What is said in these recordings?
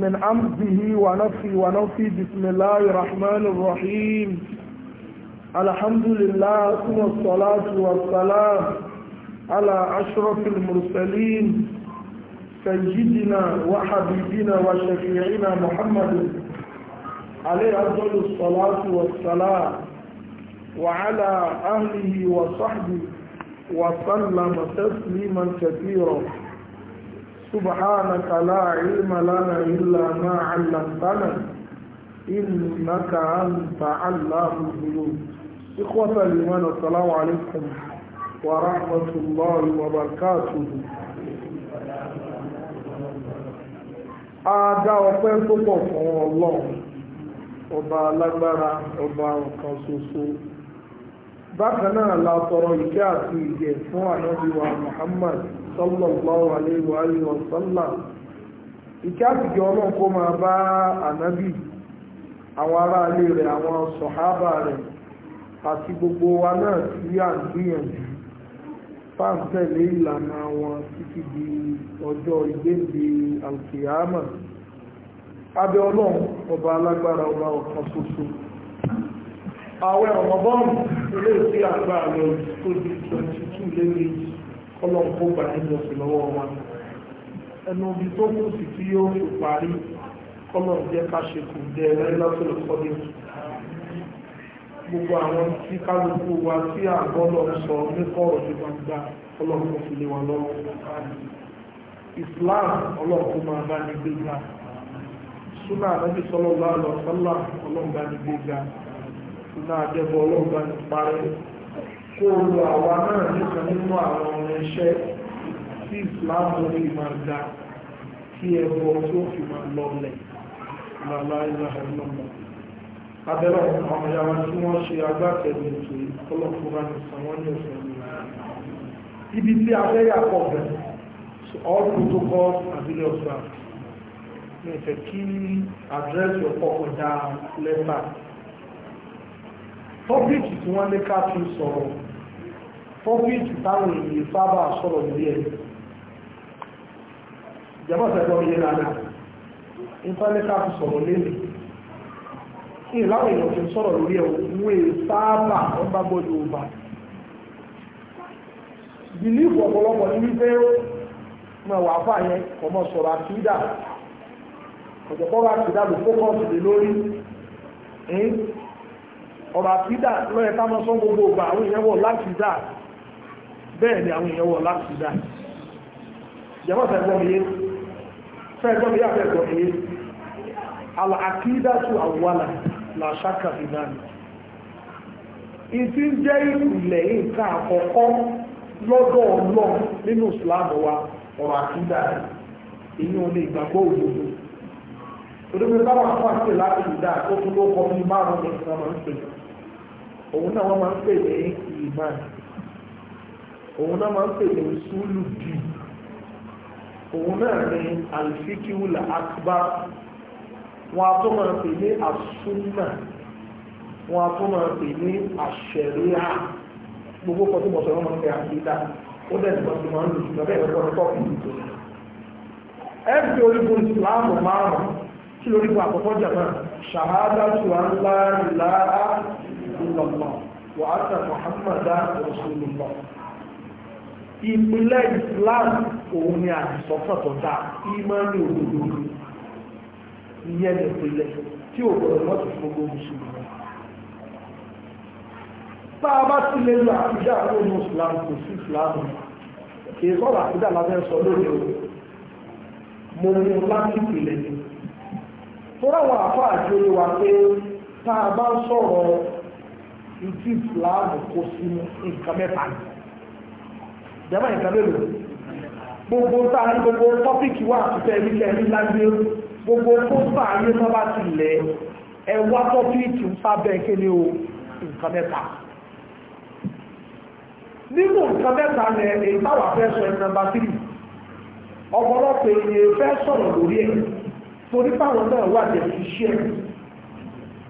من عمده ونفي ونفي بسم الله الرحمن الرحيم الحمد لله والصلاة والسلام على أشرف المرسلين سيدنا وحبيبنا وشفيعنا محمد عليه أفضل الصلاة والسلام وعلى أهله وصحبه وسلم تسليما كثيرا سبحانك لا علم لنا إلا ما علمتنا إنك أنت علام الغيوب إخوة الإيمان السلام عليكم ورحمة الله وبركاته Adá ọpẹ́ tó pọ̀ fún Ọlọ́run, ọba alágbára, ọba ọ̀kan ṣoṣo bákan náà la tọrọ ìkẹ́ àti ìgẹ̀ fún ànábì wa Muhammad sallallahu alayhi wa sallam ìkẹ́ àti ìgẹ̀ ọlọ́run kó máa bá ànábì àwọn aráalé rẹ̀ àwọn sọ̀hábà rẹ̀ àti gbogbo wa náà tí à ń gbìyànjú fáńtẹ̀lé ìlànà wọn títí di ọjọ́ ìgbéǹde alkiyama abẹ́ ọlọ́run ọba alágbára ọba ọ̀kan ṣoṣo àwẹ̀ ọ̀mọ̀bọ́ọ̀mù ilé ìsí àgbà lọ tó di 22 lé ní ọlọ́pọ̀gbà nígbàsí lọ́wọ́ wa ẹnu ibi tó kù sí tí yóò fi parí kọ́lọ̀ jẹ́ ká ṣe kù jẹ́ ẹ̀rẹ́ lọ́sọ̀rọ̀ kọ́dé gbogbo àwọn tí kálukú wa tí àgọ́lọ̀ sọ nípa ọ̀rọ̀ tí wọ́n gbà ọlọ́pọ̀ fi lè wà lọ́wọ́ Islam ọlọ́pọ̀ máa bá ní súnà lọ ní iná àjẹbọ ọlọ́gbà ní parẹ́ kó o lo àwa náà nìkan nínú àwọn ọmọ iṣẹ́ tí Islam lórí máa ga kí ẹbọ tó fi máa lọlẹ̀ lọ́la ilẹ̀ ọlọ́mọ abẹ́rẹ́ àwọn ọmọ yàrá tí wọ́n ṣe agbátẹ̀lú ètò ìkọlọ́fọ́ra ní sàwọn ní ọ̀sẹ̀ ibi tí abẹ́rẹ́ àkọ́bẹ̀ all protocols and videos are ní ìfẹ́ kí address your purpose down letter tọ́pìkì tí wọ́n ní ká fi sọ̀rọ̀ tọ́pìkì táwọn èèyàn sábà sọ̀rọ̀ lórí ẹ̀ jẹ́mọ́ sẹ́gbọ́ iye lánàá ìfẹ́lẹ́ ká fi sọ̀rọ̀ lẹ́nu kí ìláwọ̀ èèyàn fi sọ̀rọ̀ lórí ẹ̀ wọ́n èè sábà wọ́n bá gbọ́ Yorùbá bìlífù ọ̀pọ̀lọpọ̀ ní wípé máa wà fà yẹn ọmọ sọ̀rọ̀ àtúndà ọ̀jọ̀pọ̀ bá àtúndà lò fókọ̀ọ̀sì lórí ọ̀rọ̀ àfídà lọ́yẹ ká mọ́ sán gbogbo ọgbà àwọn èèyàn wọ̀ láti dà bẹ́ẹ̀ ni àwọn èèyàn wọ̀ láti dà jẹ́mọ́ fẹ́gbọ́mìyé fẹ́gbọ́mìyé àfẹ́gbọ́mìyé àkídàtù àwọ̀wàlà làṣákà ìdáni ìtí ń jẹ́ ìpìlẹ̀ nǹkan àkọ́kọ́ lọ́dọ̀ ọlọ́run nínú Islam wa ọ̀rọ̀ àkídà èyí ò ní ìgbàgbọ́ òdodo torí pé báwọn afọ àti ìlàkìdá tó tún ló kọ́ bí márùn-ún ní ìsọmọ òun náà wọ́n máa ń pè ní ìmán òun náà máa ń pè ní sùúlù dì òun náà ní alifikiwula akbar wọn a tó máa pè ní asúnà wọn a tó máa pè ní àṣẹríà gbogbo kan tó mọ̀ sọ̀rọ̀ máa ń pè àkídá ó dẹ̀ nìkan tó máa ń lò jùlọ bẹ́ẹ̀ lọ́kọ́ tó kì í tó ẹ fi orígun ìsìláàmù márùn-ún kí lórígun àkọ́kọ́ jàmá ṣàhádà tó à ń ìlà á إلا الله وأن محمدا رسول الله ìpìlẹ̀ islam òun ni àdìsọ́kàn tó dáa ìmánì òdodo ìyẹn tí ò fún gbogbo a bá àwọn ọmọ islam kò sí islam kì í sọ̀rọ̀ lábẹ́ sọ lórí o mo láti wa pé tá a bá sọ̀rọ̀ ìtì ìsìláàmù kó sínú nǹkan mẹ́ta ni jẹ́mọ̀ nǹkan mélòó gbogbo tá a ní gbogbo tọ́pìkì wà àtúntẹ̀ ní kẹrí lágbé gbogbo pósítà ayé tó bá ti lẹ̀ ẹ wá tọ́pìkì ń sábẹ́ kéde o nǹkan mẹ́ta nínú nǹkan mẹ́ta ni èyí táwà fẹ́ sọ ẹni nàmbà tírì ọ̀pọ̀lọpọ̀ èyí fẹ́ sọ̀rọ̀ lórí ẹ̀ torí táwọn náà wà jẹ̀ fi ṣí ẹ̀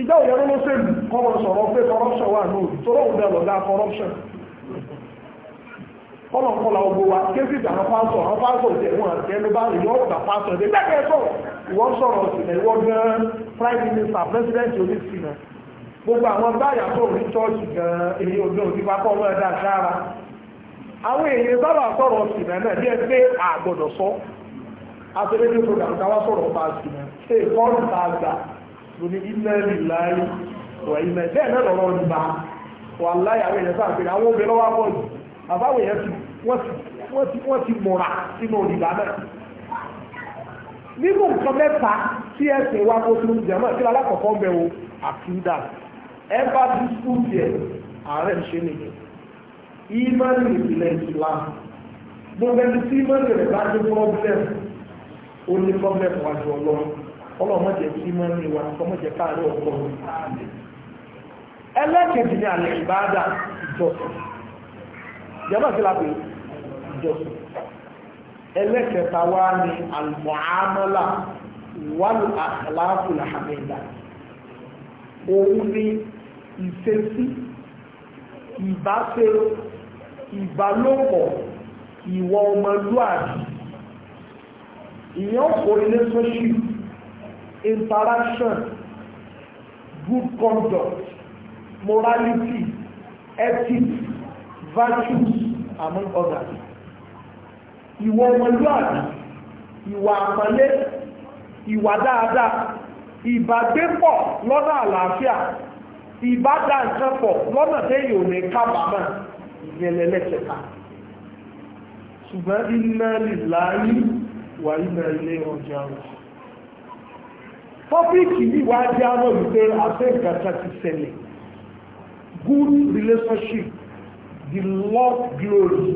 ìgbà òyà ló lọ́sẹ̀lú kọmọ sọ̀rọ̀ pé corruption wà ní òbí tọ́rọ òun bẹ̀rọ̀ dá corruption kọ́nà kọ́la ogbó wa kéfì ìgbà àwọn pásọ̀ àwọn pásọ̀ tẹ̀ wọ́n àti ẹnu bá rí yọ́ ọ̀gbà pásọ̀ ẹ̀dẹ́ bẹ́ẹ̀ sọ̀rọ̀ ìwọ́n sọ̀rọ̀ ìsìnlẹ̀ ìwọ́n gan prime minister president onísìnà gbogbo àwọn báyà tó rí chọ́ọ̀chì gan èyí ojú òbí wa kọ́ ọmọ ẹ̀dá sára àwọn èèyàn sábà sọ̀rọ̀ ìsìnlẹ̀ náà bí ẹ pé àgbọ̀dọ̀ sọ àtẹlẹ́dẹ́ program káwá sọ̀rọ̀ bá ìsìnlẹ̀ ṣe ìkọ́rù tá a gbà mo ní ilẹ̀ ìlàyé wọ̀ ilẹ̀ bẹ́ẹ̀ náà lọ́rọ̀ ìgbà wà láyé àwọn sáà pé àwọn obìnrin lọ́wọ́ pọ̀ jù àbáwọ̀ ti wọ́n ti mọ̀ra sínú ìgbà náà nínú nǹkan mẹ́ta tí ẹ̀sìn wa kó sínú jẹ̀mọ́ kí alákọ̀ọ́kọ́ ń bẹ̀ wo àkídà ẹ bá ti sùn jẹ ààrẹ ṣe nìyẹn ìmọ̀lì ìpìlẹ̀ ìsìláà gbogbo ẹni tí ìmọ̀lì rẹ̀ bá dé pọ́blẹ́mù ó ní pọ́blẹ́mù wájú ọlọ́run ọlọ́mọdé tí mọ́ ní wa ọmọdé káàrẹ́ ọkọ̀ ẹlẹ́kẹ̀ẹ́dì ní alẹ́ ìbáadà ìjọsìn jẹ́bà sí lápẹ́ ìjọsìn ẹlẹ́kẹ̀ẹ́ta wá ní almuamala wàlú àkàláàfù làhàmẹ́dà òun ní ìṣesí ìbáṣe ìbálòpọ̀ ìwọ ọmọlúwàbí ìyẹn kò ilé sọ́ṣìlì interaction good conduct morality ethics virtues among others ìwọ ọmọlúwàbí ìwà àpọ́nlé ìwà dáadáa ìbágbépọ̀ lọ́nà àlàáfíà ìbádá nǹkan pọ̀ lọ́nà téèyàn ò ní kábàámà ìyẹlẹ lẹ́kẹ̀ẹ́ta ṣùgbọ́n iná lè láàyè wà iná ilé ọjà rẹ̀ tọ́pìkì yìí wá jẹ́ àmọ́ wípé afẹ́ ìgbàta ti ṣẹlẹ̀ good relationship the love glory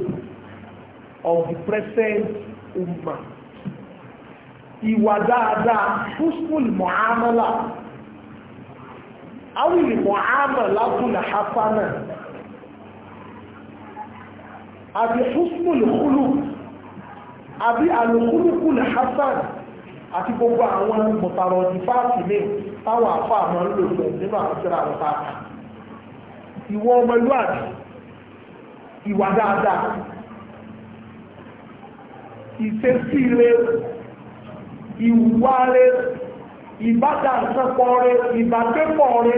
of the present ummah ìwà dáadáa husnul mu'amala awìlì mu'amala kùnà hasana àbí husnul khuluq àbí alùkùnù kùnà hasana àti gbogbo àwọn mọ̀tàrọ̀ ní fáàtì mi táwọn àfà máa ń lò lọ nínú àwọn tíra àwọn fáàtì ìwọ ọmọlúwàbí ìwà dáadáa ìṣesí rẹ ìwà rẹ ìbádàsẹ́pọ̀ rẹ ìbátẹ́pọ̀ rẹ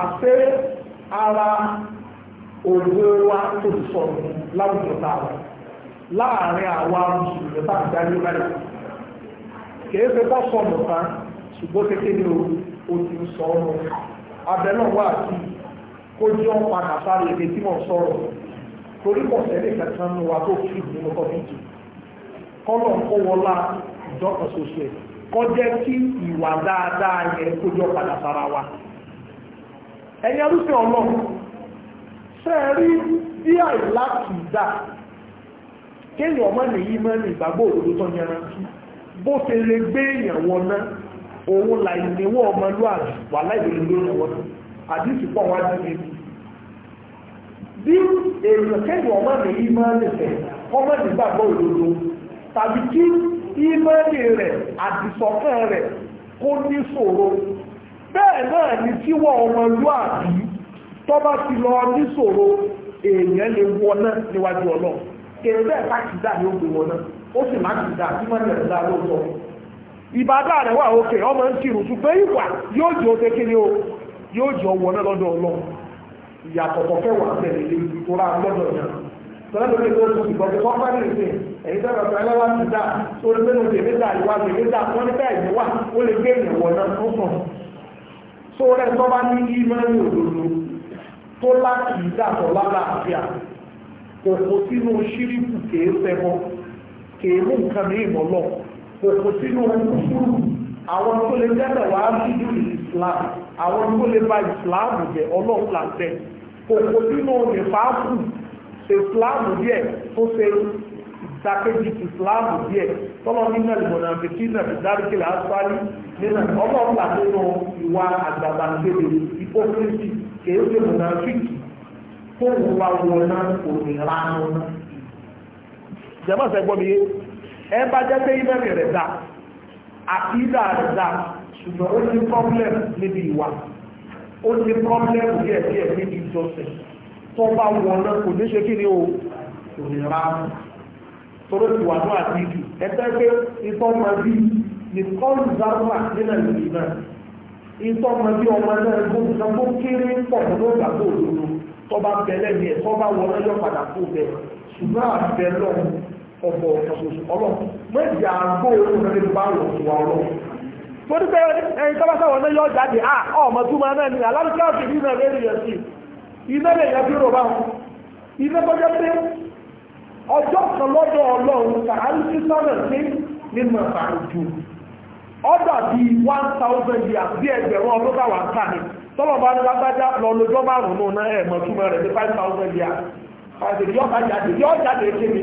àṣẹ ara ògbó wa tó sọ̀rọ̀ láwùjọ táwọn láàárín àwọn amùsùlùmí táwọn jáde báyìí kìí ṣe bá sọnù kan ṣùgbọ́n kékeré o o ti ń sọ ọ́nà abẹ náà wà sí kó jẹ́ ọ̀pá èdè tí wọ́n sọ̀rọ̀ torí pọ̀ kẹta nù wa tó fi kó wọlá kí ìwà dáadáa yẹn kó wa ẹ̀yin ọlọ́run bí àìláàkì dà kéèyàn ọmọ nìyí mọ́ bó ṣe lè gbé èèyàn wọn náà òun là wà láìpẹ́ lórí wọn àdìsí pọ̀ wá sí ibi bí èèyàn kẹ́yìn ọmọ mi yìí máa tàbí kí ìmọ̀lì rẹ̀ àdìsọ́kàn rẹ̀ kó ní ṣòro bẹ́ẹ̀ náà ni tó bá ti lọ ní èèyàn lè wọ náà ó sì má ti dà sí mọ́ni ẹ̀dá lóòótọ́ ìbádà rẹ̀ wà òkè ọmọ ń kírun ṣùgbọ́n ìwà yóò jẹ́ ó kékeré o yóò jẹ́ ọwọ́ náà lọ́dọ̀ ọlọ́run ìyàtọ̀tọ̀ kẹwàá tẹ̀lé lé tó rà lọ́dọ̀ náà tó láti ìdàtọ̀ lálàáfíà kò kò sínú ṣíríkù kéé fẹ́ mọ́ kèé mú nǹkan ní ìmọ̀ lọ kò sínú kúkúrú àwọn tó lè jẹ́bẹ̀ wá síjú islam àwọn tó lè ba islam jẹ ọlọ́run làṣẹ kò kò sínú nífàákù islam díẹ̀ tó ṣe ìdákejì islam díẹ̀ tọ́lọ́ nínú ìmọ̀nà àbẹ̀kí náà ti dáríkì láàárín nínú ọlọ́run làṣẹ nínú ìwà àgbàbàǹdébe ìpókírísì kèé ṣe mọ̀nà fíìkì tó wù wá wọ̀ náà kò ní ránú náà jẹ́mọ́sẹ̀ gbọ́ mi yé ẹ bá jẹ́ pé ìmẹ́rì rẹ̀ dá àkídà rẹ̀ dá ṣùgbọ́n ó ní pọ́blẹ́mù níbi ìwà ó ní pọ́blẹ́mù díẹ̀ díẹ̀ níbi ìjọsìn tó bá wọn náà kò ní ṣe kí ni o kò ní ra tóró ti wà náà àti ìdù ẹgbẹ́ pé ìtọ́ máa bí ní kọ́ọ̀lù zárúmà nínú ìlú náà ìtọ́ máa bí ọmọ náà gbóhùn náà tó kéré pọ̀ ló gbà tó òdodo tó bá bẹ̀lẹ̀ ní ẹ̀ tó bá wọn náà yọ padà kó bẹ̀ ṣùgbọ́n àbẹ̀lọ́ọ̀ ọ̀bọ̀ ọ̀ṣọ̀ṣọ̀ ọlọ́run méjì àgbò òun rẹ̀ bá wọ̀ sí wa ọlọ́run. mo ní pé ẹyin tó bá sáwọn náà yọ jáde à ọmọ tó máa náà ní alárùkẹ́ òfin ní ìrìnà lórí rẹ̀ sí iná lè yẹ bí rọ̀bá wọn iná tó jẹ́ pé ọjọ́ kan lọ́dọ̀ ọlọ́run kàárí sí sọ́nà sí nínú ọ̀sán òjò ọ̀dà bíi one thousand years bí ẹgbẹ̀rún ọdún táwọn ń kà ní tọ́lọ̀ bá ní lágbájá lọ lójọ́ márùn-ún náà ẹ̀ẹ̀mọ̀ túmọ̀ rẹ̀ ní five thousand years àti yọ́ jáde yọ́ jáde kéde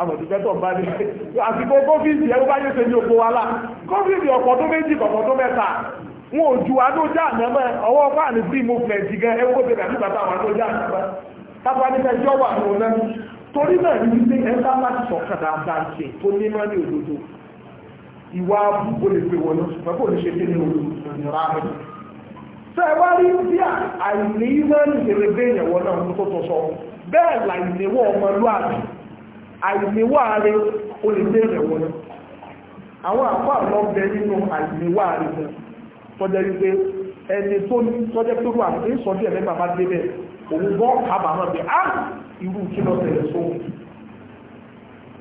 amọ̀tíkẹ́tọ̀ bá ní àsìkò kófíìsì ẹ̀rú bá ní ṣe ní oko wa lá kófíìsì ọ̀pọ̀ tó méjì ọ̀pọ̀ tó mẹ́ta wọn ò ju adójá àmẹ́mẹ́ ọwọ́ fáàní free movement gan ẹwọ́ bẹ̀rẹ̀ àti bàbá àwọn adójá àmẹ́mẹ́ tábà ní ẹjọ́ wà ní ọ̀nà torí náà ní wípé ẹ̀ka láti sọ̀kan dáadáa ṣe tó ní mọ́ ní òdodo ìwà àbúkò lè pè wọ́n ṣùgbọ́n kò ní ṣe kí ní olùrànlọ́wọ́ sẹ́wárí bí àìní mọ́ ní ìrẹ́gbẹ́ ìyẹ̀wọ́ náà tó tó sọ bẹ́ẹ̀ láì àìníwáre o lè dé ìrẹ̀wọ̀n ni àwọn àpá àlọ́ bẹ nínú àìníwáre gan tọ́jẹ́ wípé ẹni tó ní tọ́jẹ́ tó wà ní sọ́jú ẹ̀mẹ́ bàbá débẹ̀ òun bọ́ àbàmọ́ bẹ á ah, irú kí lọ tẹ̀lẹ̀ só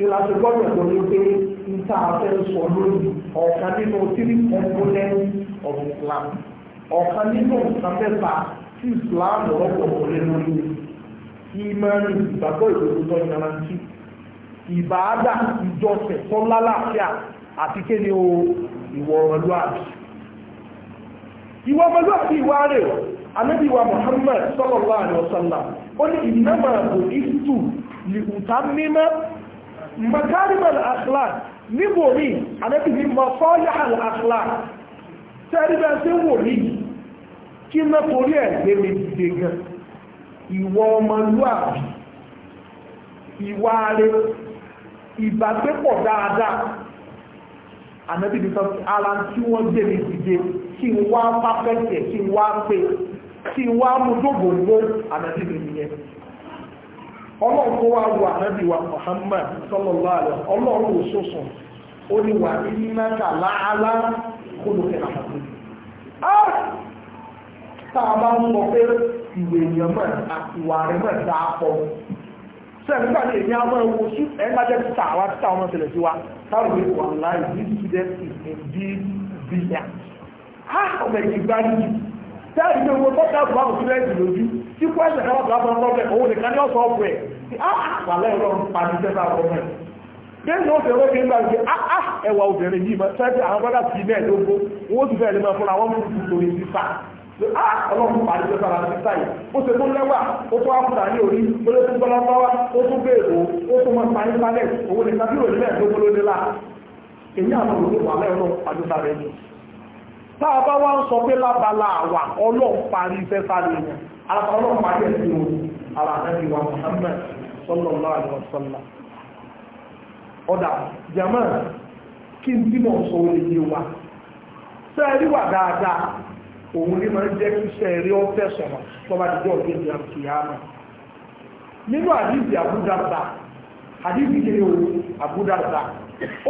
ìlàsì gbọ́dọ̀ kò ní pé ń tá a fẹ́ sọ lónìí ọ̀kan nínú tírí component of Islam ọ̀kan nínú nǹkan mẹ́ta tí Islam rọ́pọ̀ kò lé lórí ìmọ̀ ìgbàgbọ́ ìgbòho tó ń yanrantí ìbáadà ìjọsẹ̀ tó fịa àti kí ni o ìwọ̀ ọmọlúwàbí ìwọ̀ ọmọlúwàbí ìwà rẹ̀ anábì Muhammad sọlọlọ alaihi wasallam ó ní ìnáma ìtù likuta mímọ́ makarima al-akhlaq ní anábì ní mọ́sọ́yà al-akhlaq tẹ́rí ìbágbépọ̀ dáadáa ànábì ní tí wọ́n gbé mi dìde kí n wá pápẹ́tẹ̀ kí n wá pé kí n wá mú ànábì ní nìyẹn ọlọ́run tó wá wo ànábì wa Muhammad sallallahu alaihi ọlọ́run ah! a bá ń sọ pé ìwé èèyàn mọ̀ àti ìwà sẹ́gbà ní èmi àwọn ẹwọ sí ẹgbàjẹ́ títà àwọn títà ọmọ tẹ̀lẹ̀ sí wa táwọn ìwé wà láì ní student is indeed brilliant ha ọmọ èyí gbá ní jù tẹ́lẹ̀ ìgbé owó tọ́ta àbúrò àwọn student lójú tí kó ẹ̀sẹ̀ káwọn àbúrò àwọn ọmọ òun nìkan ní ọ̀sán ọ̀pọ̀ ẹ̀ tí a wà lẹ́yìn lọ́rùn pàdé tẹ́lẹ̀ àwọn ọmọ ẹ̀ bẹ́ẹ̀ni ó fẹ́rẹ́ kí n gbà wípé áá ẹwà obìnrin yìí mọ́ sẹ́ẹ̀tì àwọn bọ́dà sí mẹ́ẹ̀ẹ́dógún owó sì fẹ́ẹ̀ lè máa fún àwọn a ah, ọlọ́run parí tó sára sí ó ṣe tó lẹ́wà ó tó áfúta ní orí ó lé tó bá ó tó bèèrè ó tó mọ parí palẹ̀ òwò ní sábírò nílẹ̀ tó gbóló la èyí àwọn parí sára ẹni. tá a bá wá òun ní máa ń jẹ́ kí iṣẹ́ eré ọ̀fẹ́ sọ̀rọ̀ tó bá dìjọ́ òkè ìdí àti àmà nínú àdìsí àbúdàbà àdìsí kiri o àbúdàbà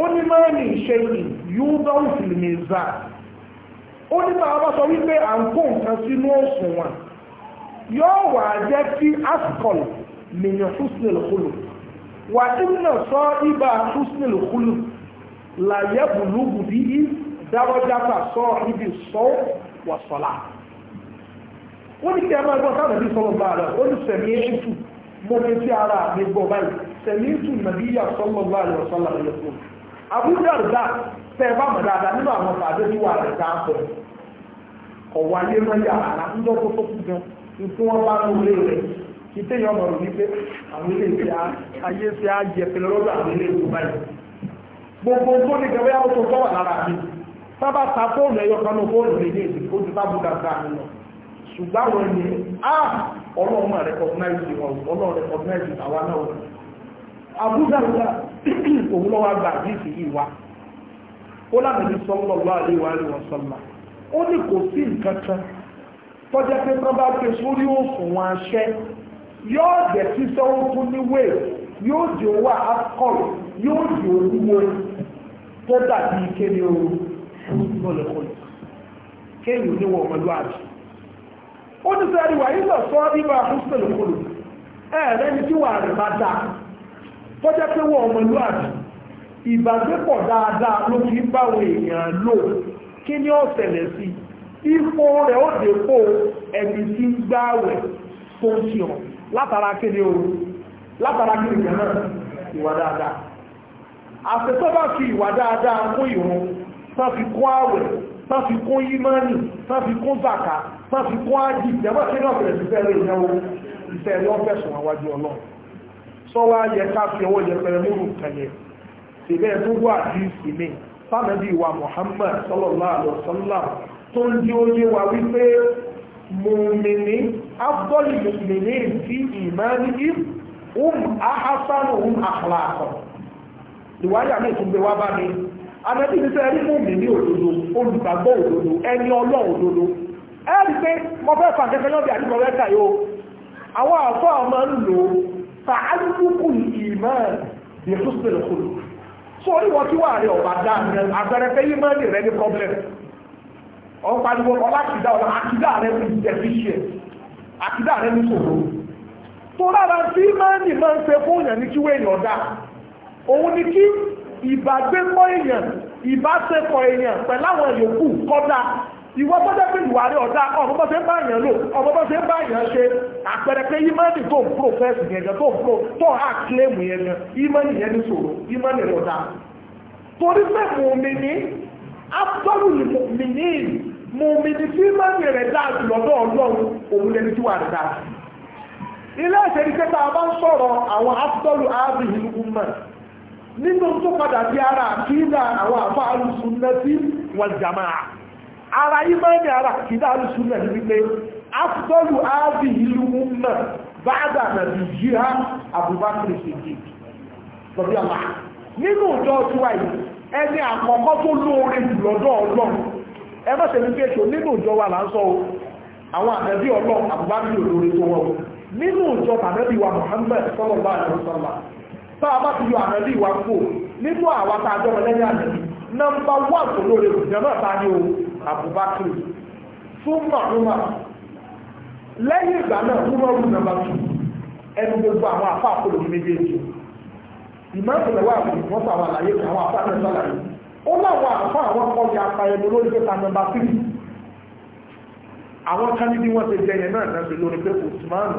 ó ní máa ní iṣẹ́ yìí yóò bá òfin mẹ́za ó ní máa bá sọ wípé à ń kó nǹkan sínú òṣùwọ̀n yóò wà jẹ́ kí askol mìíràn húsnìl kúlù wà nínú sọ ibà húsnìl kúlù làyẹ̀bùlùgùdì dáwọ́jáfà sọ wà sọ́lá ó ní kí ẹ máa sọ́lọ́ bá rẹ̀ ó ní sẹ̀mí ètù mo ara mi gbọ́ báyìí sẹ̀mí ètù nàbí yà sọ́lọ́ bá rẹ̀ sọ́lá rẹ̀ fún àbúrò àrùdá mọ̀ dáadáa nínú àwọn tí wà rẹ̀ yà ń dọ́kọ́ tó kú gan ní wọ́n bá ń rẹ̀ kí wípé àwọn ilé ìfẹ́ sábà ta fóònù ẹyọ kan náà fóònù rẹ̀ ní èdè ó ti bá búdà sáà nínú ṣùgbọ́n wọn ni a ah, ọlọ́run máa recognize wọn ọlọ́run recognize àwa náà wọn àbúdà gbà òun lọ́wọ́ àgbà àdìsí yìí wá ó lábẹ́ni sọ́lọ́lọ́ àríwá àríwá sọ́lá ó ní kò sí nǹkan kan tọ́jẹ́ pé tán bá pè sórí òṣùwọ̀n aṣẹ́ yóò jẹ́ sísọ́ òkun ní wéè yóò jẹ́ owó àkọ́rọ̀ yóò jẹ́ òwúwo tó dàbí ìkéde ooru ìsúnlẹ̀ kọlù kéyìn oníwọ̀ pẹ̀lú àjì ó ti sẹ́rí wà nígbà sọ ibà ìsúnlẹ̀ kọlù ẹ̀rẹ́ ni tí wà rẹ̀ bá dá tó jẹ́ pé wọ́n pẹ̀lú àjì ìbàgbépọ̀ dáadáa ló fi ń báwọn èèyàn lò kí ni ó ṣẹlẹ̀ sí ipò rẹ̀ ó dépò ẹni tí ń gbáwẹ̀ tó ń ṣe ọ̀ látara kí ni látara kí ni náà ìwà dáadáa àfẹ́tọ́ bá fi ìwà dáadáa kún ìrún tán fi kún àwẹ̀ tán fi kún yímánì tán fi kún zaka tán fi kún ájì ìjẹ́mọ́ sí náà bẹ̀rẹ̀ sí fẹ́rẹ̀ ìyàwó ìfẹ́ ẹ̀yọ́ fẹ̀sùn àwájú ọlọ́run sọ wá yẹ ká fi ọwọ́ yẹpẹrẹ múrù kẹyẹ síbẹ̀ gbogbo àdìsí mi fánàbí wa Muhammad sallallahu alaihi wasallam tó ń mùmìnì afdọ́lì mùmìnì fi ìmánìí um ahasanu um akhlaqo ìwáyà mi tún gbé wá bá mi àtẹ́bí ti sẹ́rí fún mi ní òdodo olùgbàgbọ́ òdodo ẹni ọlọ́run òdodo ẹ rí pé mo fẹ́ fà kẹ́kẹ́ lọ́dẹ àti mo fẹ́ kà yóò àwọn àfọ́ ọmọ ń lò ó fa alùpùpù ìmọ̀ ìfúsùlẹ̀ kùlù sórí wọn kí wà rí ọ̀bà dá àgbẹ̀rẹ̀ pé yí mọ́ni rẹ ní problem ọ̀n pariwo ọ̀lá àkìdá ọ̀lá àkìdá rẹ ní deficient àkìdá rẹ ní sòrò tó lára tí mọ́ni máa ń ṣe fún èèyàn ní kí wéèyàn dá òun ni kí ìbágbépọ̀ èèyàn ìbáṣepọ̀ èèyàn pẹ̀láwọn yòókù kọ́dá ìwọ tó pé ìwà rẹ̀ ọ̀dá ọmọ bọ́ bá lò ọmọ bá ṣe àpẹẹrẹ pé ìmọ̀nì tó ń pro fẹ́ẹ̀sì yẹn tó ń pro tó ń àkílẹ̀mù yẹn gan ìmọ̀nì yẹn ní ìmọ̀nì ọ̀dá torí pé tí ìmọ̀nì dáa jù lọ́dọ̀ ọlọ́run òun nínú tó padà bí ara àkídà àwọn àfá alùsùnlẹ̀ tí wọ́n jàmáà ara ìmọ́ni ara àkídà alùsùnlẹ̀ ní wípé afdọ́lù ábì ìlú mọ̀ báadà nà bí ha àbúbákiri ṣèjì lọ́bí àmà nínú ìjọ tiwa yìí ẹni àkọ́kọ́ tó lóore ẹ má ṣe ní pé nínú wa là o àwọn àtẹ̀bí ọlọ́run àbúbákiri olóore tó wọ́n nínú wa tá a bá ti yọ ànábì wa kó nínú àwa tá a jọ lẹ́yìn ànábì nọ́mbà wà tó lóore ìjọ náà ta ni o Abubakar súnmọ́ Umar lẹ́yìn ìgbà náà Umar wù nọ́mbà tù ẹnu gbogbo àwọn afá àkọlù méjèèjì ìmọ̀tòlẹ̀ wà fún ìfọ́sọ̀ àwọn àlàyé àwọn afá náà sọ̀làyé ó láwọn afá àwọn ọ̀yà apayẹnu lórí pé ta nọ́mbà àwọn kan ní bí wọ́n ti jẹyẹ náà náà lórí pé Usman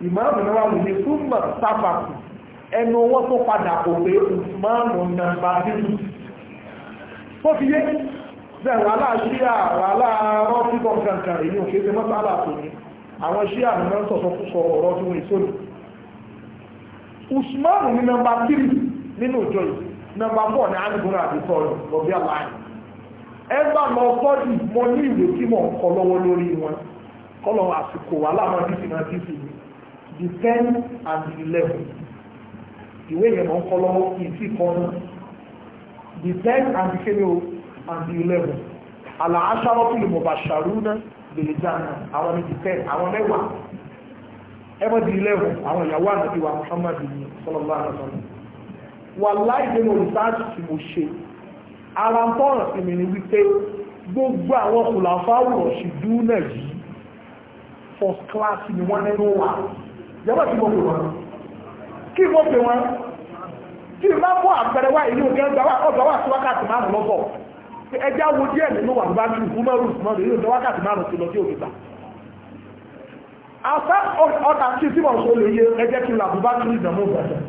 ìmáàmù náà wà lóde súnmọ̀ sábàkù ẹnu wọn tó padà kò pé ìmáàmù nàmbà nínú tó fi yé bẹ́ẹ̀ wàhálà ṣíà wàhálà rọ́ọ̀tì kọ̀ọ̀kankan èyí ò kéde mọ́sálà tó ní àwọn ṣíà ní wọ́n sọ̀tọ̀ fún sọ ọ̀rọ̀ tí wọ́n èso ní Usman ní nọmba tírì nínú ìjọ yìí nọmba fọ́ ní anigun àdìsọ lọ́bí aláàyè ẹ bá lọ sọ́ọ̀dì mọ ní ìwé tí mò ń kọ́ lọ́wọ́ lórí wọn kọ́ lọ àsìkò wàhálà máa bí sí the ten and the eleven ìwé yẹn mọ̀ ń kọ́ lọ́wọ́ kì í sì kọ́ náà the ten and the kemi o and the eleven àlàáṣárọ́ fún ìmọ̀bà ṣàrúnà lè dáná àwọn ní the ten àwọn mẹ́wàá ẹmọ́ di eleven àwọn ìyàwó ànàbí wa Muhammad ní sọlọ́lá ànàbí wà láì dé mo research tí mo ṣe ara ń tọ́ràn sí mi ni wípé gbogbo àwọn kùlàfáwù ọ̀ṣìdúnà yìí first class ni wọ́n nínú wà jẹ́bọ́ tí mo pè wọ́n kí mo pè wọ́n tí má mú àpẹẹrẹ wá ìlú ọgbà wà sí wákàtí márùn lọ́bọ̀ ẹjá wo díẹ̀ nínú wà bá ní ìfún mẹ́rù ìfúnmọ́rù ìlú ọjọ́ wákàtí márùn sí lọ sí òkèta afẹ́ ọ̀tà tí tí wọ́n sọ lè yé ẹjẹ́ kí làbú bá kiri ìdàmú bẹ̀rẹ̀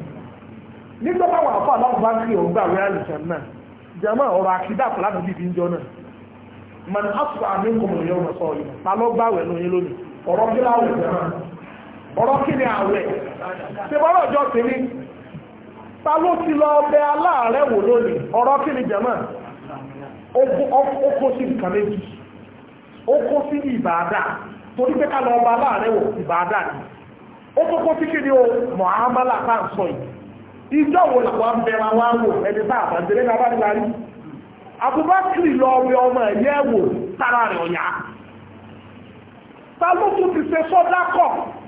nígbà táwọn àfọ àlọ́bù bá kiri òun gbà wẹ́rẹ́ lùsẹ̀ náà jẹ́mọ́ ọ̀rọ̀ àkídà fúlàbù bíbí ń jọ náà mọ̀nà àfọ àmì kòmòlì yọ̀ wọ̀ sọ yìí ta ló gbà wẹ̀ lóyún lónìí ọ̀rọ̀ kí láwùjọ náà ọ̀rọ̀ kí ni àwẹ̀ ṣe bọ́rọ̀ ọjọ́ sí ní ta ló ti lọ ọbẹ̀ wò lónìí ọ̀rọ̀ kí ni jẹ̀mọ́ sí nǹkan méjì ó sí ìbàdà torí pé ká lọ ọba wò ìbàdà ni ó tó kó sí kí ni o mọ̀hámálà ń sọ yìí ìjọ wo làwọn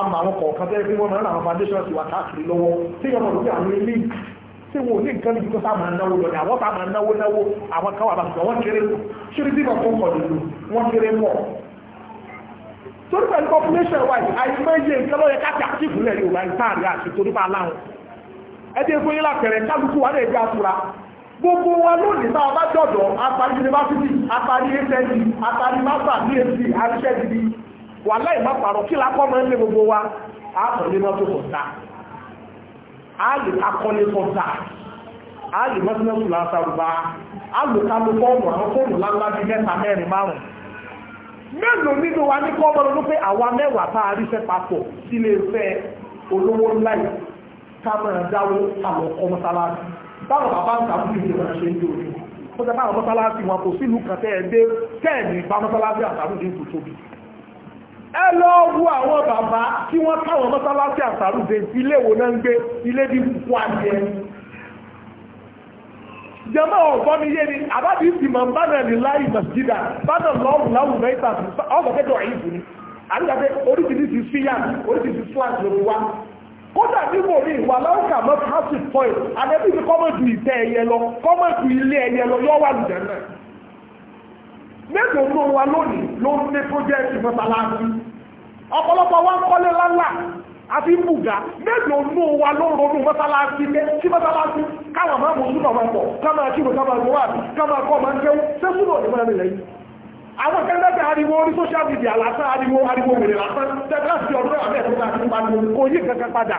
àmà àwọn kọ̀ọ̀kan tẹ́lẹ̀ pé wọ́n máa àwọn foundation ti wà káàkiri lọ́wọ́ tí yọmọ lókè àwọn ilé tí wọ́n ní nǹkan níbi tó sá máa náwó lọ ní àwọn bá máa náwó náwó àwọn kan wà bá sọ wọ́n kéré ṣírí bí wọ́n tó ń kọ̀ nínú wọ́n kéré pọ̀ torí pẹ̀lú population wise àìmọye nǹkan lọ́yẹ káàkiri àti ìpínlẹ̀ Yorùbá ìtàrí àti torí pa aláwọn ẹdín fún yín lápẹ̀rẹ̀ kálukú wà lẹ́ẹ̀dí àtura gbogbo wa lónìí bá a bá jọ̀dọ̀ apari yunifásitì apari hnd apari master phd àríṣẹ́ gidi wà láì kí lápọ́ máa ń gbogbo wa mọ́tò akọ́lé mọ́tò lásàrùbá fọ́ọ̀mù àwọn fóònù bíi mẹ́ta mẹ́rin márùn mélòó nínú wa ní kọ́ pé àwa mẹ́wàá a rí fẹ́ papọ̀ sílé fẹ́ olówó ńlá yìí ká máa dáwó àwọn ọkọ̀ mọ́sálásí báwọn bàbá ń tàbí ẹ lọ wo àwọn bàbá tí wọ́n káwọn mọ́sálásí àtàrúdé sí ilé náà ń gbé ilé bí kúkú adìẹ jẹmọ́ ọ̀gbọ́n mi yé ni àbábí ti mọ̀ bánà ní láì màsídà bánà lọ́wù láwù mẹ́ta ọgbọ̀n kẹjọ ni oríṣiríṣi oríṣiríṣi wa kódà ní ìwà mọ́ àdẹ́bí kọ́mọ̀tù ìtẹ́ ẹyẹ lọ kọ́mọ̀tù ilé ẹyẹ lọ wà mẹ́tò wa lónìí ló ń ní ọ̀pọ̀lọpọ̀ wa ń kọ́lé lálà àti bùgá mélòó nú wa ló ronú mọ́sálásí lé sí mọ́sálásí káwọn máa mú súnà máa pọ̀ káwọn akíwò káwọn àgbọ̀wà káwọn akọ́ máa ń kéwú ṣé súnà ò ní máa nílẹ̀ yìí àwọn kẹ́lẹ́tẹ̀ ariwo orí social media lásán ariwo ariwo wèrè lásán tẹ́lẹ́sì ọdún àbẹ́ tó bá ti pariwo kò yí kankan padà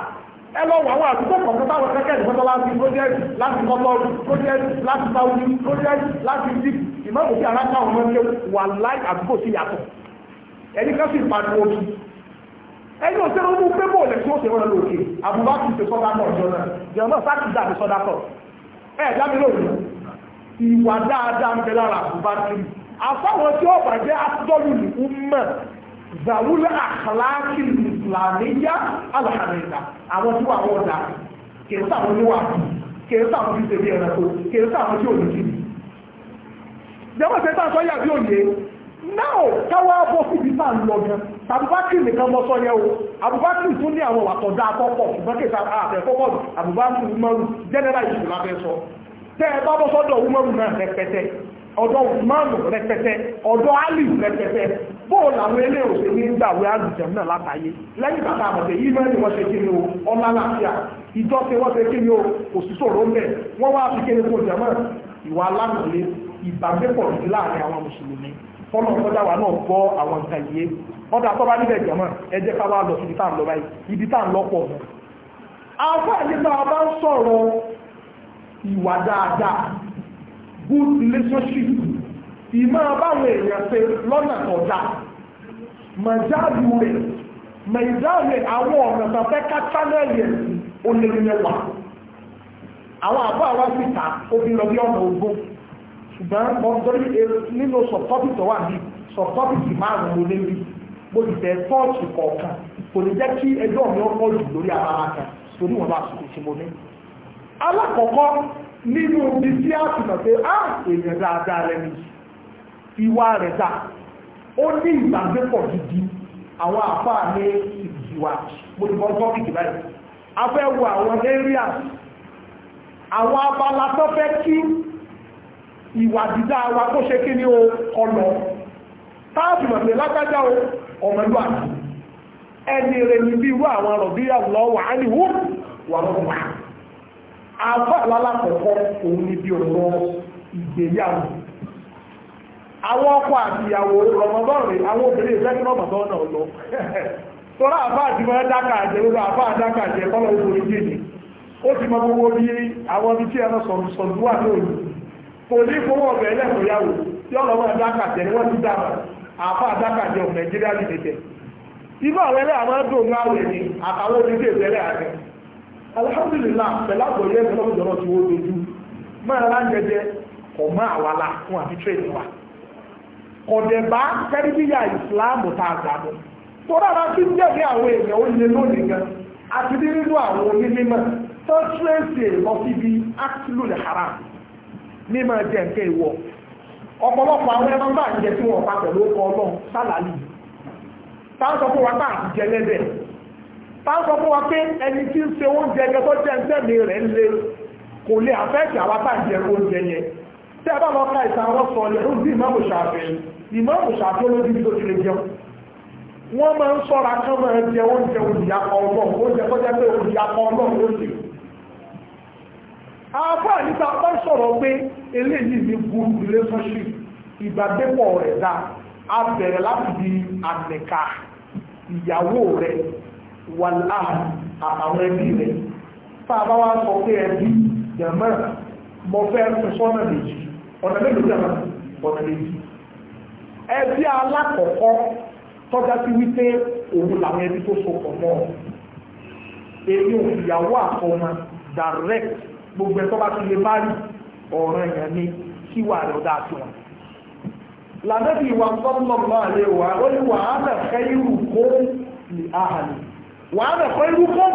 ẹ lọ wọ àwọn àdúgbò kọ̀ọ̀kan táwọn kẹ́kẹ́ ìfọ́tọ́ láti project láti kọ́lọ́ọ̀dù project láti saudi project láti zip ìmọ̀mù sí arákùnrin wọn ṣe wà láì àdúgbò sí yàtọ̀ ẹni ká sì pàdé òkè ẹni ò sẹ́wọ́n mú pé bò lè tí ó ṣe wọ́n lókè àbúrò àti ìṣe sọ́dá náà jọ náà jẹun náà sáàkì dàbí sọ́dá kọ̀ ẹ̀ dámi lóòrùn ìwà dáadáa ń bẹ lára àbúrò àti àfáwọn tí ó bàjẹ́ àtọ́lù nìkúmọ̀ zàwúlẹ̀ àkàlákì ìsìlámíyá alhàmìlá àwọn tí wà wọ́n dà kìí sáwọn oníwà kìí sáwọn tí ó ṣe bí ẹranko kìí sáwọn tí ò ní kìí náà káwọ́ bọ́ síbi náà lọ gan Abubakar nìkan mọ́ sọ yẹ o Abubakar tún ní àwọn àtọ̀dá akọ́pọ̀ ṣùgbọ́n kìí sa àfẹ́kọ́pọ̀ Abubakar Umaru general issue lábẹ́ sọ tẹ́ ẹ bá bọ́ sọ́dọ̀ Umaru náà rẹpẹtẹ ọ̀dọ̀ Umaru rẹpẹtẹ ọ̀dọ̀ Ali rẹpẹtẹ bóò làwọn ilé òsè ní gbàwé àlùjẹm náà látàyé lẹ́yìn bàtà àbọ̀dé yìí mẹ́rin ni wọ́n ṣe kí ni o ọlá láfíà ìjọ ṣe wọ́n ṣe kí ni o òṣìṣòro ń bẹ̀ wọ́n wá fi kí ni kó jẹ́mọ́ ìwà alámọ̀lé ìbàgbẹ́pọ̀ láàrin àwọn mùsùlùmí fọ́nà ọ̀sọ́jà náà gbọ́ àwọn nǹkan yìí ọdá tó níbẹ̀ jẹ̀mọ́ ẹ lọ síbi tá ibi tá à mọ́. ń sọ̀rọ̀ ìwà dáadáa good relationship ìmọ̀ báwọn èèyàn ṣe lọ́nà ọ̀dà màjáàlú rẹ̀ màjáàlú àwọn ọ̀nà ká chánẹ́ẹ̀lì ẹ̀sìn àwọn ṣùgbọ́n mo ń torí nínú sọ̀tọ́pì tó wà ní sọ̀tọ́pì tí márùn-ún mo lé rí mo sì tẹ̀ tọ́ọ̀tì kọ̀ọ̀kan kò ní jẹ́ kí ẹjọ́ mi ó pọ̀ jù lórí ara kan torí wọn bá sùn tí mo ní. alákọ̀ọ́kọ́ nínú ibi tí a sì mọ̀ pé á ah, èèyàn dáadáa rẹ̀ ni ìwà rẹ̀ dà ó ní ìgbàgbépọ̀ gidi àwọn àfa ní ìwà mo ti bọ́ tọ́pìkì báyìí a fẹ́ wo àwọn areas àwọn abala tó fẹ́ kí ìwà dídá wa kó ṣe kí o ọ̀nà táàbùmọ̀ pé lágbájá o ọmọlúwà ẹni rẹ̀ ní bí irú àwọn rọ̀bíyà lọ́wọ́ àníwò wà lọ́wọ́ àfà lálàkọ̀ọ́kọ́ òun ní bí ọ̀rọ̀ ìgbéyàwó àwọn ọkọ àti ìyàwó rọmọdọ́rin àwọn obìnrin ìfẹ́ kí rọmọdọ́ náà lọ tọ́lá àfà àti dáka àjẹ́ lórí àfà àdáka àjẹ́ kọ́lọ́ ó ti mọ gbogbo bí àwọn ibi tí sọ̀rọ̀ sọ̀rọ̀ kò ní ya ọ̀bẹ̀ ẹlẹ́kọ̀ọ́ yàwó tí ọlọ́mọ dákàjẹ́ ni wọ́n ti dá wọn àfa dákàjẹ́ ọ̀mọ nàìjíríà lè tètè ibà àwọn ẹlẹ́ àwọn ẹdùn ní àwẹ̀ ni àtàwọn onídé ìbẹ̀rẹ̀ àgbẹ̀ alhamdulillah pẹ̀lú àgbọ̀yé ìfọlọ́mọdọ́rọ̀ ti wó dojú máa rán jẹjẹ kọ̀ mọ́ àwa la fún àti tírèdì wa kọ̀dẹ̀bá tẹ́lifíyà ìsìláàmù tá a gbàgbọ́ tó rárá sí jẹ́bi àwọn èèyàn oúnjẹ lónìí gan àti nínú àwọn onímọ̀ tó tírèsì lọ síbi ákìlù haram ní máa jẹ nǹkan ìwọ̀ ọ̀pọ̀lọpọ̀ àwọn ẹran bá ń jẹ tí wọ́n pa pẹ̀lú ọkọ̀ ọlọ́run sálàlì táwọn sọ fún wa bá jẹ lẹ́bẹ̀ táwọn sọ fún wa pé ẹni tí ń ṣe oúnjẹ ẹgbẹ́ tó jẹ́ ńtẹ́mi rẹ̀ ń le kò lè àfẹ́ẹ̀kì àwa bá jẹ oúnjẹ yẹn tí a bá lọ ka ìtàn àwọn sọ lẹ́rú bí ìmáàmù ṣàfihàn ìmáàmù ṣàfihàn ló dídí tó ti lè jẹun wọ́n máa ń sọ́ra kán máa jẹ oúnjẹ olùyàkọ̀ ọlọ́run oúnjẹ tó jẹ́ pé olùyàkọ̀ ọlọ́run ó sì àáfàá níta bá sọ̀rọ̀ pé eléyìí ní good relationship ìgbàdépọ̀ rẹ̀ dá a bẹ̀rẹ̀ láti di àmẹ̀ka ìyàwó rẹ̀ wà láàrín àwọn ẹbí rẹ̀ tá a bá wá sọ pé ẹbí jẹ̀mọ́ mo fẹ́ fi sọ́nà méjì ọ̀nà mélòó jẹ̀mọ́ ọ̀nà méjì ẹbí alákọ̀ọ́kọ́ tọ́já sí wípé òun làwọn ẹbí tó so pọ̀ mọ́ èyí òun ìyàwó àtọmọ direct gbogbo ẹ̀tọ́ bá tún lè má rí ọ̀ràn èèyàn ní kí rẹ̀ àti wọn. ìwà wà ó ní wà á nà fẹ́ irú kó lè àhàlì wà á nà fẹ́ irú kó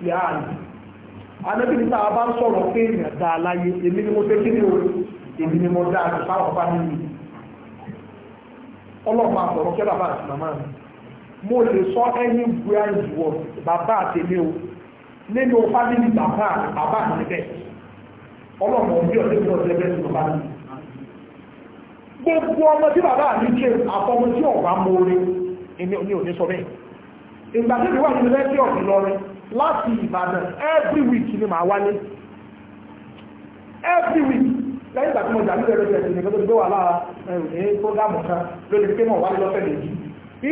lè àhàlì. ànàbí níta bá ń sọ̀rọ̀ pé èèyàn dá a láyé èmi ni mo fẹ́ kí ni o èmi ni mo dá a ọ̀pá nínú ọlọ́pàá sọ̀rọ̀ kẹ́ bàbá àti màmá mi mo nínú fábílì bàbá bàbá àti bẹ́ẹ̀ ọlọ́mọ bí ọdún tó ṣe bẹ́ẹ̀ tó bá ní. gbogbo ọmọ tí bàbá mi ṣe àtọmọ tí ọba mọ́ọ́rẹ́ ní òní sọ bẹ́ẹ̀. ìgbà tí mi wà nínú lẹ́sí ọ̀dún lọ́rin láti Ìbàdàn every week ni màá wálé every week lẹ́yìn ìgbà tí mo jàdúrà ẹ̀rọ ìrẹsì nìkan tó ti gbé wà lára ẹ̀rùn ní prógámù kan lórí pé mọ̀ wálé lọ́sẹ̀ lè jí.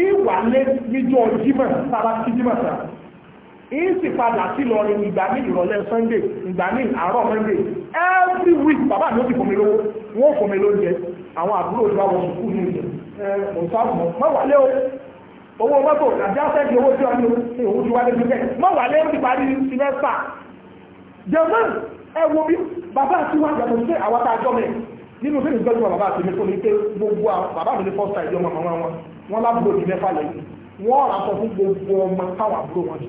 ìwà lé níjọ́ jímọ̀ sára sí jímọ̀ sára ìsì padà sí lọrin ìgbà ní sunday ìgbà ní àárọ̀ monday every week bàbá mi ó ti fòmìlò wọ́n fòmìlò jẹ àwọn àbúrò ìgbà wọn sùkúù ní ẹ̀ ọ̀sán mọ́wálé o owó mọ́tò àti àṣẹ́jì owó tí wọ́n ní owó tí wọ́n ní ó ti bàbá àwọn tá a jọ nínú bàbá pé bàbá mi ní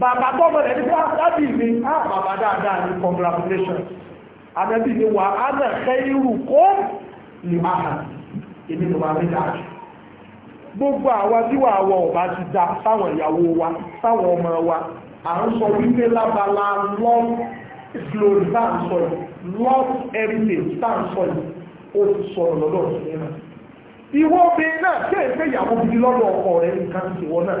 bàbá tọ́mọ̀ rẹ̀ nípa láti ìwé àbàbà dáadáa ní congratulations àbẹ́bí ni wà á nà fẹ́ irú kó lè má kà èmi ló máa rí dájú gbogbo àwa tí wà wọ ọba ti da sáwọn ìyàwó wa sáwọn ọmọ wa à ń sọ wípé lábala love glory tá long, ń sọ yìí love heritage tá à ń sọ yìí ó ti sọ̀rọ̀ lọ́dọ̀ sí náà ìwọ obìnrin náà tí èyí pé ìyàwó gidi lọ́dọ̀ ọkọ rẹ̀ nǹkan ti wọ náà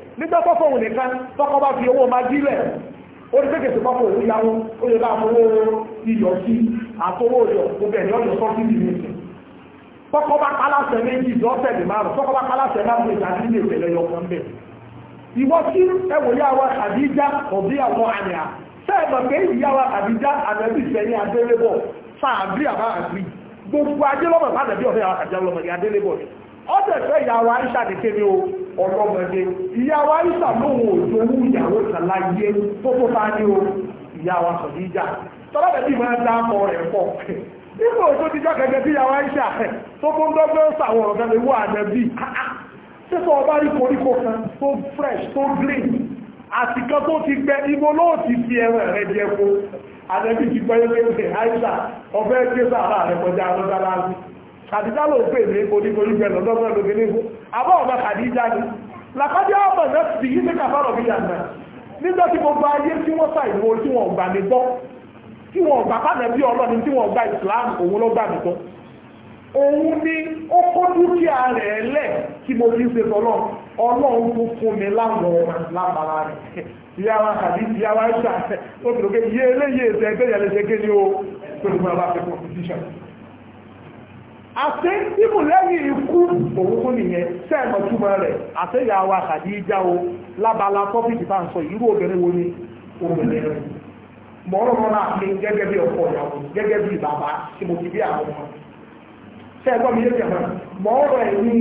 nígbà tọ́kọ̀ òun nìkan tọ́kọ̀ bá fi owó máa dílẹ̀ ó ní pẹ́kẹ̀ sí pápọ̀ òun yáwó ó lè bá fowó iyọ̀ sí àtowó ọ̀yọ̀ gbogbo ẹ̀yọ́ ọ̀yọ̀ sọ́kí ní ìlú tọ́kọ̀ bá kálásẹ̀ méjì ìdọ́sẹ̀ lè márùn tọ́kọ̀ bá kálásẹ̀ márùn ìdájí ní ìpẹ̀lẹ̀ yọ kan bẹ̀ ìwọ tí ẹwòyá wa Khadija ọ̀bí àwọn àmìà sẹ́ẹ̀mọ̀ pé ìyá wa Khadija àmẹ́bí sẹ́yìn adélébọ̀ sáà bí àbá àgbì gbogbo ajé lọ́mọ̀ bá dàbí ọ̀fẹ́ àwọn àjẹ́ lọ́mọ̀ ní adélébọ̀ ni ọ̀sẹ̀fẹ́ ìyàwó àìsà ní kéde o ọlọ́mọdé ìyàwó àìsà lóhun òjò owó ìyàwó ìsàlá iye tó tó bá ní o ìyàwó àsọ̀díjà tọ́lọ́bẹ̀bí máa dá ọmọ rẹ̀ pọ̀ nígbà òjò ti jọ gẹ́gẹ́ bí ìyàwó àìsà tó kó ń dọ́gbẹ́ sàwọn ọ̀rọ̀ gẹ́gẹ́ wọ àdẹ́bí sísọ ọba rí koríko kan tó fresh tó green àti kan tó ti gbẹ ibo lóò ti fi ẹran rẹ jẹ ko àdẹ́bí ti gbọ́ yẹ́ pé àìsà ọbẹ̀ gbé sàrà kọjá lọ́dá láti kàdíjá ló pè ní onígbòrí pẹ̀lú ọdọ́gbọ́n lóbi ní fún abọ́ ọ̀mọ kàdíjá ni làkọ́jọ́ ọmọ náà sì yí ní kàfàrọ̀ bí yàgbà nígbà tí gbogbo ayé tí wọ́n sà ìwọ tí wọ́n gbà mí gbọ́ tí wọ́n gbà pàdé bí ọlọ́ni tí wọ́n gba Islam òun ló gbà mí gbọ́ òun ni ó kó dúkìá rẹ̀ lẹ̀ tí mo fi ṣe tọ́lọ́ ọlọ́run tó fún mi láwọn ọmọ lábàrá rẹ̀ ìyáwá tàbí ìyáwá ṣà ó fi lókè yé eléyè ìṣẹ́ ẹgbẹ́ yẹn lè ṣe kéde o pẹ̀lú bí wọ́n bá fi kọ́ àti ìmù lẹ́yìn ikú òun fún nìyẹn sẹ́ẹ̀mọ̀ túmọ̀ rẹ̀ àti wa Khadija lábala ń sọ irú obìnrin wo ni obìnrin rẹ̀ mọ̀ọ́rọ̀ náà mi gẹ́gẹ́ bí ọkọ ìyàwó gẹ́gẹ́ bí bàbá tí mo ti bí àwọn ọmọ mi yé jẹ̀mọ́ ọmọ mi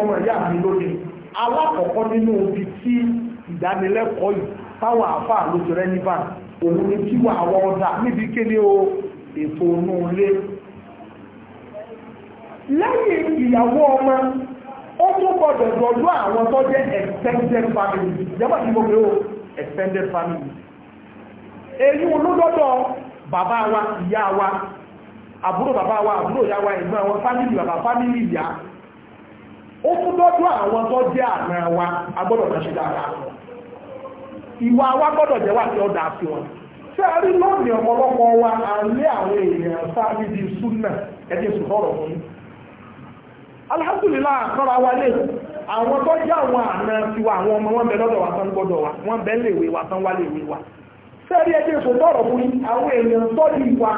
ọmọ mi lóde alákọ̀ọ́kọ́ nínú ibi tí ìdánilẹ́kọ̀ọ́ yìí táwọn o ètò inú ilé lẹ́yìn ìyàwó ọmọ ó tó gbọdọ̀ gbọdọ̀ àwọn tó jẹ́ extended family ìjọba tí mo gbé o extended family èyí olódọ́dọ̀ bàbá wa ìyá wa àbúrò bàbá wa àbúrò ìyá wa ìgbọ́n àwọn fámìlì bàbá fámìlì ìyá ó tún dọ́dọ̀ àwọn tó jẹ́ àmà wa agbọ́dọ̀ máa ṣe ìwà wa gbọ́dọ̀ jẹ́ wà tí ó dáa sí wọn ṣé lónìí ọ̀pọ̀lọpọ̀ wa à àwọn èèyàn sáré di súnà ẹ̀dẹ̀ sùkọ́rọ̀ fún mi. alhamdulillah àkọ́ra wa lè àwọn ọmọ wọn bẹ lọ́dọ̀ wa tán gbọ́dọ̀ wa wọ́n bẹ léwe wa wa. fún àwọn èèyàn tọ́jú ìwà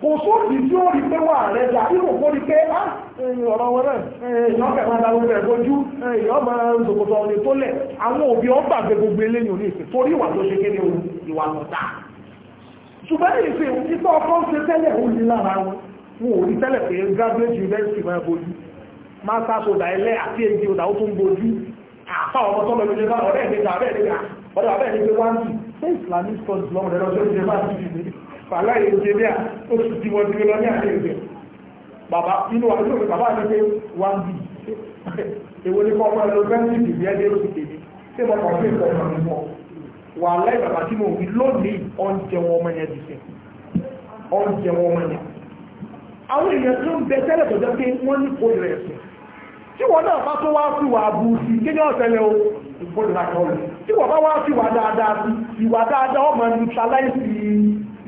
kò sóòtì tí ó rí pé wà rẹ̀ ọ̀rọ̀ wọn náà èèyàn kẹ̀kọ́ adarú rẹ̀ lójú èèyàn máa ń sòkòtò ọ̀nì tó lẹ̀ àwọn òbí ọgbà gbé gbogbo eléyìn òní ìsìn torí ìwà tó ṣe kéde òun ìwà lọ́tà ṣùgbọ́n ìsìn ìtọ́ ọkọ̀ ń ṣe tẹ́lẹ̀ òun ní lára wọn wọn ò rí tẹ́lẹ̀ pé graduate university máa bojú masters ọ̀dà ẹlẹ́ àti èdè ọ̀dà ó tún bojú àpá ọmọ tọ́lọ ilé bá ọ̀rẹ́ ìgbésà ti ti di ti lọ ní àlẹ́ ìgbésà bàbá inú àdúgbò pé bàbá mi pé wá ń bì èwo ni kọ́kọ́ ẹ̀rọ bẹ́ńsìtì bí ẹni oṣù tèmi tí mo kàn fún ìtọ́jú mi mọ́ wà láì bàbá tí mo wí lónìí ọ̀njẹ̀ wọn ọmọ yẹn ti sìn ọ̀njẹ̀ wọn ọmọ yẹn àwọn èèyàn tó ń bẹ tẹ́lẹ̀ tó jẹ́ pé wọ́n ní kórìíra ẹ̀sìn tí wọ́n náà bá tó wá sí wà búùsì kéjọ́ ọ̀sẹ̀lẹ̀ o ìgbónira kan lè tí wọ́n bá wá sí wà dáadáa sí ìwà dáadáa ọmọ neutralize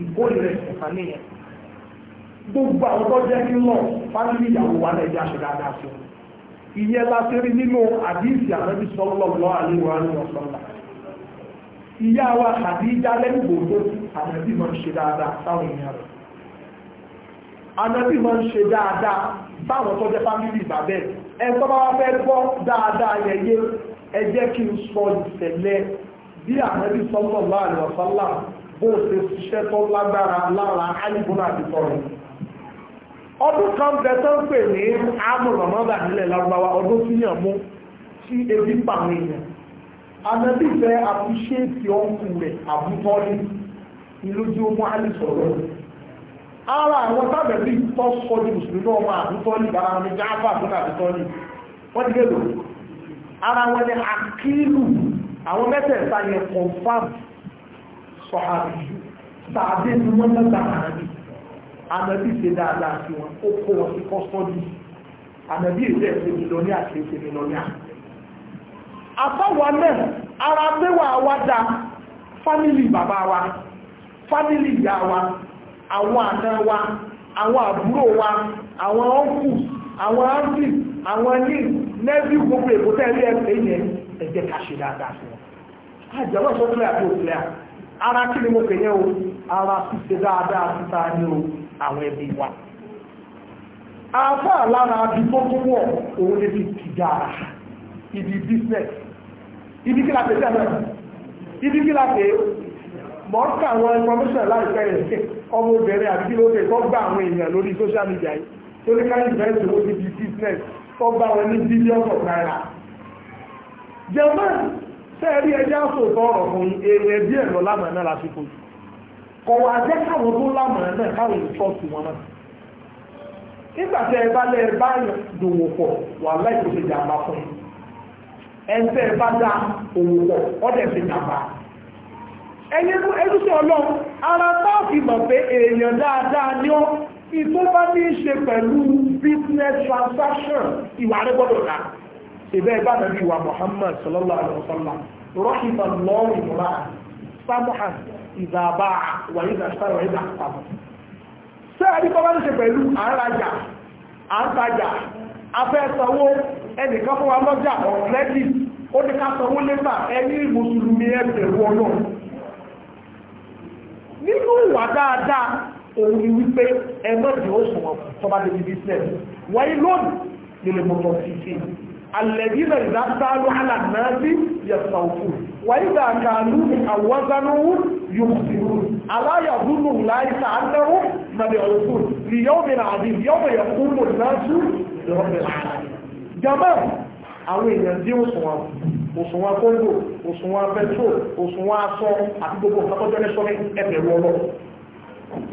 ìgbónira ẹ̀sìn kan níyẹn gbogbo àwọn tó jẹ́ kí lọ fámílì ìyàwó wa náà jẹ́ àṣẹ̀dáadá sí ìyẹn la ṣe rí nínú àdíìsì ànábì sọ́lọ́lọ́ àríwá àríwá sọ́lá wa Khadija lẹ́gbòdó ànábì máa ń ṣe dáadáa sáwọn èèyàn rẹ̀ ànábì máa ń ṣe dáadáa sáwọn tó jẹ́ fámílì ìbàbẹ́ ẹ tó bá wá fẹ́ gbọ́ dáadáa yẹyẹ ẹ jẹ́ kí n sọ ìṣẹ̀lẹ̀ bí ànábì sọ́lọ́lọ́ àríwá sọ́lá bó ṣe tó lágbára lára àyíkúnà àti tọrọ ọdún kan bẹ tó ń pè ní amúrànmọ́bà nílẹ̀ larubawa ọdún tí yàn mú sí ebi pàmì yẹn anabi fẹ́ àfiṣẹ́ẹ̀tì rẹ̀ tí ó ara àwọn tábẹ̀bí sọ ní mùsùlùmí bára wọn ní jáfà wọ́n ti ara wọn ni àwọn mẹ́tẹ̀ẹ̀ta yẹn confam sọ̀hàbí tàbí wọ́n mẹ́ta ànábì ṣe dáadáa sí wọn ó kó wọn sí kọ́sọ́dì ànábì èdè ẹ̀sẹ̀ mílíọ̀nì àti èsẹ̀ mílíọ̀nì à. àfáwa náà ara mẹ́wà wa da fámìlì bàbá wa fámìlì ìyá wa àwọn àna wa àwọn àbúrò wa àwọn ọ́nkù àwọn áńtì àwọn ní nẹ́bí gbogbo èkó tẹ́lẹ̀ ẹ̀sẹ̀ yẹn ẹ̀jẹ̀ ká ṣe dáadáa sí wọn. àjẹmọ́ sọ́kúlẹ̀ àti òkúlẹ̀ ara kí ni mo pè yẹn o ara ṣiṣẹ́ dáadáa síta ni o àwọn ẹbí wa afá lára ibi tó tún wọ̀ òun lè fi tìjára ibi business ibi kí la pè sẹ́fẹ̀ ibi kí la pè mọ́ọ̀kà àwọn information láìpẹ́ rẹ̀ ọmọ obìnrin àti kí ló dé tó gba àwọn èèyàn lórí social media yìí tó ní káyọ̀ ìfẹ́ ìṣòro ti di business tó gba wọn ní billions of naira jẹ́mọ́ sẹ́ẹ̀rí ẹjẹ́ àsòtọ́ ọ̀rọ̀ fún èrè díẹ̀ lọ lámàá náà lásìkò kọ̀wọ́ káwọn tó lámàá náà káwọn ìfọ́ọ̀tù wọn náà nígbà tí ẹ bá lẹ́ ẹ bá dòwò pọ̀ wà láìpò ṣe jàmbá fún yín ẹnfẹ́ ẹ bá dá òwò pọ̀ ọ̀dẹ̀ ṣe jàmbá ẹ̀yin ẹdúṣe ọlọ́run ara táàfì mọ̀ pé èèyàn dáadáa ni ìtọ́ bá ní í ṣe pẹ̀lú business transaction ìwà rẹ gbọ́dọ̀ rà Muhammad sallallahu wa sallam ìdàbà wà ìdà sára wà ìdà pàmò sẹ́ẹ̀rí kọ́ bá ń ṣe pẹ̀lú àárajà àǹtajà afẹ́sanwó ẹnìkan fún wa lọ́jà ọ̀rẹ́dì ó ní ká sanwó lẹ́tà ẹni mùsùlùmí ẹ̀bẹ̀rù ọlọ́run nínú ìwà dáadáa òun ni wípé ẹgbẹ́ tí ó sọ̀rọ̀ tọ́ba débi bísẹ̀ wáyé lónìí lè lè mọ̀tọ̀ sí sí الذين إذا سألوا على الناس يستوفون وإذا كانوا أو وزنوا يخسرون ألا يظن أولئك أنهم مبعوثون ليوم عظيم يوم يقوم الناس لرب العالمين جماعة àwọn èèyàn dí òṣùwọ̀n òṣùwọ̀n kóńgò òṣùwọ̀n petrol òṣùwọ̀n aṣọ àti gbogbo nǹkan tó jẹ́ sọ́rẹ́ ẹgbẹ̀rún ọlọ́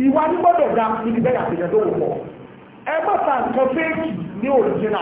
ìwà ní gbọ́dọ̀ dá ibi bẹ́ẹ̀ àtìyàn tó fẹ́ẹ̀kì ní òrìjìnà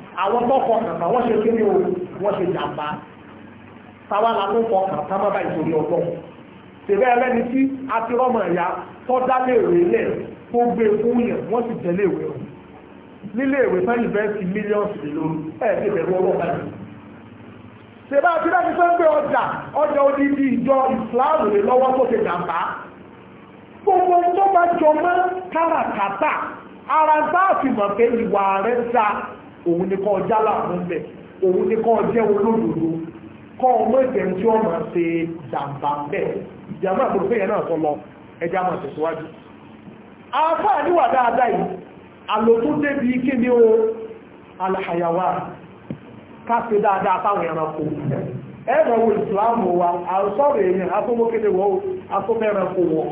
àwọn tó kọ kàkà wọ́n ṣe kéde o wọ́n ṣe jàmbá táwa la tó kọ kàkà má báyìí torí ọgbọ́n tèbẹ́ ẹlẹ́ni tí a ti rọ́mọ ẹ̀yà tó dá léèrè lẹ̀ tó gbé e fún yẹn wọ́n sì jẹ́ léèrè o nílé ìwé sáyìn bẹ́ẹ̀ ti mílíọ̀nù sí lóru ẹ̀ ti bẹ̀rù ọwọ́ báyìí tèbá àti láti fẹ́ gbé ọjà ọjà odidi ìjọ ìsìláàmù lè lọ́wọ́ tó ṣe jàmbá gbogbo tó bá jọ mọ́ káràkátà ara ń bá àfihàn pé ìwà rẹ̀ dáa òun ni kọ́ jálà fún bẹ̀ òun ni kọ́ jẹ́ olódodo kọ́ ọmọ ìjẹun tí wọ́n máa ṣe jàǹbá bẹ́ẹ̀ ìjàmbá àbúrò fẹ́yẹ náà sọ lọ ẹja máa tẹ̀síwájú afáà níwà dáadáa yìí àlòtún débi kí ni o alàyàwá dáadáa fáwọn ẹranko ẹ̀rọ wo ìsìláàmù wa èèyàn afọ́mọ́kéde wọ́n wọ́n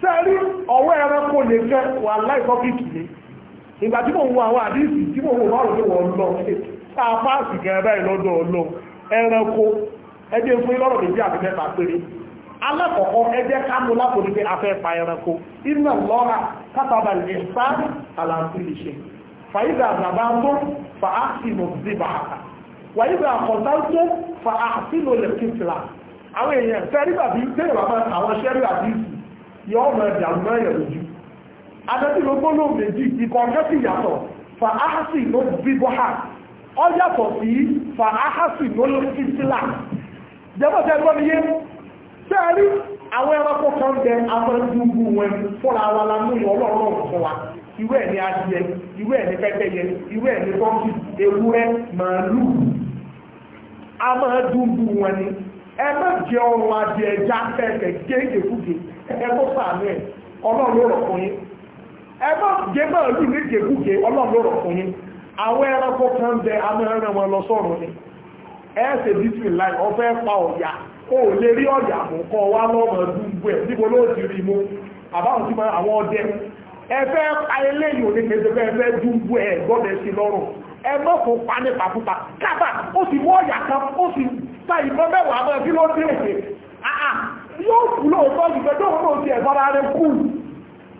sẹ́rí ọwọ́ ẹranko lè fẹ́ wà ìgbà tí mo ń wo àwọn àdíìsì tí mo ń wo márùn-ún tí wọ́n lọ sáfáàsì gẹ̀ẹ́bẹ́ ìlọ́dọ̀ ọlọ ẹranko ẹjẹ́ fún ìlọ́rọ̀ méjì àti mẹ́ta péré alákọ̀ọ́kọ́ ẹjẹ́ kámú lápòrí pé afẹ́ pa ẹranko iná lọ́ra kátàbà lè sáàrì àlàáfíìṣẹ́ fàídà àgbàbá tó fa áṣìlò sí bàtà wàídà àkọ̀tà tó fa áṣìlò lè kíkìlà àwọn èèyàn fẹ́rí bàbí tẹ́lẹ̀ bàbá àwọn ṣẹ́rí àdíìsì yọ́ ọmọ ẹ̀dà mẹ́rin lójú adẹ́bìnrin gbólóhùn méjì ìkọ̀ọ̀kan sì yàtọ̀ fa áhásì ló bíbọ́ ha ọ yàtọ̀ sí fa áhásì ló ló fi sílà jẹ́bọ̀tẹ́ gbọ́ mi yé sẹ́ẹ̀rí àwọn ẹranko kan bẹ afẹ́dúgbù wọn fúnra wa la mú yọ ọlọ́run fún wa ìwé ẹ̀ ní adìẹ ìwé ẹ̀ ní pẹ́pẹ́yẹ ìwé ẹ̀ ní pọ́ńkì ewúrẹ́ màálù a máa dúgbù wọn ni ẹ má jẹ ọrùn adìẹ já pẹ́ẹ̀kẹ́ gé èkúgé ẹ kó sàánú ẹ ọlọ́run rọ̀ fún ẹ má jẹ máa lù méjèèkúkè ọlọ́rọ̀ fún yín àwọn ẹranko kan bẹ amẹ́rẹ́ wọn lọ sọ́run ni ẹ ṣe bísí láì ọfẹ́ pa ọ̀yà o lè rí ọ̀yà mú kọ́ wá lọ́mọ dúgbò ẹ̀ níbo ló ti rí mú àbáwọn tí máa àwọn ọdẹ ẹ fẹ́ pa eléyìí òní kẹsẹ̀ fẹ́ fẹ́ dúgbò ẹ̀ gbọ́dẹ̀ sí lọ́rùn ẹ má kó pa ní pàkúta kábà ó sì mú ọ̀yà kan ó sì ta ìbọn mẹ́wàá mọ́ kí ló dé òkè yóò kú lóòótọ́ ìgbẹ́jọ́ òun náà ti ẹ̀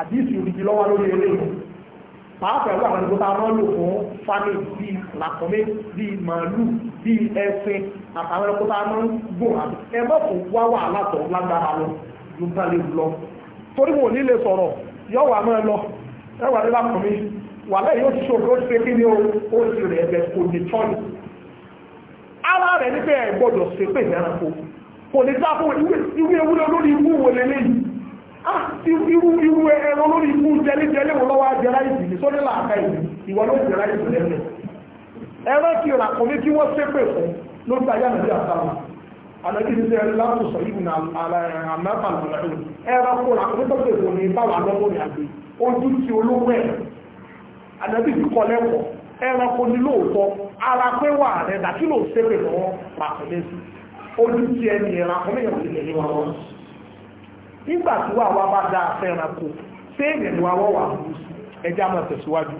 àdísì òdìdí lọ́wọ́ lórí eléyìí pàápàá ẹ̀rọ àwọn ìgbóta máa ń lò fún fámì bíi làkọ́mé bíi màálù bíi ẹṣin àtàwọn ìgbóta máa ń gùn àti ẹgbẹ́ fún wá wàhálà tó lágbára lọ ló bá lè lọ torí wọn ò ní lè sọ̀rọ̀ yọ̀wọ̀ àmọ́ ẹ lọ ẹwà ní làkọ́mé wàhálà yóò ti ṣòro ó ti ṣe kí ni ó ti rẹ̀ ẹ̀bẹ̀ kò ní tọ́lù ara rẹ̀ ní pé ẹ̀ gbọ́dọ̀ ṣe pé ìyára kò kò ní sáfún ìwé ewúrẹ́ olórí ikú wo lélẹ́yìí Ah, irú irú ẹran lórí ikú jẹlẹjẹlẹ wọn lọ́wọ́ ajẹrà ìdìbò sórí làákà ìdìbò ìwọ ló jẹrà ìdìbò lẹ́nu ẹran kí ra kò ní kí wọ́n ṣépè fún ló gba yá nàbí àtàwọn àlejò ní sẹ́yìn láti sọ yìí nà àmẹ́fà lọ́rẹ́ ẹran kó ra kò ní tọ́jú èkó ní báwa lọ́wọ́ ní àgbè ojú ti olówó ẹ̀ àlejò ti kọ́ lẹ́kọ̀ọ́ ẹran kò ní lóòótọ́ ara pé wà rẹ̀ dàkí ló ṣépè lọ́wọ́ pàtó lẹ́sìn ojú ti ẹni ẹ̀ràn kò ní yàn nígbà tí wà wá bá dáa fẹ́ràn kò séèmì ni wà wọ́ wà bú sí ẹjá mọ̀ tẹ̀síwájú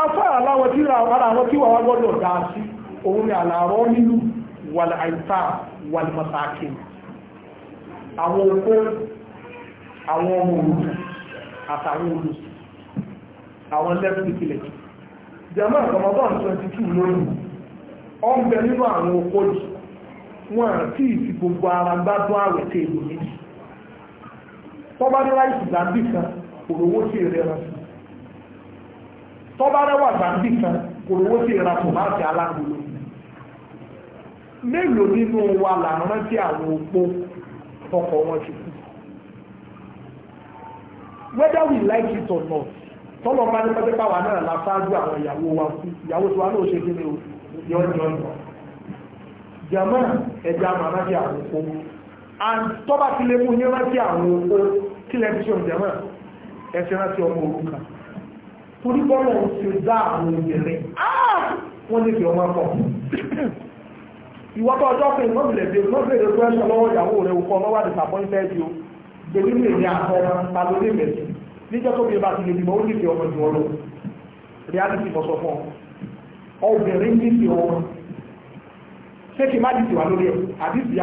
afẹ́ aláwọ̀ tí ara àwọn tí wà wá gbọ́dọ̀ dáa sí òun ni àlàrọ́ nínú ìpìlẹ̀ jẹ́mọ́ ìkọmọ́bọ̀n 22 lónìí ọ ń bẹ nínú àwọn okó wọn àti ìfi gbogbo ara ń bá dún àwẹ̀ tẹ èlò méjì tọ́ba ní láìsí gbàǹdì kan òrówó sí èrè rẹ̀ sí tọ́ba rẹwà gbàǹdì kan òrówó sí èrè àtùmá àti alágbòrò mélòó nínú wa là ń rántí àwọn opó tọkọ wọn ti kú whether we like it or not tọ́lọ́ bá ní pẹ́pẹ́ báwa náà la ṣáájú àwọn ìyàwó wa kú ìyàwó tiwa náà ṣe kí ni o yọ̀ọ̀yọ̀ọ̀yọ̀ jama ẹja máa rántí àwọn oko and tọ́ba ti lé mú ní rántí àwọn oko kí lẹ́bi ṣe jama ẹsẹ̀ rántí ọmọ òrukàn torí bọ́lá ń ṣe dá àwọn obìnrin wọ́n ní fi ọmọ pọ̀ ìwọ́pọ̀ ọjọ́ pé mọ́bìlẹ̀dẹ̀ mọ́bìlẹ̀dẹ̀ tó ẹ̀ṣọ́ lọ́wọ́ ìyàwó rẹ̀ òkú ọlọ́wà disappointed you gbèmí lè ní àtọ́ra balóde mẹ́sì níjọ́ tó bí bá ti lè bímọ ó ní fi ọmọ ìwọ́lọ́ reality fọ́sọ́fọ́ obìnrin ní fi ọmọ ṣé má dìtì wà lórí ẹ̀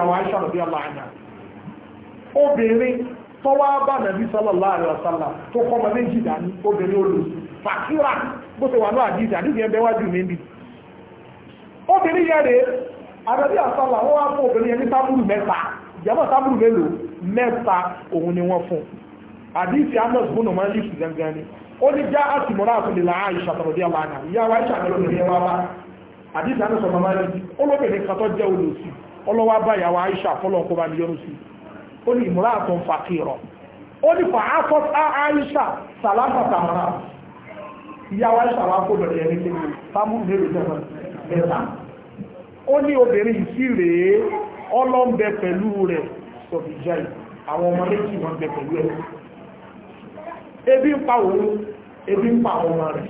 àwọn aṣọ ala anya àná obìnrin tọ́wọ́ bá nàbí sallallahu alaihi tó kọ́ méjì dání obìnrin olù fàkírà bó ṣe wà ní àdìsí àdìsí ẹ̀ wájú mi obìnrin yẹn rèé àròbí àsálà wọ́n wá fún obìnrin yẹn ní tábùrù mẹ́ta tábùrù mélòó mẹ́ta òun ni wọ́n fún àdìsí amos bùnú máa ń ni ó ní já ìyá wa àdísà ní sọmọ máa ní olóbìnrin kan tó jẹ́ olùsí ọlọ́wà báyàwó Aisha fọ́lọ́nkọ́ bá ní yọ́nú sí ó ní ìmúra àtún fàkìrọ̀ ó ní fa afọ́t Aisha sàlámà tàmàrà ìyàwó Aisha wà kó lọ́dẹ̀ ẹni kéde sámú mélòó jẹ́mọ́ mẹ́ta ó ní obìnrin sí rèé ọlọ́mbẹ pẹ̀lú rẹ̀ sọ̀bìjáì àwọn ọmọ méjì wọn bẹ pẹ̀lú ẹ̀ ebi ń pa òun ebi ń pa ọmọ rẹ̀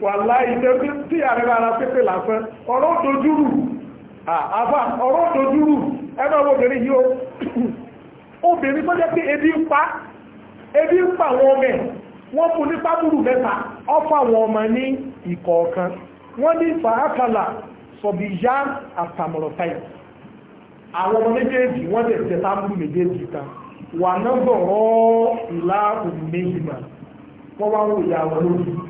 wàlá ìdẹ́bí tí àrẹ́rẹ́ ara pépè lásán ọ̀rọ̀ dojúrù àbá ọ̀rọ̀ dojúrù ẹgbẹ́ obìnrin yìí ó obìnrin tó jẹ́ pé ebi ń pa ebi ń pa àwọn ọmọ ẹ̀ wọ́n fún ní pábùrù mẹ́ta ọfà àwọn ọmọ ní ìkọ̀ọ̀kan wọ́n ní fàákàlà sọ̀bì yá àtàmọ̀lọ̀tàì àwọn ọmọ méjèèjì wọ́n lè tẹ̀ tábùrù méjèèjì kan wà náà bọ̀ rọ́ ìlà òmìnira wọ́n wá ń wòye àwọn olóyìn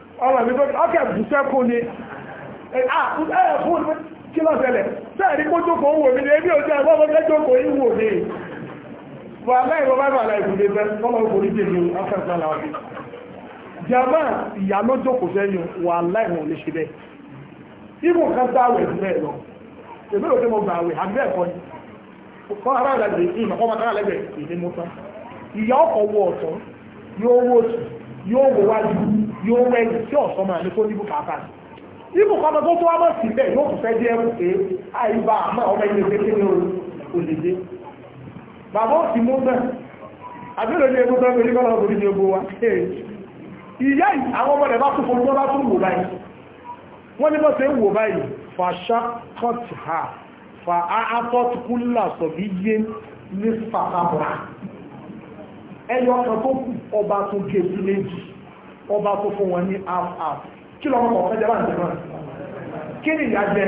ọ̀rọ̀ mi tó ọkẹ̀ bùsẹ́kù ni ẹ̀ẹ̀ fún mi kí ló ṣẹlẹ̀ sẹ́ẹ̀rí kó jókòó wò mí ní ebí òjò ẹ̀wọ́n mọ́kẹ́ jókòó yìí wò mí wà láì wọ́n bá bà láì fún mi fẹ́ lọ́wọ́ orí jèmi afẹ́fẹ́ làwọn mi jama ìyá ló jókòó sẹ́yìn wà láì wọn ò lè ṣe bẹ́ẹ̀ ibùn kan dáwẹ̀ bẹ́ẹ̀ lọ èmi ò tẹ́ mo gbà àwẹ̀ àbí ẹ̀kọ́ ni kọ́ ara rẹ̀ lè fi ìmọ̀kọ́ máa kára lẹ́gbẹ̀ẹ́ ìdí mọ́tọ́ ìyá ọkọ̀ wọ ọ̀tọ̀ yóò wó òtún yóò wọ wájú yóò wẹ́ ẹ̀yìn tí ọ̀sán máa ní kó níbù pàápàá ibù kan tó tó wá mọ̀ sí bẹ́ẹ̀ yóò fẹ́ jẹ́ ẹrù pé àyíbá àmọ́ ọmọ ilé pété ní òlèdè bàbá òsì mú bẹ́ẹ̀ àbúrò ní egbó tó ń gbé kọ́lọ́ òbí ní egbó wa ìyá àwọn ọmọ rẹ̀ bá tún fojú bá tún wò báyìí wọ́n ní bọ́ sí wò báyìí fa ṣákọ́tì ha fa áátọ́tì kúlà sọ̀bí yé ní fàtàbọ̀rà ẹyọ kan tó kù ọba tó gé sí méjì ọba tó fún wọn ní half half kí lọ́wọ́ kọ̀ ọ̀fẹ́ jẹ́bà nìjọba kí ni ìyá jẹ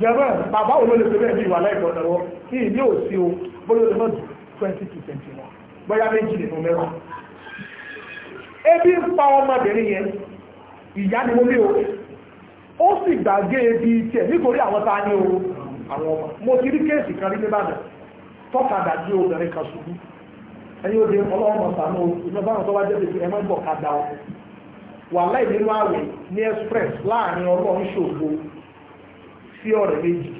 jẹ́bà bàbá wo ló lè pè bẹ́ẹ̀ bí ìwà láìpọ̀ lọ́wọ́ kí ìdí ò sí o bóyá ó lè twenty to twenty one bóyá méjì nínú mẹ́wàá ebi ń pa ọmọbìnrin yẹn ìyá ni mo lé o ó sì gbàgbé ebi tiẹ̀ nítorí àwọn tá a ní o àwọn ọmọ mo ti rí kéèsì kan rí níbàdàn tọ́kadà ní obìnrin kan ṣubú ẹni ó di ọlọ́wọ́ mọ̀ sànú iná báwọn tó bá jẹ́ bèbè ẹ má gbọ̀ kadà ọ wà láì nínú àwẹ̀ ní express láàrin ọlọ́run ṣògo sí ọ̀rẹ́ méjì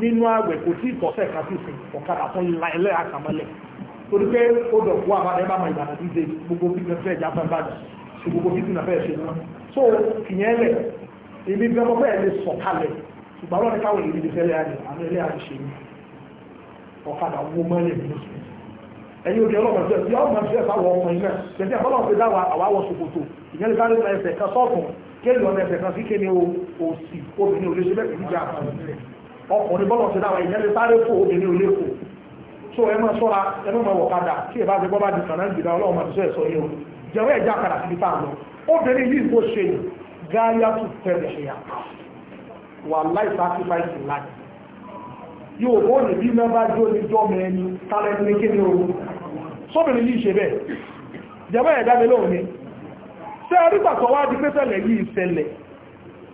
nínú àwẹ̀ kò tí ìtọ́sẹ̀ kan sí ìsìn ọ̀kadà tó la ẹlẹ́ àkàmọ́lẹ̀ torí pé ó dọ̀ kó àbádẹ́ bá mọ ìbàdàn dídé gbogbo bí fẹ́ ẹja fẹ́ bàdàn ṣe gbogbo bí fẹ́ fẹ́ ṣe wọn so ìyẹn lẹ̀ èmi bí ọmọ bẹ́ẹ̀ lè sọ̀kalẹ̀ ṣùgbọ́n ọlọ́run káwọn èyí ti fẹ́ lẹ́yà ní àmì ẹlẹ́yà ti ṣe ní ọ̀kadà owó mọ́lẹ̀ ní oṣù ẹ̀yin ojú ọlọ́mọ ṣe yọ ọmọ ṣe sáwọ ọmọ iná tẹ̀sí àbọ́lọ́ fi dáwà àwáwọ̀ ṣòkòtò ìyẹn lè sáré ẹsẹ̀ kan sọ́ọ̀tún kéèlì ọmọ ẹsẹ̀ kan sí kéèlì òsì obìnrin olóṣè bẹ́ẹ̀ kìí jà ọkùnrin bọ́lọ̀ ṣe dáwà ìyẹn lè sáré fò obìnrin olóṣè so ẹ máa ṣọ́ra ẹ máa wọ̀ kadà tí ẹ bá ti gbọ́ bá di kànáà gbìdá ọlọ́mọ ṣe sọ yẹ o jẹ́wọ́ ẹ̀já padà sí ipa lọ obìnrin yìí kò ṣe gáyà tó tẹ̀lé ẹ̀yà wà láì sacrifice in life yóò bọ́ọ̀lù bí mẹ́bàá jó ní jọ́mọ ẹni tálẹ́ni ní kéde ooru sóbìnrin yìí ṣe bẹ́ẹ̀ jẹba ẹ̀dámi lóhun ni ṣe àrígbàtọ̀ wá di pẹ́sẹ̀lẹ̀ yìí ṣẹlẹ̀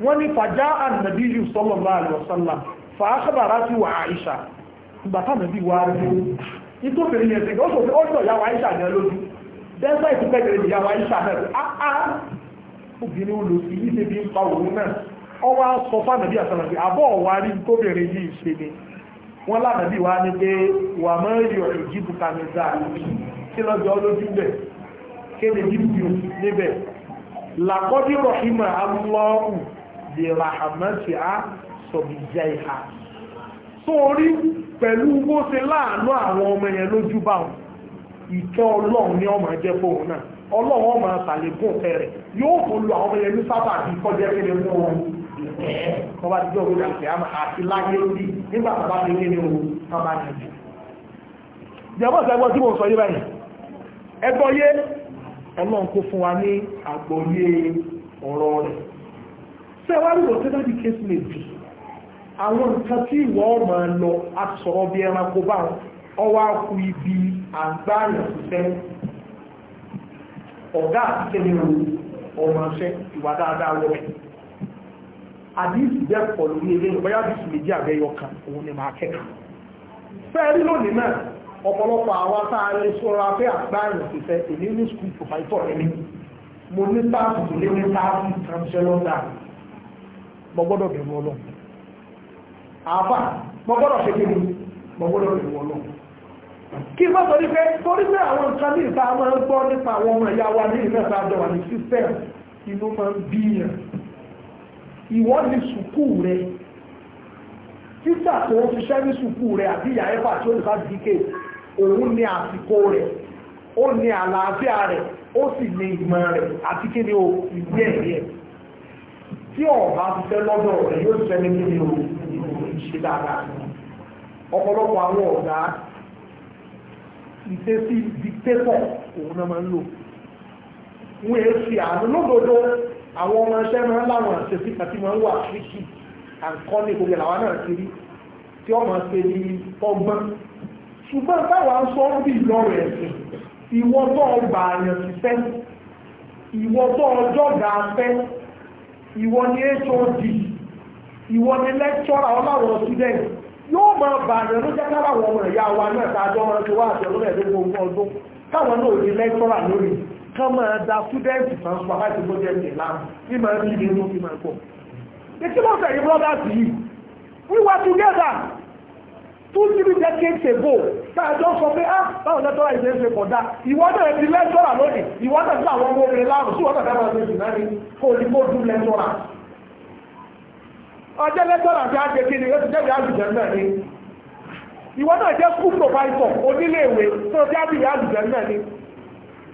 wọ́n ní fàjá ànàbí yìí sallallahu alaihi wasallam fàákàbàrá sí wà àìṣà ìgbàtà nàbí wà á dúró ìtòfèrè yẹn sí ọjọ́ ọjọ́ ìyàwó àìṣà jẹ lójú dẹ́sẹ̀ ìtìpẹ́gẹ̀rẹ̀ ìyàwó àìṣà náà á ah, ah. obìnrin olò sí yìí ṣe bí ń pa òun náà ọwọ́ sọ fánàbí àtàlàbí àbọ̀ ọ̀wárí tóbìnrin yìí ṣe ni wọ́n lánàbí wá ní pé wà mọ́ ìrìn ọ̀rìn kàmẹ́sà kí lọ́jọ́ lójú bẹ̀ kéde jíbù níbẹ̀ làkọ́dí rọ̀hìmọ̀ alọ́ọ̀hù lè ràhàmẹ́sì á sọ̀bìjẹ́ ìhà sórí pẹ̀lú bó láàánú àwọn ọmọ yẹn lójú bá wọn ọlọ́run ní ọmọ jẹ́ fóun náà ọlọ́run ọmọ àtàlẹ́gùn yóò ìtẹ́ wọ́n bá ti jọ òwe àti àmà àti láyé lórí nígbà tó bá ti rí ní ohun tó bá ní ìjì. ìjọba ìṣẹ́gbọ́n tí mo sọ yé báyìí ẹgbọ́ yé ọlọ́run kó fún wa ní àgbọ́yé ọ̀rọ̀ rẹ̀ ṣé wá rí wọ́n tẹ́lá kéésì lè bì àwọn nǹkan tí ìwọ ọmọ lọ asọ̀rọ̀ bí ẹranko bá ọwọ́ akú ibi àgbáyàn fẹ́ ọ̀gá àti tẹ́lẹ̀ ọmọ ṣẹ́ ìwà dáadáa wọ́pẹ́ àdíìsì bẹ́ẹ̀ pọ̀ lórí eré ìbáyá àdíìsì méjì àbẹ́yọ kan òun ni máa kẹ́kọ̀ọ́ fẹ́ẹ̀rí lónìí náà ọ̀pọ̀lọpọ̀ àwọn atáàrẹ sọ́ra fẹ́ àgbáyàn ti fẹ́ èmi ní skul pòfàìtọ̀ ẹni mo ní sáàpù tó lé ní sáàpù kanṣẹ́lọ́dà mo gbọ́dọ̀ bẹ̀rù ọlọ́run àáfà mo gbọ́dọ̀ ṣe kí ni mo gbọ́dọ̀ bẹ̀rù ọlọ́run bá sọ wípé torí pé àwọn nǹkan ní ìta máa ń gbọ́ nípa àwọn ọmọ ìyá ní ìfẹ́ ní sísẹ́ẹ̀ inú máa ń bíyàn iwọ ni sùkú rẹ títà tó ń ṣiṣẹ́ ní sùkú rẹ àbí ìyá tí ó lè bá dìkẹ́ òun ní àsìkò rẹ ó ní àlàáfíà rẹ ó sì ní ìmọ̀ rẹ àti kí ni o ìwé tí ọba ti lọ́dọ̀ rẹ yóò ní kí ni o ìṣe dáadáa ọ̀pọ̀lọpọ̀ àwọn ọ̀gá ìṣesí dictator òun náà àwọn ọmọ ẹṣẹ́ máa ń láwọn àṣẹsí àti máa ń wà kíkì àǹkọ́ ní ìkòkè làwọn náà ti rí tí ọmọ ṣe ní ọgbọ́n ṣùgbọ́n táwa ń sọ bí ìlọrin ẹ̀sìn ìwọ tó ọgbà àyàn ti fẹ́ ìwọ tó ọjọ́ gà fẹ́ ìwọ ni hod ìwọ ni lẹ́kṣọ́rà ọláwọ̀ student yóò máa bà àyàn ló jẹ́ káwọn ọmọ ìyá wa náà tàjọ́ máa ń kan máa da túdẹ́ǹtì kan sọ àbájọ gbọ́dẹ̀ ní ìlànà ní máa rí ilé inú fi máa pọ̀. ètí ló fẹ̀ yín brọ́dà sí yìí we were together two three decades ago tá a jọ sọ pé ah báwo lẹ́tọ́ra ìṣe ń ṣe pọ̀ dá ìwọ náà ti lẹ́tọ́ra lónìí ìwọ náà ti to ọmọ obìnrin láàrùn sí So náà dábàá lóṣù náà ni kò ní kó dún lẹ́tọ́ra. ọjọ́ lẹ́tọ́ra ti àgbẹ̀ kí ni ó ti jẹ́bi àlùjẹ́ náà ni ìwọ náà jẹ́ school provider oníléèwé tó ti àbíyá àlùjẹ́ náà ni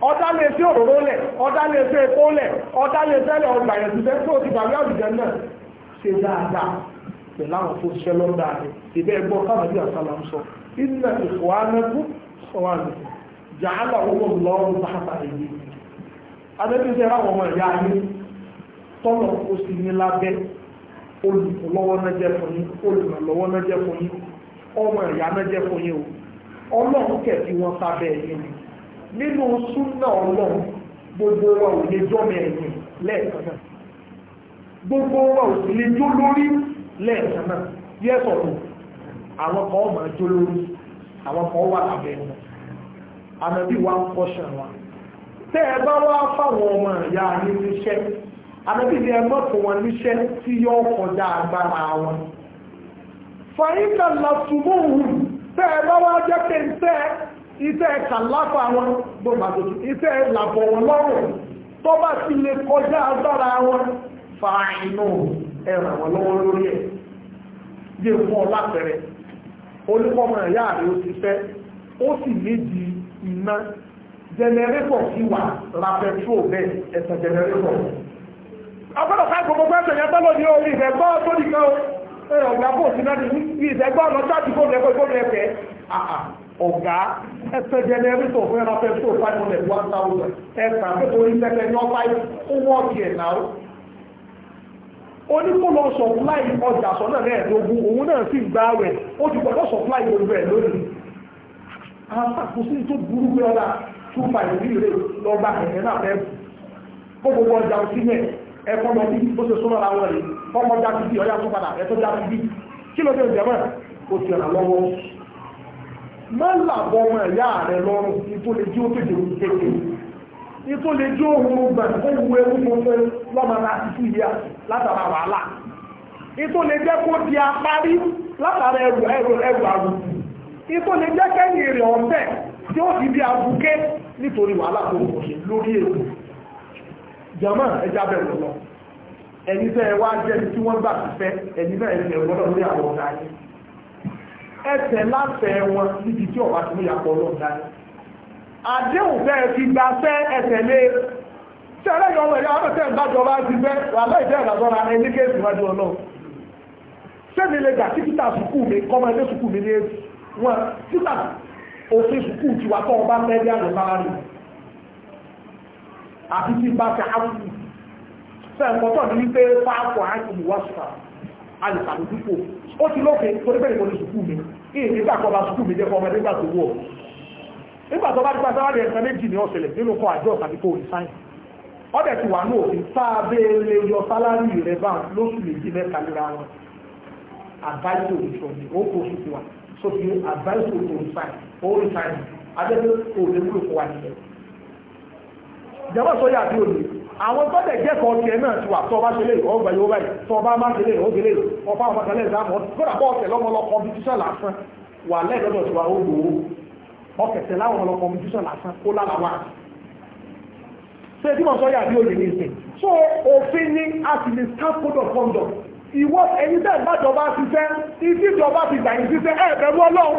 ọdá lè fi òróró lẹ̀ ọdá lè fi epo lẹ̀ ọdá lè fẹ́lẹ̀ ọgbà yẹn tó ti gbàgbé àwùjọ náà ṣe dáadáa pẹ̀lú àwọn tó ṣiṣẹ́ lọ́dà rẹ̀ ìbẹ́ ẹgbọ́ ń sọ jàálà owó lọ́rùn bàtà èyí ọmọ ìyá tọ́lọ̀ ó sì ní lábẹ́ fún yín nínú súnà ọlọ́run gbogbo wa ò lè jọ́ mẹ́rin lẹ́ẹ̀kan náà gbogbo wa ò sì lè jó lórí lẹ́ẹ̀kan náà yẹ́ sọ̀tọ̀ àwọn kan ọmọ jó lórí àwọn kan wà lábẹ́ wọn ànàbí wa ń kọ́ṣàn wa tẹ́ ẹ bá wá fáwọn ọmọ ìyá yín níṣẹ́ ànàbí ni ẹ mọ̀ fún wọn níṣẹ́ tí yọ kọjá agbára wọn fàyíkà làtúmọ̀ òhùn tẹ́ ẹ bá wá jẹ́ pé ń tẹ́ iṣẹ́ kàláfà wọn gbogbo àtòtò iṣẹ́ làbọ̀ wọn lọ́rùn tó bá ti lè kọjá agbára wọn fa inú ẹ̀rọ wọn lọ́wọ́ lórí ẹ̀ yé fún ọ ẹ̀yà rẹ̀ ó ti fẹ́ ó sì méjì iná jẹnẹrétọ̀ sí wà bẹ́ẹ̀ ẹ̀sẹ̀ jẹnẹrétọ̀ ká gbogbo yẹn tọ́lọ́ ní orí ìfẹ́gbọ́ tó ọ̀gbà ọ̀gá ẹsẹ̀ jẹnẹrétọ̀ fún ẹran pẹ̀tọ́ five hundred one thousand ẹ̀sán pẹ̀tọ́ ìṣẹ̀lẹ̀ ní ọba ìwọ́ọ̀kì ẹ̀ náà oníkólọ supply ọjà sọ́nà mẹ́ẹ̀ẹ́dógún òun náà sì gbá rẹ̀ ó ti gbọ́dọ̀ supply gbogbo lónìí àtàkùsí tó burú pé ọ̀la two five three rẹ̀ lọ́gbà ẹ̀yẹ náà fẹ́ kó gbogbo ọjà òsì mẹ́ ẹ̀kọ́ lọ bí ó ṣe sọ́nà má làbọ̀ ọmọ ẹ̀yà rẹ̀ lọ́rùn ìtò lè jí ó tètè ní kéèké ìtò lè jí òun gbà fún ìwé ẹ̀rú mo fẹ́ lọ́mọ láti fún ìyá látara wàhálà ìtò lè jẹ́ kó di apárí látara ẹrù ẹrù ẹrù àrùkù ìtò lè jẹ́ kẹ́yìn rẹ̀ ọ̀tẹ̀ tí ó fi di abuké nítorí wàhálà tó kò ṣe lórí èrò jama ẹja bẹ̀rù lọ ẹni tẹ́ ẹ wá jẹ́ tí wọ́n gbà fẹ́ ẹni náà ẹ̀ ẹsẹ̀ láfẹ̀ẹ́ wọn níbi tí ọ̀bá ti mú yàpọ̀ ọlọ́run dání àdéhùn fẹ́ fi gba fẹ́ ẹsẹ̀ lé tí ẹlẹ́yìn ọmọ ẹ̀yà ọmọ tẹ́ẹ̀ bájọba ti fẹ́ wàhálà ìfẹ́ ìdàgbọ́ra ẹni kéèsì wájú ọlọ́run sẹ́mi lè gbà tí títà sùkúù mi kọ́mọ ẹgbẹ́ sùkúù mi ní èsì wọn títà òfin sùkúù ti wà tọ́wọ́ bá fẹ́ bí àná bára rè àti tí bá fẹ́ áwùjù sẹ́ǹkọ́tọ̀ ní wípé fáàkọ̀ áìkùn wọ́sùpà alùpàdùdùpọ̀ ó ti lófin torí bẹ́ẹ̀ ìkọ́ni sùkúù mi ìyẹn nígbà kan bá sùkúù mi jẹ́ fọmọ nígbà tó wọ̀ nígbà tó bá dípa sáwádìí ẹ̀sán méjì ní ọ̀sẹ̀lẹ̀ nínú kan àjọ tàbí kò ní sáyìn ọ̀dẹ̀ ti wà ní òfin sáábẹ́ẹ́lẹ́ yọ sálárì rẹ̀ bá lóṣù méjì mẹ́ta léra wọn àbáyọ̀ òṣùwọ̀n ó kó oṣù tiwa so fi àbáyọ̀ òṣùwọ̀n sáyìn ó rí sáyìn adẹ́gbẹ́ òde wúlò fún wa nílẹ̀ ìjọba àwọn tọ́lẹ̀ jẹ́kọ̀ọ́ tiẹ̀ náà ti wà tọ́ bá ṣe lè ọ́ gbà yóò báyìí tọ́ bá má ṣe lè ó gèlè ọ̀fà ọ̀fàtàlẹ̀ ìdáàmú kódà bọ́ ọ̀tẹ̀ lọ́mọlọ kọmpitíṣàn lásán wà lẹ́ẹ̀dọ́dọ̀ tí wà ó gbòó ọ̀kẹ̀tẹ̀ láwọn ọlọ kọmpitíṣàn lásán kó lára wà. ṣé tí mo sọ yà bí òye ní ìsìn so òfin ní a sì lè stand code of conduct ìwọ ẹ̀yin tẹ́ ìbájọba ṣiṣẹ́ ìdíjọba ti gbà yín ṣiṣẹ́ ẹ̀ bẹ̀rù ọlọ́run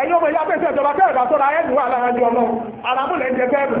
ẹ̀yin ọmọ ìyá fẹ́ẹ́ ṣe ìjọba kẹ́ẹ̀dá sọ́ra ẹ̀ nù wà lára ní ọlọ́run àràbùlẹ̀ ń jẹ fẹ́ẹ́ bẹ̀rù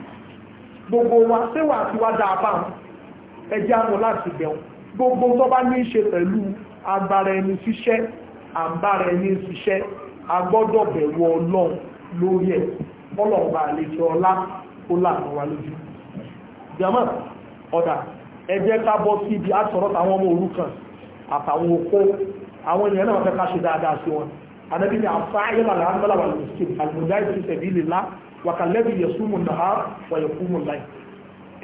gbogbo wa séwà tí wá dáa bá wọn ẹjẹ́ àmọ́ láti bẹ̀rù gbogbo tó bá ní í ṣe pẹ̀lú agbára ẹni ṣiṣẹ́ àǹbára ẹni ṣiṣẹ́ a gbọ́dọ̀ bẹ̀rù ọlọ́run lórí ẹ̀ ọlọ́ọ̀bà àlejò ọlá ó láàánú wa lójú jẹ́mọ̀ ọ̀dà ẹjẹ́ ká bọ́ síbi àtọ̀rọ̀ táwọn ọmọ òrukàn àtàwọn okó àwọn ènìyàn náà fẹ́ ká ṣe dáadáa sí wọn àdẹ́bí ni àfáà yẹ́lá làwọn mẹ́lá wà lóṣèlú àlùmọ̀dá ìṣẹ̀bí lè lá wàkàlẹ́bí yẹ̀súmù náà wọ̀yẹ̀kúmù láì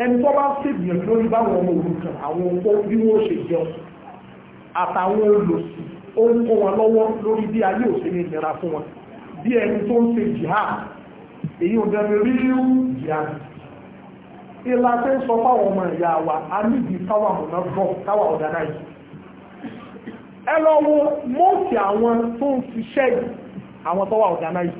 ẹni tó bá ṣègbìyànjú lórí báwọn ọmọ òrukàn àwọn opó bí wọ́n ṣe jẹun àtàwọn olòṣì ó ń kó wọn lọ́wọ́ lórí bí ayé òṣèlú ìnira fún wọn bí ẹni tó ń ṣe jihad èyí ò dẹni ríru jihad ìlà tẹ́ ń sọ fáwọn ọmọ ìyá wa a níbi táwà mọ̀nà bọ̀ táwà ọ̀dàdà yìí ẹ lọ wo mọ́ọ̀sì àwọn tó ń ṣiṣẹ́ yìí àwọn tọ́wà ọ̀dàdà yìí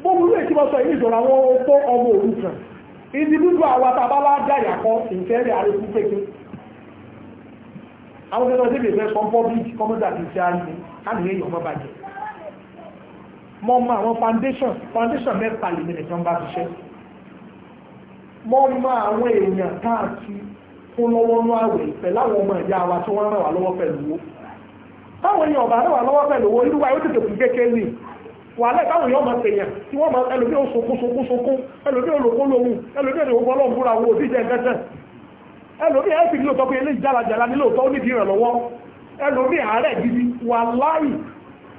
gbogbo ilé tí wọ́n sọ ìlú ìjọra wọn ó ọmọ òru kan individu àwọn atabalá dáyà ìfẹ́rẹ́ àrékú pékin àwọn ọmọ ẹgbẹ́ ìfẹ́ sọ public ti ṣe àárín káàkiri èèyàn ọmọ bàjẹ́ mọ́ àwọn foundation mẹ́ta lè mẹ́rin kan ṣiṣẹ́ mọ́ àwọn èèyàn káàkiri fún lọ́wọ́ ní àwẹ̀ pẹ̀lú ọmọ ìyá wa wàhálà táwọn yọ́ ma tèèyàn tí wọ́n ma ẹlòmí ò sokún sokún sokún ẹlòmí ò lòkó lòun ẹlòmí ò gbọ́lọ̀ múra wo òdíjẹ ẹgbẹ́sẹ̀ ẹlòmí ẹ̀ fi lóòtọ́ pé ilé ìjálajàlá ní lóòtọ́ ó nídìí ìrànlọ́wọ́ ẹlòmí ààrẹ gidi wà láì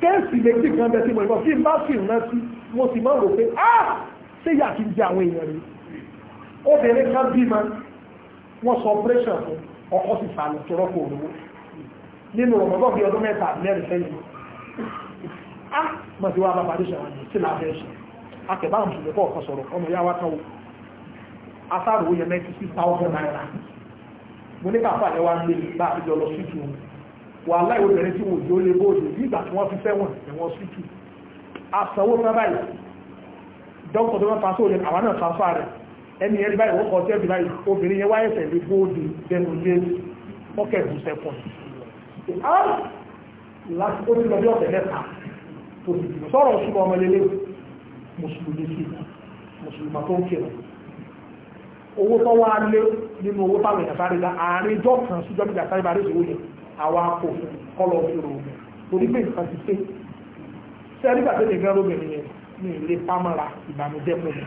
kéèsì méjì kan bẹ sí mọ̀ ìbọn tí n bá sì rán sí mo sì máa rò pé á ah! ṣé yà kí n jẹ àwọn èèyàn rí obìnrin kan bímọ wọn sọ operation ọkọ sì sàlẹ̀ tó rọ́pò òrùwó nínú ọmọdọ́ bíi ọdún mẹ́ta mẹ́rin sẹ́yìn á ah, mọ̀tí wá bàbá àdéṣe wọn sí láàbẹ̀ ẹ̀ṣẹ̀ akẹ̀bá mùsùlùmí kọ́ ọ̀kan sọ̀rọ̀ ọmọ yá wá tán o asáàrò owó yẹn ninety six thousand naira mo ní káfà yẹn wá ń lé nígbà àtijọ́ lọ sí tù wà láì obìnrin tí wòye ó lé bóòdù nígbà tí wọ́n fi fẹ́wọ̀n ẹ̀wọ̀n sí tù àsanwó fún báyìí dókítà tó máa fasó yẹn àwọn náà fasó rẹ̀ ẹni yẹn báyìí wọ́n kọ́ tẹ́bi báyìí obìnrin yẹn wáyé fẹ̀ lé bóòdù dẹnu lé mọ́kẹ́ ìbùsẹ̀kùn láti ó ti lọ bí ọ̀sẹ̀ tó fi jù sọ̀rọ̀ ṣùgbọ́n ọmọ lélẹ́ mùsùlùmí sí mùsùlùmá tó ń kírun owó tó wá lé nínú owó táwọn èèyàn sáré dá àárín ìjọ kan síjọ́ nígbà sáré bá réṣòwò yẹn àwọn akò kọlọ̀ òṣèrò torí pé nǹkan ti pé sẹ́rí gbàtẹ́ lè gán lóbìnrin yẹn ní ilé pámọ́ra ìbànújẹ́ fún mi.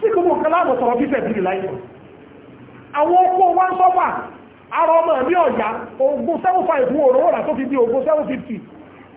sí gbogbo nǹkan láàbọ̀ sọ̀rọ̀ fífẹ̀ bíi láìpẹ́ àwọn oko wá ń sọ́fà ara ọmọ mi ọ̀yà ogún seven five wo òróró rà tó fi di ogún seven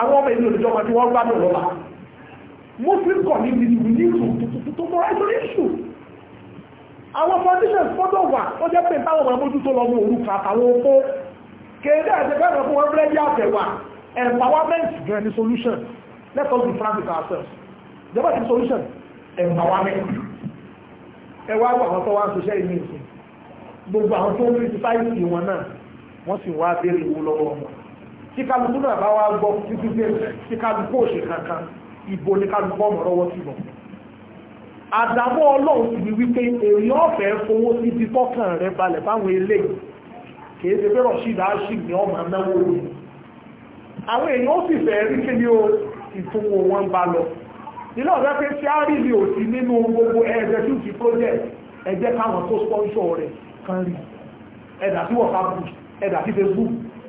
àwọn ọmọ ìlú òdìjọba tí wọ́n gbádùn lọ́la muslim community we need to to moral issue àwọn foundations fọ́dọ̀ wà ó jẹ́ pé táwọn ọmọ mójútó lọ mú orúkọ àtàwọn opó kéde àtẹ́gbẹ́rẹ̀ fún wọn búrẹ́dì àtẹ̀wà empowerment gan ni solution let us be frank with ourselves jẹ́bọ̀ ti solution empowerment ẹwà àwọn tó wá ń ṣiṣẹ́ ìmìsìn gbogbo àwọn tó ń criticize wọn náà wọ́n sì wá béèrè owó lọ́wọ́ wọn tí kálukú náà bá wá gbọ́ títí dé tí kálukú òṣè kankan ìbò ní kálukú ọmọ rọwọ́ sí lọ àdàmọ́ ọlọ́run ti di wípé èèyàn ọ̀fẹ́ fowó sí ti tọ́kàn rẹ balẹ̀ fáwọn eléyìí kìí ṣe pé rọ̀ṣídà ṣì ní ọmọ náwó rẹ̀ àwọn èèyàn ó sì fẹ́ rí kíni o ìfowó wọn ń bá lọ nílé ọ̀dọ́ pé tí a rí mi ò sí nínú gbogbo ẹ̀ẹ́dẹ́gbẹ̀tì project ẹ̀jẹ̀ káwọn tó sponsor rẹ̀ kan rí ẹ̀dà sí WhatsApp ẹ̀dà sí Facebook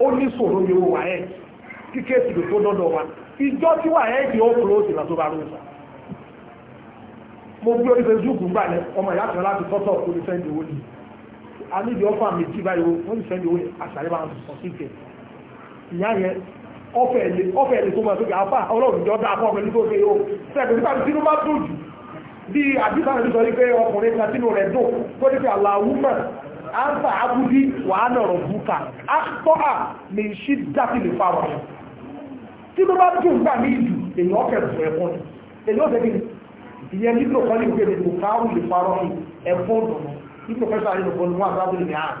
ó ní sòrò yóò wà ẹ̀ kí kéèsì tó dọ́dọ̀ wa ìjọ tí wà ẹ̀ yóò kúrò sí ìlà tó bá rúùsà mo gbé orí facebook gbà lẹ ọmọ ìyá kan láti tọ́tọ̀ tó lè sẹ́ndì owó yìí a ní ìdí ọ́fà mi jí báyìí wọ́n lè sẹ́ndì owó yìí àṣàlẹ́ bá ń sọ sí ìkẹ́ ìyá yẹn ọfẹ́ ẹ̀lẹ́ tó máa tó kẹ́ afá ọlọ́run jọ dáa fún ọmọ ẹni tó fẹ́ yóò sẹ́ẹ̀kì nípa tí ó bá dùn jù bí àdìsá rẹ̀ sọ wípé ọkùnrin kan sínú rẹ̀ dùn tó ní pé àlàáwú mọ̀ áńsà abúdí wàhánà ọ̀rọ̀ búkà àtọ́hà lè ṣí dákìlì fáwọn tí ló bá dùn gbà ní ìdù èyí ọ̀kẹ́ ẹ̀fọ́ ẹ̀fọ́ ni èyí ọ̀sẹ̀ kí ìyẹn nílò kan ní ìgbèrè kò káwù lè fáwọn ẹ̀fọ́ dùnú nílò kan sáré lọ́pọ̀ ní wọn àtàwọn ènìyàn àrùn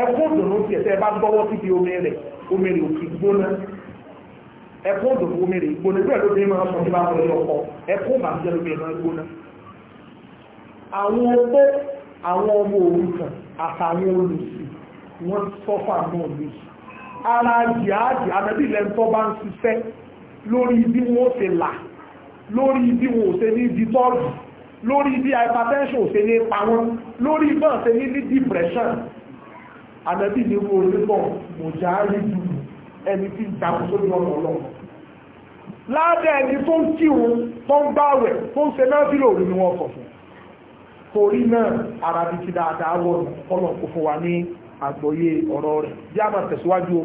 ẹ̀fọ́ dùnú ti ẹ̀sẹ̀ bá gbọ́wọ́ síbi omi rẹ̀ omi rẹ̀ òkè gbóná ẹ̀fọ́ dùnú omi rẹ̀ gbóná bí ẹ̀lómi máa sọ nípa ọ̀rẹ́ ọkọ̀ ẹ̀fọ́ bàjẹ́ lómi rẹ̀ gbóná àwọn ọgbẹ́ àwọn ọmọ òrukàn àtàwọn olùsìn wọ́n sọ́fà náà lóṣù ara jihadi àtẹ̀bí lẹ́ńtọ́ bá ń ṣiṣẹ́ lórí bí wọ́n ṣe là lórí bí wọ́n ṣe ní dìtọ́ọ̀dù lórí bí hypertension ṣe ní pa wọ́n lórí bí wọ́n ṣe ní ní depression àtẹ̀bí ni wọ́n rí bọ̀ mọ̀já rí ju ẹni tí ń takò sórí ọ̀nà ọlọ́run ládẹ́ ẹni tó ń kírun tó ń gbàwẹ̀ tó ń ṣe náà sílò òru ni wọ́n sọ fún torí náà ara bí ti dáadáa wọ̀ ọlọ́run kò fún wa ní àgbọ́yé ọ̀rọ̀ rẹ̀ bí a máa tẹ̀síwájú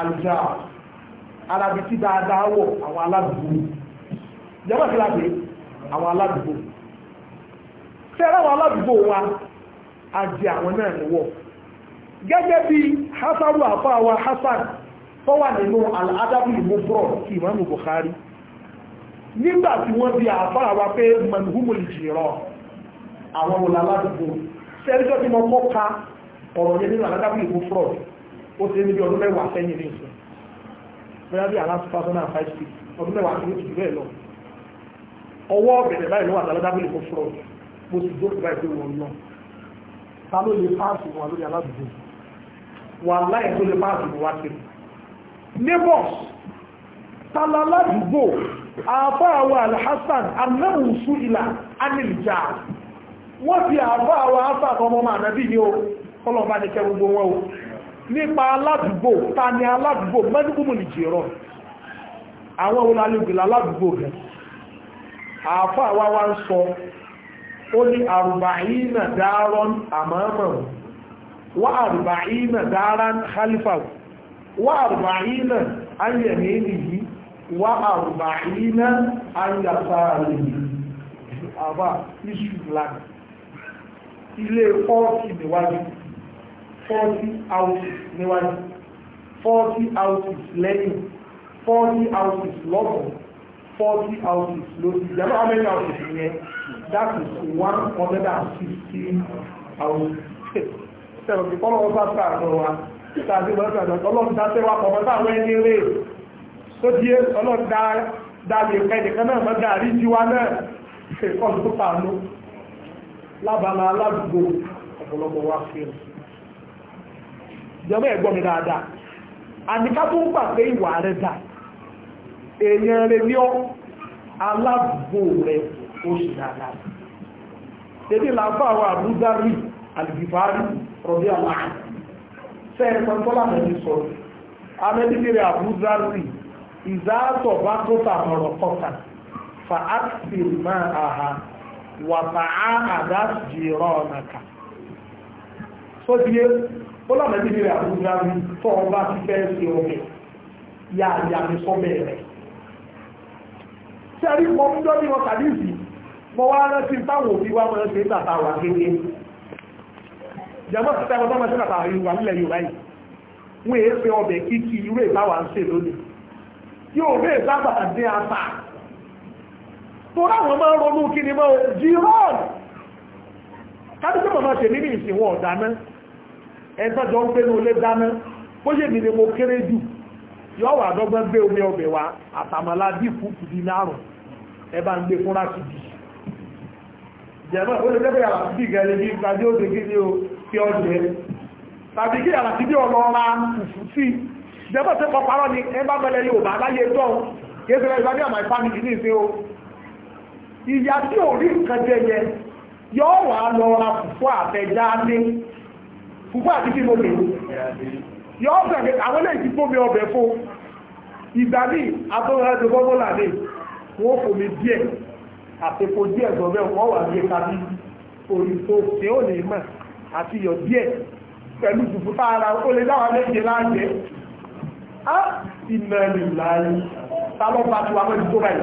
alùjá ara bí ti dáadáa wọ̀ àwọn aládùúgbò jẹ́mọ̀ sí láti àwọn aládùúgbò tí ẹ̀rọ àwọn aládùúgbò wa a jẹ àwọn náà níwọ̀ gẹ́gẹ́ bí hasaru àfọ́ àwa hasan tó wà nínú adábù ìlú búrọ̀ kí ìmáàmù Bukhari nígbà tí wọ́n bí àfọ́ àwa pé manhumul jìrọ̀ àwọn wò láládùúgbò sẹ́ríjọ́ tí mo kọ́ ka ọ̀rọ̀ yẹn nínú àládábù ìbú fraud ó ti níbi ọdún mẹ́wàá sẹ́yìn ní ìsìn bẹ́ẹ̀ bí aláṣọ two thousand and five six ọdún mẹ́wàá sí oṣù bẹ́ẹ̀ lọ ọwọ́ bẹ̀rẹ̀ báyìí ló wà àládábù ìbú fraud mo sì dókè báyìí pé wọ́n náà ta ló lè páàsì wọn lórí aládùúgbò wà láì tó lè páàsì wọn wá kiri neighbors tala aládùúgbò àfáà wa alhassan anáhùn sú ìlà anìlìjà wọ́n ti àbá àwọn afáàkọ́ ọmọ máa nàbí ní o ọlọ́ọ̀bá ní kẹ gbogbo wọn o nípa aládùúgbò ta ni aládùúgbò mẹ́dúgbùmù ní jìrọ̀ àwọn olálùgbìlà aládùúgbò rẹ̀ àfá àwa wá ń sọ ó ní àrùbáyínà dáárán àmọ́mọ́ wá àrùbáyínà dáárán khalifa wá àrùbáyínà ayẹ̀mí nìyí wá àrùbáyínà ayàtàrí àbá isu lánàá ilé fọ́ọ̀tì níwájú fọ́ọ̀tì houses níwájú fọ́ọ̀tì houses lẹ́yìn fọ́ọ̀tì houses lọ́pọ̀ fọ́ọ̀tì houses lójú ìjàmbá amẹ́rin houses yẹn that is one hundred and sixty houses sẹ́wọ̀n kí fọ́lọ́ ọba sọ àtọ̀ wa sáàbí wọ́n sọ àtọ̀ ọlọ́run dá sẹ́wà pọ̀ mọ́ sáwọn ẹni rẹ̀ tó di ọlọ́run dá lè pẹ́ nìkan náà mọ́ gàrí tiwa náà ọdún tó pa lábala aládùúgbò ọ̀pọ̀lọpọ̀ wá fèrè jẹ́mọ́ ẹ̀gbọ́n mi dáadáa àníká tó ń gbà pé ìwà rẹ̀ dà èèyàn rẹ̀ ní ọ́ aládùúgbò rẹ̀ ó sì dáadáa tẹ́bí làbá àwọn àbúdá rí àlùbífárí rọ̀bí àlàá sẹ́yìn pẹ́ntọ́lá mẹ́rin sọ̀rọ̀ amẹ́díkẹ́rẹ́ àbúdá rí ìzáàtọ̀ bá tó tà mọ̀rọ̀ kọ́ta fa ákìsì máa àhà wàtà àdá jìrọ̀ ọ̀nàkà tó díé ó lọ́nà tí ìrìn àbújá rí tó ọ bá ti fẹ́ sí omi ya àyàmì sọ́mẹ̀ rẹ̀ sẹ́rí mọ́ ń jọ́ ní wọn kàdíìsì mọ́ wá rántí táwọn òbí wá mọ́ ṣe tàtà wà kéde jẹ́mọ́ títà ẹgbẹ́ mọ́ ṣe tàtà wà nílẹ̀ Yorùbá yìí wọ́n èé fẹ́ ọbẹ̀ kíkí irú ìbáwà ń ṣe lónìí yóò rẹ̀ sábà dé ata torí àwọn máa ronú kí ni máa jíràn kábíkẹ́ màmá tèmi ní ìsìn wọn ọ̀dáná ẹ̀ntọ́jọ́ ń pé ní olé dáná ó yè mí ni mo kéré jù yọ́ wà dọ́gbọ́n gbé omi ọbẹ̀ wa àtàmàlà dípù kùdí márùn ẹ bá ń gbé fúnra kìdí jẹ̀mọ́ ó lè dẹ́gbẹ̀rẹ̀ àlàkìdí gẹ̀rẹ̀ bí ìgbàdí ó dégé ní o fi ọjẹ́ tàbí kí àlàkìdí ọlọ́ra kùfù sí jẹ́mọ́ tẹ́kọ̀ọ́ parọ́ ni ẹ bá mẹ́lẹ̀ yóò bá láyé tọ́ kéèsì rẹ̀ ìgbàdí àmà ìfàmìlì ní ìsìn o ìyá tí ò rí nǹkan jẹ yẹn yọ́ wà lọ ra fùfú àtẹjá ní fùfú àti kí mo lè yọ́ bẹ̀rẹ̀ àwọn eléyìí ti fómi ọbẹ̀ fún ìgbà ní abọ́rẹ́dọ̀ bọ́bọ́là ní wọ́n fòmi díẹ̀ àtẹ́kò díẹ̀ gọ̀ọ́bẹ̀ wọ́n wà ní kàbí orí tó tí ó lè mọ̀ àti yọ̀ díẹ̀ pẹ̀lú fùfú tààrà ó lè dáwà méje láàjẹ́ á ìmẹ̀lì láàrin tálọ́pàá tí wà mẹ́rin tó báyìí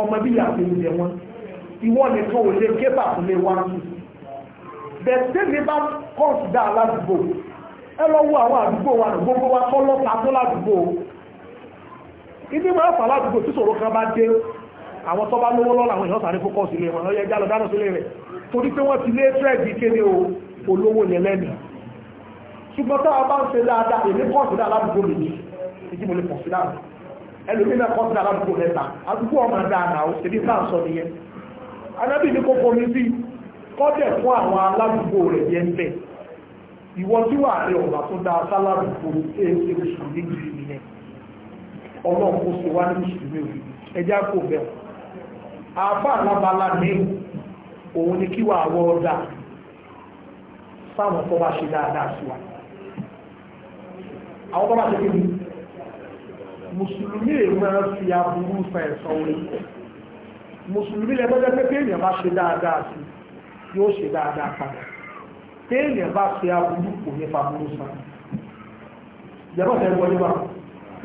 ọmọ bí yàtọ̀ oúnjẹ wọn ìwọ nìkan ò lè ké bàtú lé wá sí bẹ̀tẹ́lẹ̀ bá kọ́ọ̀tù dá aládùúgbò ẹ lọ wo àwọn àdúgbò wa nù gbogbo wa kọ́ lọ́ta tó ládùúgbò ibi máa fà ládùúgbò tí ṣòro kan bá dé àwọn tó bá lówó lọ́la àwọn èèyàn sáré fókọ́ sílé wọn ọyẹ jálọ dáná sílé rẹ̀ torí pé wọ́n ti lé tírẹ̀dì kéde o olówó yẹn lẹ́nu ṣùgbọ́n táwọn bá ń ṣe dáadáa èmi kọ́ọ̀tù dá aládùúgbò lè ní ìdí mo lè pọ̀ sí dáadáa ẹlòmínà kọ́sílẹ̀ aládùúgbò mẹ́ta àdúgbò ọmọ dáadáa ó ṣe bí sáà sọ nìyẹn anábì ní kókó ní sí kọ́dẹ̀ fún àwọn aládùúgbò rẹ̀ yẹ ń bẹ̀ ìwọ tí wà rẹ̀ ọ̀gá tó dáa sáládùúgbò èsì mùsùlùmí gidi nìyẹn ọlọ́run kó ṣe wá ní mùsùlùmí òbí ẹjá kò bẹ̀ àbá alábala ní òun ni kíwà àwọ̀ ọ̀dà sáwọn tó bá ṣe dáadáa sí wa àwọn tó bá ṣe kéde mùsùlùmí máa fi aburú fa ẹ̀sọ́ orí mùsùlùmí lẹ́gbẹ́gbẹ́ pé téèyàn bá ṣe dáadáa sí yóò ṣe dáadáa padà téèyàn bá ṣe aburú kò ní fa burú sa ìjọba tẹ́ wọlé wa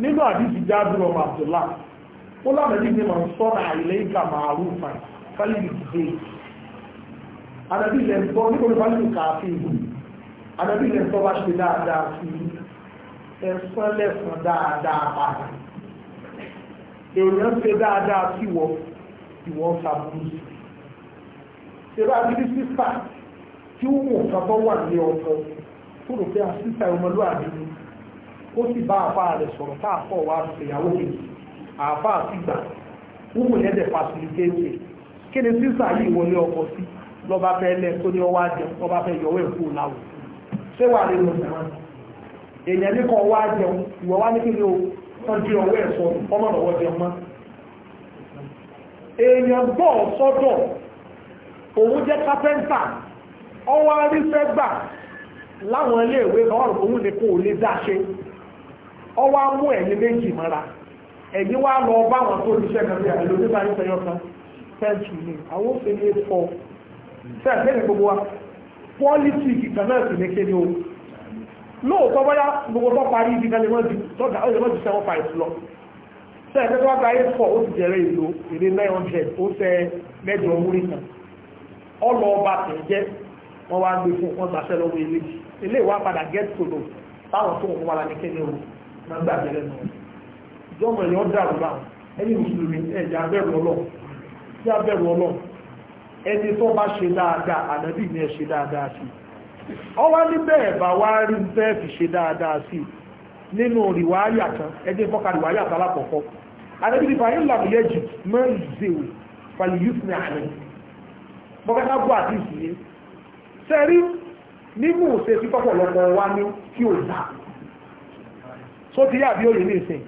nínú àdìsí jábìrì ọmọ Abdullah ó lábẹ́lí ni mà ń sọ́ra ilé ìka màálù fa fálílì dìde àdàbí ilẹ̀ ń bọ́ bá ṣe dáadáa sí ẹ̀sán dáadáa padà èèyàn ń ṣe dáadáa sí wọ ìwọ ń sàbúrú sí ṣẹlá bíbí sísà tí ó wò kábọ́ wà ní ọkọ tó rò pé a sísà ọmọlúwàbí ni ó sì bá àbá rẹ̀ sọ̀rọ̀ tá àpọ̀ wá ṣèyàwó kejì àbá àti gbà wúwò yẹn dẹ̀ fàṣìlìtéèkì kí ni sísà yìí wọlé ọkọ sí lọ́ba fẹ́ lẹ́ tó ní ọwá jẹun lọ́ba fẹ́ yọwọ́ ẹ̀kú láwùjọ ṣé wà lè lọ sẹ́wọ̀n èèyàn ní kan wá jẹun ìwọ wá ní kí ni o wọ́n gbé ọwọ́ ẹ̀sọ́ ọmọ jẹ mọ́ èèyàn bọ̀ sọ́dọ̀ òun jẹ́ kápẹ́ńtà ọwọ́ arífẹ́ gbà láwọn iléèwé ọ̀rọ̀ òun ní kò lè dáṣe ọwọ́ amú ẹ̀yìn méjì mara ẹ̀yìn wá lọ bá àwọn tó ní lóòótọ́ bọ́yá gbogbo tó parí ibi kan lè wọ́n ju seven five lọ sẹ́ẹ̀ tó wá gba eight four ó ti jẹ̀rẹ̀ èlò èdè nine hundred ó sẹ mẹ́jọ múrí kan ọlọ ọba tẹ̀ jẹ́ wọ́n wá gbé fún wọn gbàṣẹ́ lọ́wọ́ ilé ilé ìwà padà get solo táwọn tó wọn wà lá ní kẹ́lẹ́ o máa ń gbàgbé lẹ́nu ìjọba èèyàn dàrú bá ẹni mùsùlùmí ẹ̀jẹ̀ abẹ́rù ọlọ́ ẹni tó bá ṣe dáadáa ànábì ni ẹ ṣe dáadáa sí i ọ wá níbẹ̀ ẹ̀bà wá rí bẹ́ẹ̀ fi ṣe dáadáa sí nínú rìwáyà kan ẹgbẹ́ fọ́ka rìwáyà tálá kọ̀ọ̀kọ́ adébíyí fa yín làmú yẹ́jù mọ́ ìzèwò fàlì yúùsì ní àná mọ́kẹ́ká bọ́ àti ìsìyé sẹ́rí nígbò ṣe sí pọ́pọ̀lọpọ̀ wá ní kí ò dá só ti yàbí òye ní ìsìn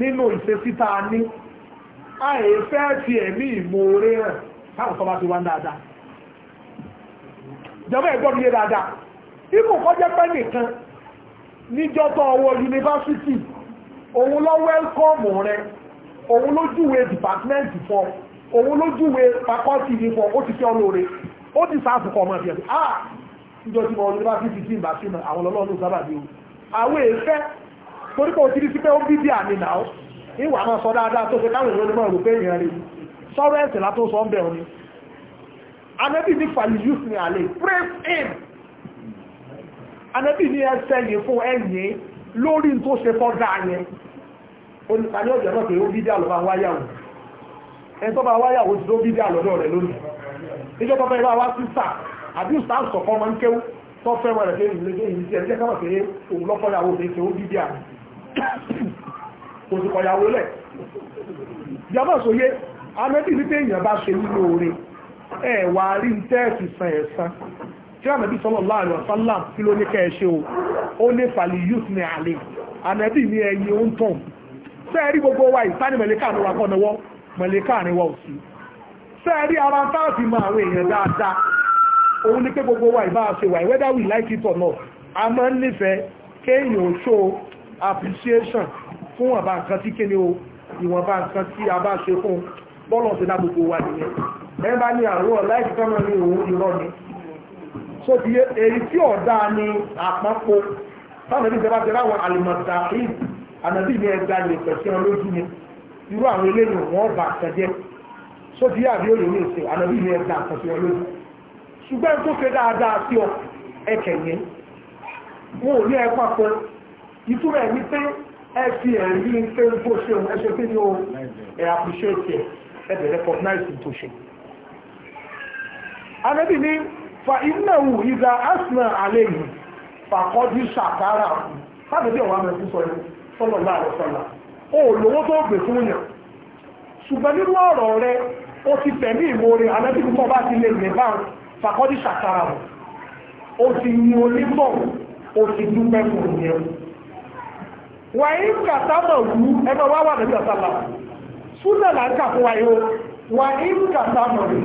nínú ìṣesí tá a ní àìfẹ́ ti ẹ̀mí ìmoore hàn táwọn sọ́ba ti wá dáadáa jọba ẹ̀gbọ́n mi yé dáadáa ibùn kọjá pẹ́ nìkan níjọ́tọ̀ ọwọ́ yunifásitì òun lọ wẹ́lkọ́ọ̀mù rẹ òun ló júwe dìpátímẹ́ǹtì fọ òun ló júwe pakọ́ọ̀tì ní fọ ó ti fẹ́ olóore ó ti sáàfù kọ̀ ọmọ ìbíyẹn ah níjọ́ tí mo yunifásitì tí ìgbà sí àwọn ọlọ́run ló sábà dé o àwọn èèfẹ́ torí pé o ti rí sí pé ó bí bí àmì náà ìwà máa sọ dáadáa tó ṣe káwọn èèyàn lè Ànábì ní fàlìyùs ní àlè praise him Ànábì ní ẹsẹ̀ yìí fún ẹ̀yìn lórí tó ṣe fọ́dá yẹn oníkàní ọ̀jọ̀ náà pé ó bí díà lọ́ba wáyàwó ẹni tó bá wáyàwó ti tó bí díà lọ́dọ̀ rẹ̀ lónìí ìjọba bá wá sísà àbí ìsà sọ̀kọ́ máa ń kéwú tó fẹ́ wọn rẹ̀ pé ìlẹ́gbẹ́ ìlú tí ẹjẹ́ káwọn pé òun lọ́kọ̀yàwó rẹ̀ ṣe ó bí díà kò sì kọ̀yàwó lẹ̀ ìjọba sọ yé ní pé èèyàn bá ṣe nínú oore ẹ̀ wà rí ń tẹ́ẹ̀sì san ẹ̀san tí wọ́n nàbí sọ́lọ̀ láàrin ọ̀sánlá kí ló ní kẹ́ẹ̀ṣe o ó ní fàlì youth ní àlè ànàbí ní ẹyin ó ń tàn sẹ́ẹ̀rí gbogbo wa ìsáni mẹ̀lẹ́kà ní wakọ́ nọwọ́ mẹ̀lẹ́kà ní wa ò sí sẹ́ẹ̀rí ara táàfì mọ àwọn èèyàn dáadáa òun ní pé gbogbo wa ìbá ṣe wà whether we like it or not a máa ń nífẹ̀ẹ́ kéèyàn ò ṣó appreciation fún ọ̀bá nǹkan tí kéèyàn ìwọ̀nba nǹkan tí a bá ṣe fún bọ́lọ̀ ṣe dá gbogbo wa nìyẹn mẹ́bá ní àrùn ọ̀la ìfẹ́mọ̀ ní òun irọ́ ni so bí èyí tí ọ̀dá ni àpapọ̀ táwọn ẹbí ìjọba ti ráwọn àlùmọ̀tà ìlú ànàbí ní ẹgbẹ́ àlè pẹ̀sẹ̀ ọlójú ni irú àwọn eléyìí wọn bá àtẹ̀jẹ́ so bí àbí ó lè ní ìsìn ànàbí ní ẹgbẹ́ àpẹ̀sẹ̀ ọlójú ṣùgbọ́n tó fẹ́ dáadáa sí ọ ẹkẹ̀ yẹn wọn ò ní ẹ papọ̀ ìtumọ̀ ẹ̀ pé ẹ fi ẹ̀rí ń fẹ́ ń ṣe ẹ pé ní o ẹ̀ appreciate ẹ̀ bẹ̀rẹ̀ recognize tó ṣe. anábì ní fa ináwó ìdá asna àlejò fàkọ́jú ṣàkárà sábẹ́bí ọ̀wá mẹ́fún sọ yẹn sọ́lọ̀ láàrọ̀ sọ́lá ó lówó tó gbè fún yàn ṣùgbọ́n nínú ọ̀rọ̀ rẹ ó ti tẹ̀mí ìmoore anábì ní kọ́ bá ti lè lè bá fàkọ́jú ṣàkárà rẹ̀ ó ti ní onímọ̀ o ti dúpẹ́ fún yẹn wàyí kàtàmọ̀ wú ẹgbẹ́ wá wà ní kàtàmọ̀ súnà là ń kà fún wáyé o wàyí kàtàmọ̀ rẹ̀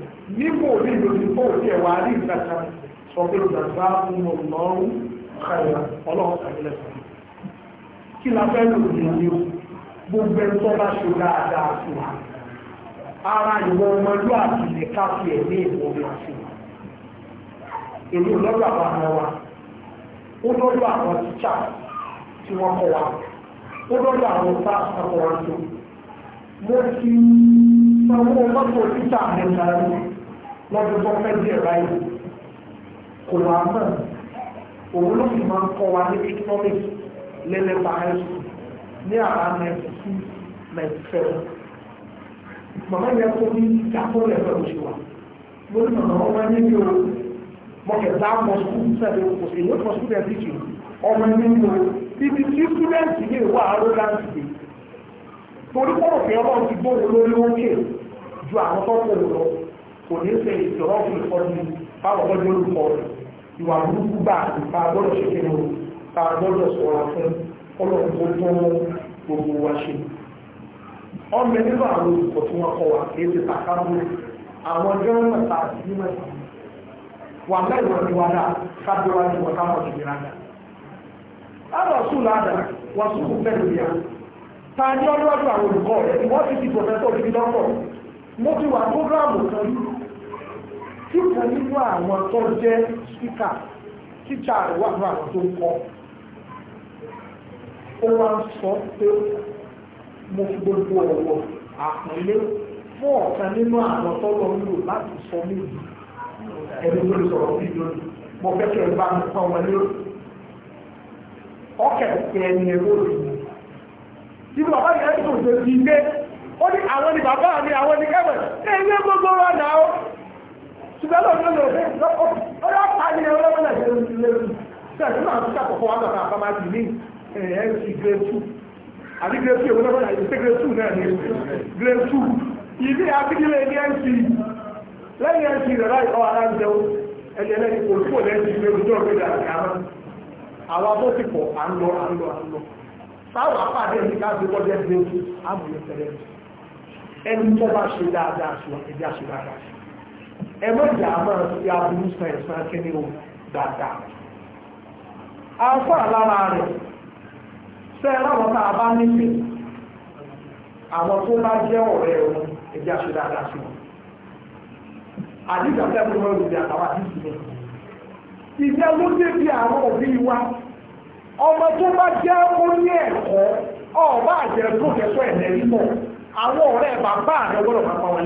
nígbò ní ìròyìn tó ti ẹ̀wà rí ìdáka sọ pé ìdàgbà ọmọ ọlọ́run kàìlà ọlọ́run kàìlẹ̀ sọ kí la fẹ́ lò ní ilé o gbogbo ẹni tó bá ṣe dáadáa sí wa ara ìwọ ọmọlú àti ilẹ̀ káfí ẹ̀ ní ìwọ ní àṣẹ èmi lọ́dọ̀ àwọn ọmọ wa ó lọ́dọ̀ àwọn tíṣà tí wọ́n kọ́ wa ó lọ́dọ̀ àwọn tá àkọ́kọ́ wa tó mo ti sanwó mọ́tò tíṣà mẹ́ta rẹ̀ lọ́dún tó pẹ́ díẹ̀ báyìí kò wá mọ̀ òun ló fi máa ń kọ́ wa ní economics lẹ́lẹ́bàá high school ní àrà ninety six ninety seven màmá yẹ kó ní ìdàkọ́lẹ̀ pẹ̀lú ṣe wa mo ní màmá wọn máa ń yé o mo kẹ̀ dá mọ skul sẹ́dẹ̀ kò sí ìwé kan student teaching ọmọ ẹni mi o ibi tí student yìí wà arrogant dé torí kọ́ òfin ọlọ́run ti gbóhùn lórí ó kè ju àwọn tó kò lọ kò ní ṣe ìṣòro fún ìfọ́jú báwọn ọjọ́ olùkọ́ ìwà burúkú bá ìfà gbọ́dọ̀ ṣe kéwọ́ ta gbọ́dọ̀ sọ̀rọ̀ fún ọlọ́run tó tó gbogbo wa ṣe ọmọ nínú àwọn olùkọ́ tí wọ́n kọ́ wa kì í ti tàkàbù àwọn jọ́nà ta sí mẹ́ta wà mẹ́wàá ni wà dá kábíwá ni wọ́n káwọn ti nira dá. Àwọn ọ̀sùn làdà wọ́n sùn fún bẹ́ẹ̀ lóya. Ta ni ọlọ́dún àwọn olùkọ́ rẹ̀ wọ́n ti ti pòfẹ́sọ̀ ti dọ́kọ̀. Mo ti wà prógráàmù kan kan nínú àwọn tó jẹ́ síkà tíjà rẹ̀ wà ní àwọn tó ń kọ́ ó wá ń sọ pé mo fi gbogbo ọ̀wọ̀ àpọ́nlé fún ọ̀kan nínú àwọn tó lọ ń lò láti sọ mí ẹni tó lè sọ̀rọ̀ bí lónìí mo fẹ́ kí ẹ bá mi pọ́n wọn lérò ọkẹ̀ pé ẹni ẹ̀rọ rẹ̀ ibi bàbá yẹn tó ṣe ti gbé ó ní àwọn ni bàbá mi àwọn ni kẹ́wẹ̀ ẹ̀yẹ gbogbo wa náà ṣùgbọ́n lọ́wọ́ ló lọ fẹ́ lọ́kọ́ ọ̀rọ̀ pàdé ẹ̀rọ lọ́wọ́ náà ṣe lórí ṣẹ́ẹ̀sì náà ti ṣàkọ́kọ́ wà lọ́kọ́ àbámá ti ní nc grade two àbí grade two èwo lọ́wọ́ náà ṣe grade two náà ní grade two ìdí abídílé ní nc lẹ́yìn nc rẹ̀ láì ọ̀ ara ń jẹun ẹni ẹlẹ́ni kò tó lẹ́yìn ìgbé ojú ọ̀gbẹ́ ìdá àkàrà àwọn abóṣepọ̀ à ń lọ à ń lọ à ń lọ sáwọn apáàdé ẹni káàdé wọ́dẹ́ gbé ojú àmúyẹ fẹ́rẹ́ ẹni tó bá ṣe dáadáa ṣùgbọ́n ẹ̀dí àṣùgbọ́n àkàṣe ẹ mọ̀jà máa fi aburú san ẹ̀sán kíní o dáadáa afọ́ àlára rẹ̀ sẹ́ láwọn tá a bá níbi àwọn tó bá jẹ́ ọ̀rẹ́ wọn ẹ̀jẹ̀ àṣẹ dáadáa sí wọn àdìgbà tẹ́ mú wọn lòdì àtàwọn àdìsí mi ìjẹ́ ló dé bí àwọn òbí wa ọmọ tó bá jẹ́ ó ní ẹ̀kọ́ ọ̀bá àjẹ̀rẹ̀ tó kẹ́kọ̀ọ́ ẹ̀mẹ́rí mọ̀ àwọn ọ̀rẹ́ bàbá rẹ̀ gbọ́dọ̀ máa wọn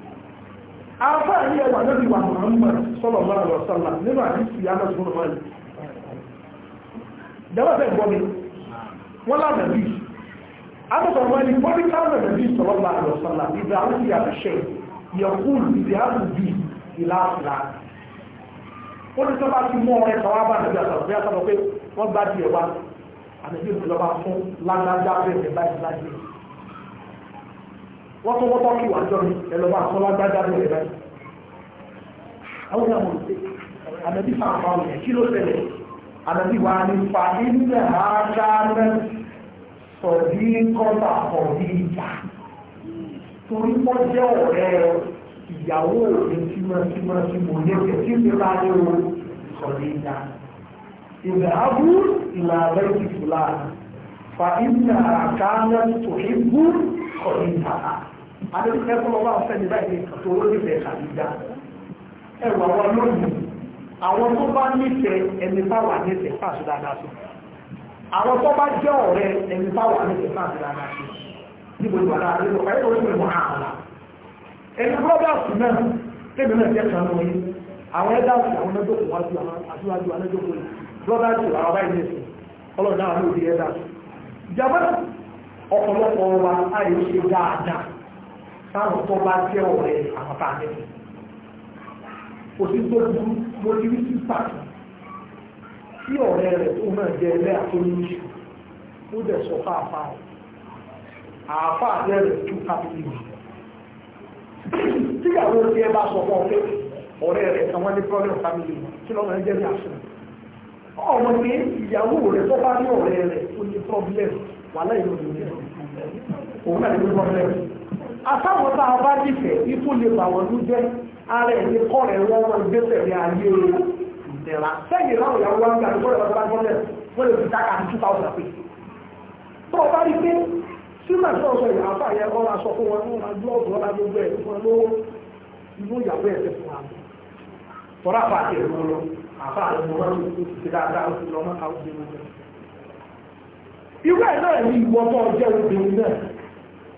afá ní ẹwà lórí wà Muhammad sọ́lọ̀ mọ́ra lọ sọ́lá nínú àdísì amẹ́sùn náà ní dẹ́wọ́ fẹ́ gbọ́ mi wọ́n lánàá bí amẹ́sùn náà ní bọ́dí káwọn nàbí sọ́lọ̀ mọ́ra lọ sọ́lá ìdá àwọn ìyá àṣẹ yẹkùn ìdí àwọn bí ìlà àfìlà ó ní tó bá ti mú ọ̀rẹ́ kan wá bá nàbí àtàwọn bí a sọ pé wọ́n gbá tiẹ̀ wá àdébí ìlú lọ́ba fún lágbájá bẹ́ẹ̀ báyìí lágbájá wọ́n tó wọ́tọ́ kí wàá jọ ní ẹlọ́bà àtọ́lá gbájá lórí rẹ̀ àwọn ìyàwó ìpè àmẹ́bí fà fà òyìn kí ló tẹ̀lé àmẹ́bí wà ní fà nílẹ̀ àádá rẹ̀ sọ̀dí kọ́ta sọ̀dí ìjà torí pọ́ jẹ́ ọ̀rẹ́ ìyàwó òní tímọ́tímọ́ tí mo ní ẹ̀kẹ́ tí mi bá ní o sọ̀dí ìjà ìbẹ̀ abú ìlà abẹ́ ìfúlà fà ìjà àkáńtò ìbú kọ̀ ní ìtàkà adébíkẹ́ tó lọ́wọ́ àfẹ́ni báyìí tó lórílẹ̀ kàdíjà ẹwà wa lónìí àwọn tó bá nífẹ̀ẹ́ ẹni báwà nífẹ̀ẹ́ fàṣẹ dáadáa sí àwọn tó bá jẹ́ ọ̀rẹ́ ẹni báwà nífẹ̀ẹ́ fàṣẹ dáadáa sí níbo ìwà dáadáa níbo ìwà ìwà ìwà àhàlà ẹni brothers náà tẹ́lẹ̀ náà jẹ́ kan lóyún àwọn ẹ̀dá sí àwọn ẹ̀dọ́kùn wájú àtúwájú alẹ́dọ́kùn brothers àwọn báyìí nìsín ọlọ́dún àwọn olóòdì ọ̀pọ̀lọpọ̀ wa a lè ṣe dáadáa táwọn tó bá jẹ́ ọ̀rẹ́ àwọn bá lẹ́ kò sí tó burú mo ti rí sí pàtó tí ọ̀rẹ́ rẹ̀ tó náà jẹ́ ẹlẹ́ àtúnyíṣu ó dẹ̀ sọ fáfá rẹ̀ àáfà rẹ̀ rẹ̀ tú kábíyì tíyàwó tí ẹ bá sọ fún ọ pé ọ̀rẹ́ rẹ̀ kan wọ́n ní problem family kí lọ́mọ ẹgbẹ́ ní àṣírí ọmọ pé ìyàwó rẹ̀ tó bá ní ọ̀rẹ́ rẹ̀ ó ní problem wàhálà ìlú ìlú òun náà ní àtàwọn tá a bá nífẹ̀ẹ́ lè bà wọ́n jẹ́ ara ẹ̀ ní wọ́n wọ́n ayé ìdẹ̀ra sẹ́yìn láwọn ìyàwó ń gbà bá gbọ́lẹ̀ wọ́n lè fi dáka ní pé tó o bá rí pé sílẹ̀ sọ̀rọ̀ sọ̀rọ̀ àfa yẹn kọ́ ra sọ fún wọn ní wọn blọọ̀gù ọ̀la gbogbo ẹ̀ fún inú ìyàwó ẹ̀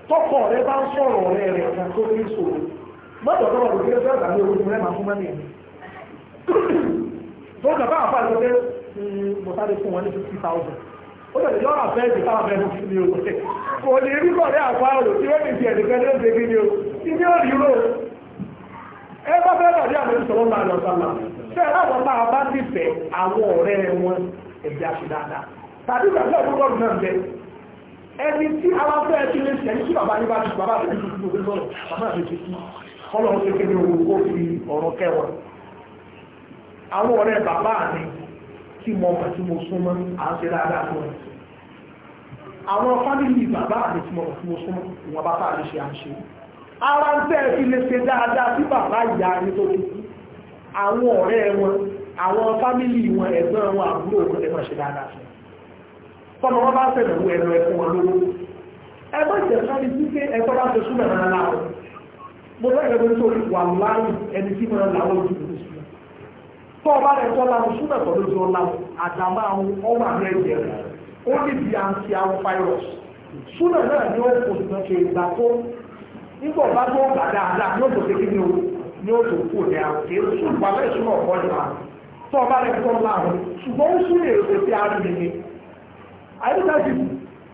tọkọ rẹ bá ń sọ̀rọ̀ ọ̀rẹ́ rẹ̀ ọ̀nà tó fi sòrò mọ́tò tó wà lókè ẹgbẹ́ àgbà ogun rẹ̀ máa fún mẹ́rin ẹ̀mí tó ń kàbá àfáà lọ́dẹ́ mọ̀tàdé hmm, fún wọn ní ó lè àfẹ́ ìdí fún mi kò ní rí àfáà tí wọ́n ní fẹ́ ẹni tí ara fẹ́ ẹ ti lè ṣe ẹni tí bàbá yín bá ti bàbá àti ìlú ìlú ìlú bàbá àti ìlú ìlú ọlọ́run ṣe kéde owó kó fi ọ̀rọ̀ kẹwọn àwọn ọ̀rẹ́ bàbá mi tí mo mọ̀ tí mo súnmọ́ à ń ṣe dáadáa fún ẹ àwọn fámìlì bàbá mi tí mo mọ̀ tí mo súnmọ́ ìwọ̀n bá fà lè ṣe à ń ṣe ara ń tẹ́ ẹ fi lè ṣe dáadáa sí bàbá ìyá mi tó ti àwọn ọ̀rẹ́ wọn àwọn fámìlì wọn ẹ̀gbọ́n wọn àbúrò wọn ẹ̀ tọ́mọ wọn bá fẹ̀rẹ̀ wọ ẹ̀rọ ẹ̀kún wọn lówó ẹgbẹ́ ìtẹ̀sọ́ni sí pé ẹgbẹ́ bá ṣe súnmọ̀ náà láwọ̀ mo fẹ́rẹ̀ lórí tó wà láàyè ẹni tí mo láwọ̀ ojú ìlú súnmọ̀ tọ́ ọba rẹ̀ tọ́ láwọ̀ súnmọ̀ kọ́ lójú ọ̀la àdàmà àwọn ọmọ àmì ẹ̀jẹ̀ rẹ̀ ó ní bí àǹtí àwọn fáírọ̀s súnmọ̀ náà ni ó kò sùn ṣe ìgbà tó nígbà bá tó gbà dáadáa o ní ó tó kù ní àwọn kì í sùn pàmẹ́ ìsúnmọ̀ àyíkájú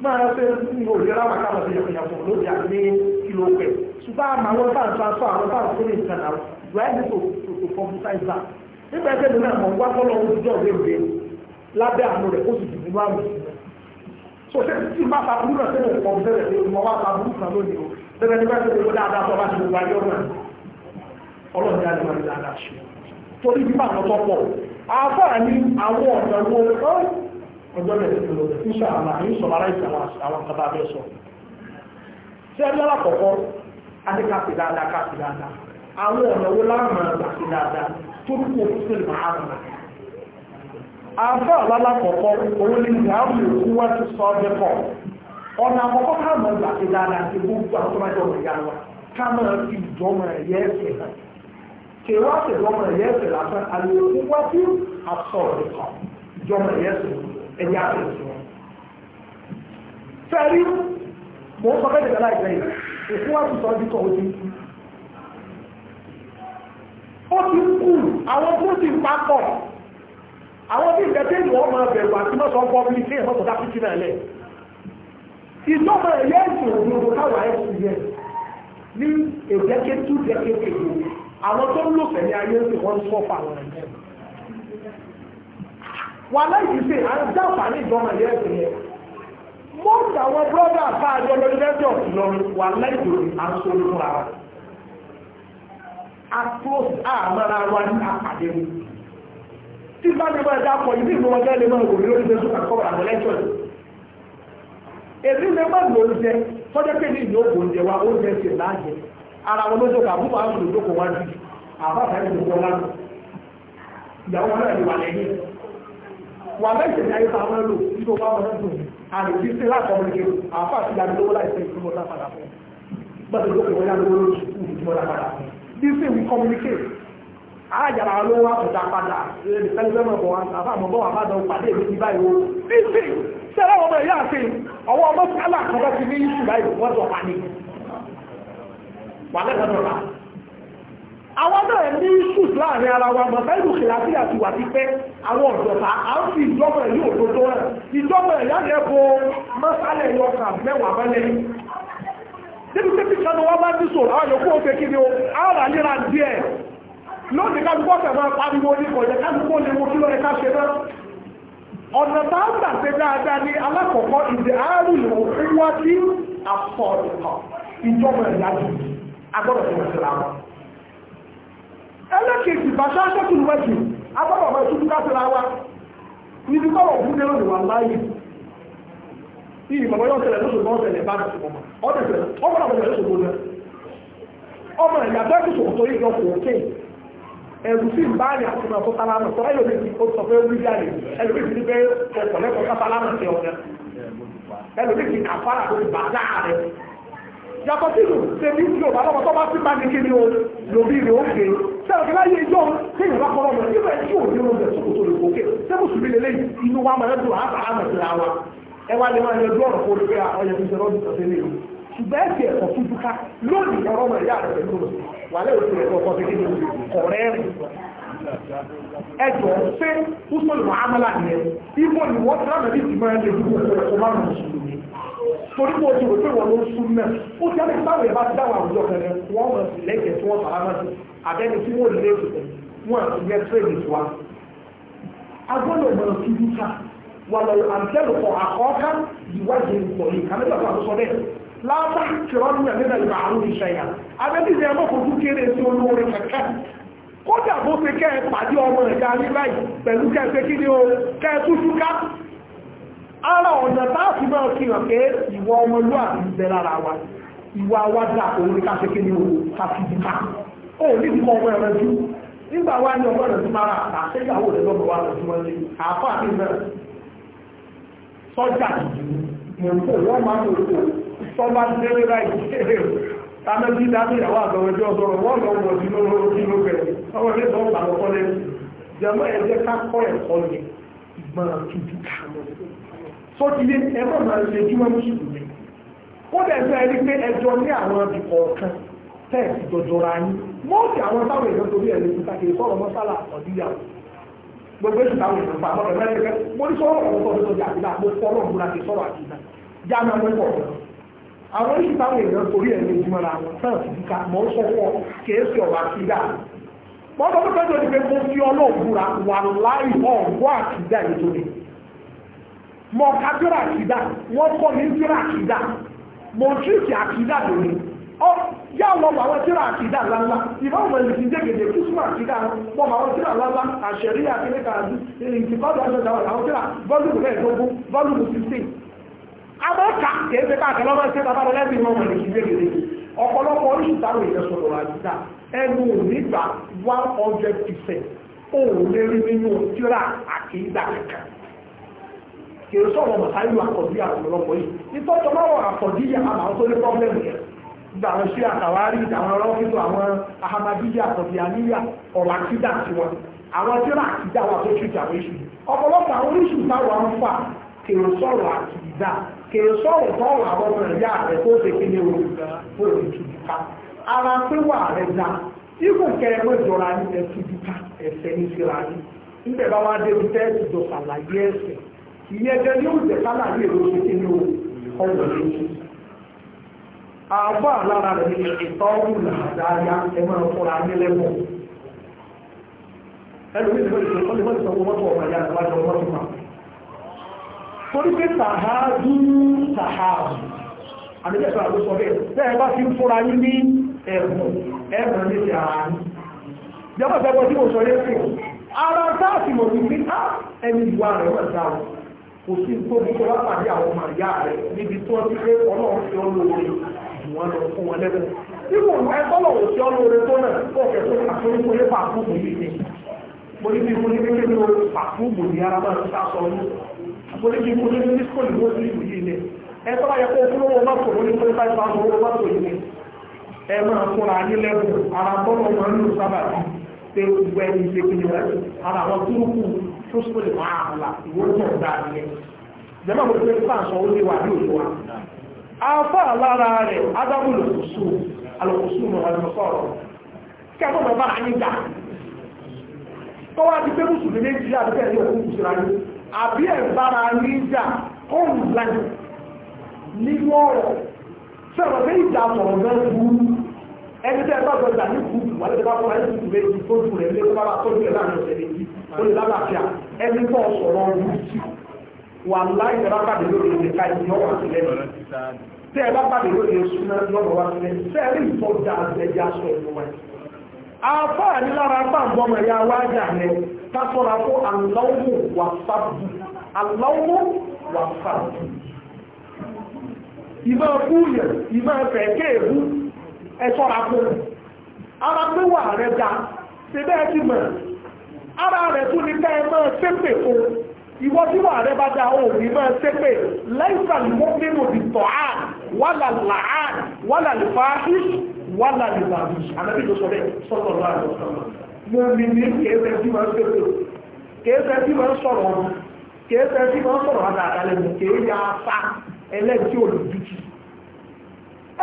máa fẹ́ ní òṣèré àwọn akáàmọ̀ sí ìyàpẹ̀yà fún lóde àti kìlọ̀ pẹ̀ ṣùgbọ́n àmà àwọn bá ń sọ aṣọ àwọn bá ń sọ ní ìtàn àwọn ìwádìí tó tó publicize that nígbà ẹgbẹ́ mi náà mọ̀ wá tọ́lọ́ ojújọ́ rẹ̀ rẹ̀ lábẹ́ àánú rẹ̀ ó sì dùn nínú àmì so o bẹ́ẹ̀ ni wọ́n ti wọ́n dáadáa tó bá ti wọ́n ayé ọ̀nà ọlọ́run dáadáa máa ń dáadáa ṣe torí ọjọ́ bẹ̀rẹ̀ tó lọ bẹ̀ fún sàmà ní sọmara ìsàwọn àwọn kaba bẹ́ sọ tí ẹgbẹ́ alákọ̀ọ́kọ́ adékàfì dáadáa kàfì dáadáa àwọn ọ̀nà owó láàmà kàfì dáadáa torúkọ fúnfẹ́lì máa hàn àbá alákọ̀ọ́kọ́ owó ní ìdáàbò òkú wá ti sọ ọdẹ pọ̀ ọ̀nà àkọ́kọ́ káàmọ̀ kàfì dáadáa ti gbogbo àwọn tó máa jọ ọ̀rẹ́ yára káàmọ̀ fi ìjọmọ̀ ẹ̀yẹ ẹ̀fẹ̀ kèwà àtẹ̀jọmọ̀ ẹ̀yẹ ẹ̀fẹ̀ ẹ̀yà àtẹ̀sùn fẹ́rí mo sọ fẹ́ dẹ̀dẹ̀ láìpẹ́ yìí òfin wá ti sọ ọdún kan ojú ó ti ń kú àwọn tó ti pápọ̀ àwọn tí ìfẹ́ tẹ́lù wọn máa bẹ̀rù àti mọ́sán pọ́bílì tí ìfọ́sọ̀ dá fífi náà lẹ̀ ìjọba ẹ̀yẹ́ ìsìn òdòdó káwà ẹ̀sìn yẹn ní èdèké tú dẹ́kẹ́ àwọn tó ń lò fẹ̀mí ayé ń sìn wọ́n ń sọ́fà àwọn ẹ̀yẹ́ wà láyìí ṣe à ń jáfàá ní ìjọba ìyá ẹ̀sìn yẹn most àwọn brọ́dà bá àjọ lọ yunifásitì ọ̀f Ìlọrin wà láyìí à ń sọ fún ara àtúnṣe àmàlà wa ní àpàdé mi tí bá ní bá ẹ̀dá pọ̀ ìdí ìlú ọjọ́ ilé máa gòrí lórí fẹ́sùn àkọ́wà àwọn lẹ́tọ̀ọ̀lù èdè ilé máa lò ó jẹ sọ́jọ́ pé ní ìlú ògùn jẹ wa oúnjẹ sì láàjẹ ara wọn lójó kà búburú àwọn olùdókòwò wájú àbáfẹ́ ìdókòwò lánàá ìyàwó náà ni wà lẹ́yìn wà mẹ́sẹ̀ ní ayé ta wọn lò nínú ọba ọmọdé dùn àrètí sí láti ọmọ ìgbèrò àáfà sí ìyá lówó láìpẹ́ ìtumọ̀ náà padà fún gbọ́dọ̀ ló kọ̀wé lówó lórí sùkúù ìtumọ̀ náà padà fún this way we communicate àjàrà olówó àkùdá padà ẹni tẹ́lifẹ́ mọ̀ bọ̀ wọn àfà mọ̀ bọ̀ wọn àbádọ́ pàdé o this way sẹ́lẹ̀ ọmọ ìyá àti ọwọ́ ọmọ sí alákọ̀ọ́bá ti ní ìṣù báyìí wọ́n sọ àwọn náà ní issues láàrin ara wa mọ̀ sáyẹ́dù kìláàfì àti wà ti pẹ́ àwọn ọ̀dọ̀ta a ń fi ìjọba ẹ̀yìn òdodo rẹ̀ ìjọba ẹ̀yà lẹ́bọ̀ mọ́sálẹ̀ yọkà mẹ́wàá mọ́lẹ̀ níbi pé píkà ni wọ́n bá ní sòrò àwọn yòókù òkè kí ni ó ara níra díẹ̀ lónìí ká gbọ́ fẹ̀ máa pariwo ní kọ̀jẹ́ ká gbọ́ lè mú kí lọ́yẹ ká ṣe náà ọ̀nà tá ń gbà pé dáadáa ní alákọ̀ọ́kọ́ ìdè àárín òkú wá sí àpọ̀ ìjọba ẹ̀yà jù agbọ́dọ̀ tó ń sira wọn ẹlẹ́kẹ̀ẹ́sì bá ṣáṣẹ́kùn wẹ́jù agbọ́dọ̀gbọ́ ìtútù kásìlá wa níbi kọ́wọ̀ fún ẹrọ ìwà láyé ìyí mọ̀mọ́ yóò tẹ̀lẹ̀ lóṣù mọ́ àtúnmọ̀ àtọ́ tálámà sọ ẹ̀rù mi ti sọ pé wí jáde ẹ̀rù mi ti ní bẹ́ẹ̀ ọ̀pọ̀lẹ́kọ̀ọ́ ọ̀rẹ́ bàdá rẹ̀ yàtọ̀ sí ìlú tẹ̀lé ìlú ọ̀bá lọ́wọ́ tó bá sí bá ní kí ni o lòbí rẹ̀ ó gbé sẹ́wọ̀n láyé ìjọ tí ìlú akọ́rọ̀ mọ̀ nígbà tí ò ní oúnjẹ tó kò tó lè gòkè sẹ́wọ̀n sì bí lélẹ́yìn inú wa máa dùn àbá àmọ̀ sí ara ẹ wá lè máa yẹ dúró ọ̀rọ̀ kórè pé ọyẹ fi ṣẹlọ́ ọdún tọ́sẹ́ lẹ́yìn ṣùgbọ́n ẹ̀sìn ẹ̀kọ́ fojú ká lónìí ọ̀rọ̀ mọ̀ ìyá rẹ̀ pẹ̀lú wà lẹ́yìn òṣèlú ẹ̀kọ́ ọkọ̀ tẹ́kẹ́ lórí ọ̀rẹ́ rẹ̀ ẹjọ́ ṣé ó sọ̀rọ̀ àmàlà nìyẹn ibo ni wọ́n tẹ́lẹ̀ ní ìgbìmọ̀ ẹ̀ lè dúró ọ̀rọ̀ ọ̀rọ̀ márùn-ún torí mo ti rò pé wọ́n ló ń sún náà ó ti àbẹ̀ báwo yẹn bá ti dáwọ̀ àwùjọ kan rẹ̀ wọ́n mọ̀ sí lẹ́gbẹ̀ẹ́ tí wọ́n fara mọ́ sí àbẹ́ni tí wọ́n lè sùn wọn àti yẹ tírèdì tí wa. agbọ́dọ̀ mọ̀ sí dúkà wà lọ àǹtẹ̀lù kọ àkọ́ọ́ká ìwádìí nǹkan yìí kàmílà kan sọ bẹ́ẹ̀ láàbà tìrọ́nù nàmínà ìgbà àrùn ìṣẹ̀yà abẹ́bí ni ẹmọ́ kò tún kéré sí olóore kankan kódà bó ṣe kẹ́ ẹ pàdé ọmọ ẹ̀dá yín báyìí pẹ̀lú kẹ́ ẹ ara ọ̀nà táàkì bá kí hàn pé ìwà ọmọlúwàbí ń bẹ lára wa ìwà wa dà òun ní káṣe kí ni o káṣí bí ká ó ní ìkọ́ ọmọ ẹ̀rọ jù nígbà wá ní ọgbọ́n ẹ̀rọ mara àṣẹ́yàwó rẹ̀ lọ́gbọ̀ wá lọ́jú wọn ní àáfàá ní ìrẹ̀ sọ́jà mọ̀ kó wọ́n máa ń lò ó sọ́ba délé láì tàbí dábí ìyàwó àgbẹ̀wẹ̀jọ́ ọ̀sọ̀rọ̀ wọ́n lọ wọ̀ sí lọ́wọ́ sí lókè ọwọ́ ilé ìtọ́wọ́ àkọ́kọ́ lẹ́nu jẹ́mọ́ ẹ̀jẹ̀ ká kọ́ ẹ̀kọ́ ni ìgbọ́n tuntun kà lọ́wọ́ tó ti lé ẹgbẹ́ máa ṣe júmọ́ mùsùlùmí ó dẹ̀ fẹ́ rí pé ẹjọ́ ní àwọn ibì kọ̀ọ̀kan tẹ́ẹ̀sì dọ̀dọ̀ra yín mọ́ọ̀kì àwọn táwọn èèyàn torí ẹ̀ lè kúta kiri sọ̀rọ̀ mọ́sálà ọ̀díyà gbogbo èsì táwọn èèyàn pa mọ́ọ̀kì mẹ́rin kẹ́ mo ní sọ̀rọ̀ ọ̀rọ̀ sọ̀rọ̀ sọ̀rọ̀ àbílà mo fọ́ ọ̀rọ̀ múra kì sọ̀rọ̀ àbílà já máa mẹ́pọ̀ àwọn èsì táwọn èèyàn torí ẹ̀ lè jùmọ̀ ra wọn tẹ́ẹ̀sì mo ka tíra àkìdá wọ́n kọ́ mi tíra àkìdá mo tíìtì àkìdá lónìí ọ yá lọ mọ àwọn tíra àkìdá lánlá ìbá wọn lè fi dégede kúsùmù àkìdá wọn mọ àwọn tíra lánlá àṣẹrí àkìlẹ́kà àdú ìtìkọ́dọ̀ àṣẹjà wọn àwọn tíra volume mẹ́ẹ̀ẹ́dógún volume sixteen amọ́ka kéèké káàkiri lọ́wọ́ ṣe bàbá rẹ lẹ́bi ìmọ̀ mọ̀lẹ́ ìdílé gèdè ọ̀pọ̀lọpọ̀ oríṣìíríṣìí ìjọsọ̀rọ̀ àdìdá ẹnu nígbà one hundred percent òun lérí nínú tíra àkìdá kankan kìí sọ̀rọ̀ mọ̀sáyù àkọ̀díyà ọ̀pọ̀lọpọ̀ yìí nítọ́jọ́ máa wọ̀ àkọ̀díyà àwọn tó ní pọ́blẹ́mù yẹn gba àwọn ṣé àtàwárí àwọn ọlọ́fíìsì àwọn ahamadíyà àkọ̀díyàníyà ọ̀rọ̀ àkídà tiwọn àwọn tíra àkídà wà tó ṣùjà àwọn iṣu ọ̀pọ̀lọpọ̀ àwọn oríṣi táwọn ń fà kìí sọ̀rọ̀ àkídà kìí sọ̀rọ̀ ìyẹn jẹ́ yóò jẹ́ sálàyé ìròyìn inú ọ̀rọ̀ lójú àbọ̀ lára rẹ̀ ní ìtọ́wù làdáyá ẹ máa fúnra ní ẹlòmí ìfẹ́ ìfẹ́ ọlẹ́ mọ́ ìsanwó mọ́tò ọmọ ìyá rẹ̀ wájú ọmọ ìmọ̀ torí pé tàhádú tàhádù àdéjẹ́sọ àdóso bẹ́ẹ̀ bẹ́ẹ̀ bá ti ń fúnra yín ní ẹ̀bùn ẹ̀bùn ní ti ara ní jẹ́mọ̀ ìfẹ́ pọ̀ tí mo sọ yé sí ara táàsì mọ̀ sí pé á ah, ẹni ìwà rẹ̀ wọ̀ kò sí nítorí tó wá pàdé àwọn ọmọ ìyá rẹ̀ níbi tí wọ́n ti pé ọlọ́run ti ọlọ́run jù wọ́n lọ fún wọn lẹ́kọ̀ọ́. Ibò ẹgbọ́lọ̀wọ̀ tí ọlọ́run tó náà kọ̀ kẹ́kọ̀ọ́ àforíkó lé pàfúùmù yìí ni. Mo ní bí mo ní kékeré ní orí pàfúùmù ní ara máa ń sá sọ ní. Mo ní bí mo ní ní disco ní wọ́n sílùú yìí ni. Ẹ tọ́lá yẹ kó fún owó mọ́tò mo ní twenty five thousand owó mọ́tò yìí ni. Ẹ máa fúnra yín lẹ́kùn ara bọ́lọ̀ máa ń lò sábà fúsùkú lè máa àmàlà ìwọ́nà ọ̀dá ilẹ̀ jẹ́mọ̀ mo fẹ́ fà sọ orí wà ní òṣùwà afọ́ alára rẹ̀ adágún lòkùsù alòkùsù mọ̀lẹ́mọ̀sọ̀rọ̀ kí a tọ́bọ̀ bá ní ìjà tó wá ti pé mùsùlùmí méjì àdúgbẹ́ ní òkú mùsùlùmí ayé àbí ẹ̀ bára ní ìjà kóhùn lẹ́nu nínú ọ̀rọ̀ sọ̀rọ̀ pé ìjà sọ̀rọ̀ bẹ́ẹ̀ burú ẹni tẹ́ bá gbọ́dọ̀ ní kùkù wà lẹ́gbẹ́ bá fọ́ra ní kùkù méjì tó jù rẹ̀ lé ó lè lálàáfíà ẹni tó sọ̀rọ̀ ọdún sí wà láì tẹ́ bá pàdé lórí ilẹ̀ ká ìdí ọwà sílẹ̀ tẹ́ ẹ bá pàdé lórí ìṣúná lọ́rọ̀ wá sílẹ̀ sẹ́ẹ̀rì ìtọ́jà ẹja sọ ẹ̀fọ́ wa afọ́ àní lára pàǹbọ̀mọ̀ ya wá jà ní tásọ́ra fún aláwọ̀ wà sábù aláwọ̀ wà sábù ìmọ̀ kúyẹ̀ ìmọ̀ ẹ̀fẹ̀ kéèbú ẹ̀sọ́ra fún ara pé wà rẹ̀ dá ṣe bẹ́ẹ̀ ti mọ̀ ara rẹ̀ tún ní ká ẹ máa ṣépè fún ìwọ tí wà rẹ bá da òbí máa ṣépè lẹ́yìn àlùmọ́ nínú ìtọ̀ á wàlà làá wàlà lùfà áṣí wàlà lùbàbí ànábì tó sọ bẹ́ẹ̀ sọ́tọ̀ láàrú mo mi ní kéèfẹ́ tí máa ń ṣépè kéèfẹ́ tí máa ń sọ̀rọ̀ ọmọ kéèfẹ́ tí máa ń sọ̀rọ̀ àdàdà lẹ́nu kéèyà fa ẹlẹ́tí olùdíjì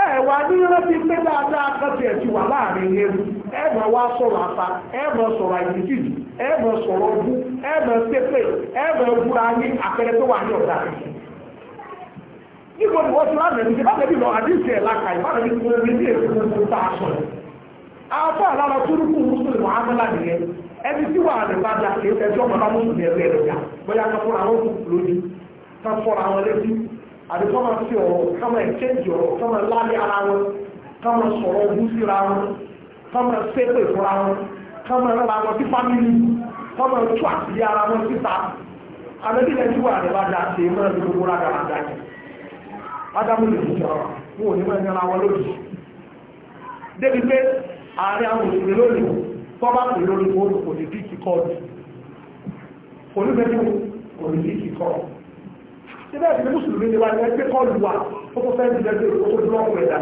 ẹ̀wà ní rántí pé dáadáa kan tiẹ̀ ti wà láàrin ewu ẹ̀mọ̀ wá sọ̀rọ̀ àfa ẹ̀mọ̀ sọ̀rọ̀ àìdíjì ẹ̀mọ̀ sọ̀rọ̀ bú ẹ̀mọ̀ pépè ẹ̀mọ̀ búra ní àpẹẹrẹ tó wà ní ọ̀dà nígbà tí wọ́n ti rán ẹ̀mí bá lẹ́bí lọ àdíṣe ẹ̀ láka ìbára ní kí omi ní èkó tó bá a sọ̀rọ̀ afọ àlára tó rúkú mùsùlùmí muhammadu nìyẹn ẹni tí kọ́mọ ẹ̀rọ àwọn sí fámìlì kọ́mọ tú àti ara wọn síta àbẹ́bílẹ̀ tí wà ní bàjá ṣe é mọ́ra gbogbo rága bàjá yìí ádámù lè jọ wọn ò ní mọ́ ẹ̀yàn àwọn lójì débi pé ààrẹ àwọn òṣèré lónìí tọ́bá pè lórí wọn kò ní bí kíkọ́ ọdún kò ní bẹ́ẹ̀ kò ní bí kíkọ́ síbẹ̀ ìpínlẹ̀ mùsùlùmí ni wà ní ẹgbẹ́ kọ́ọ̀lù wa ó tó fẹ́ẹ́ nílẹ̀ tó tó dúró ọ̀pọ̀ ẹ̀dá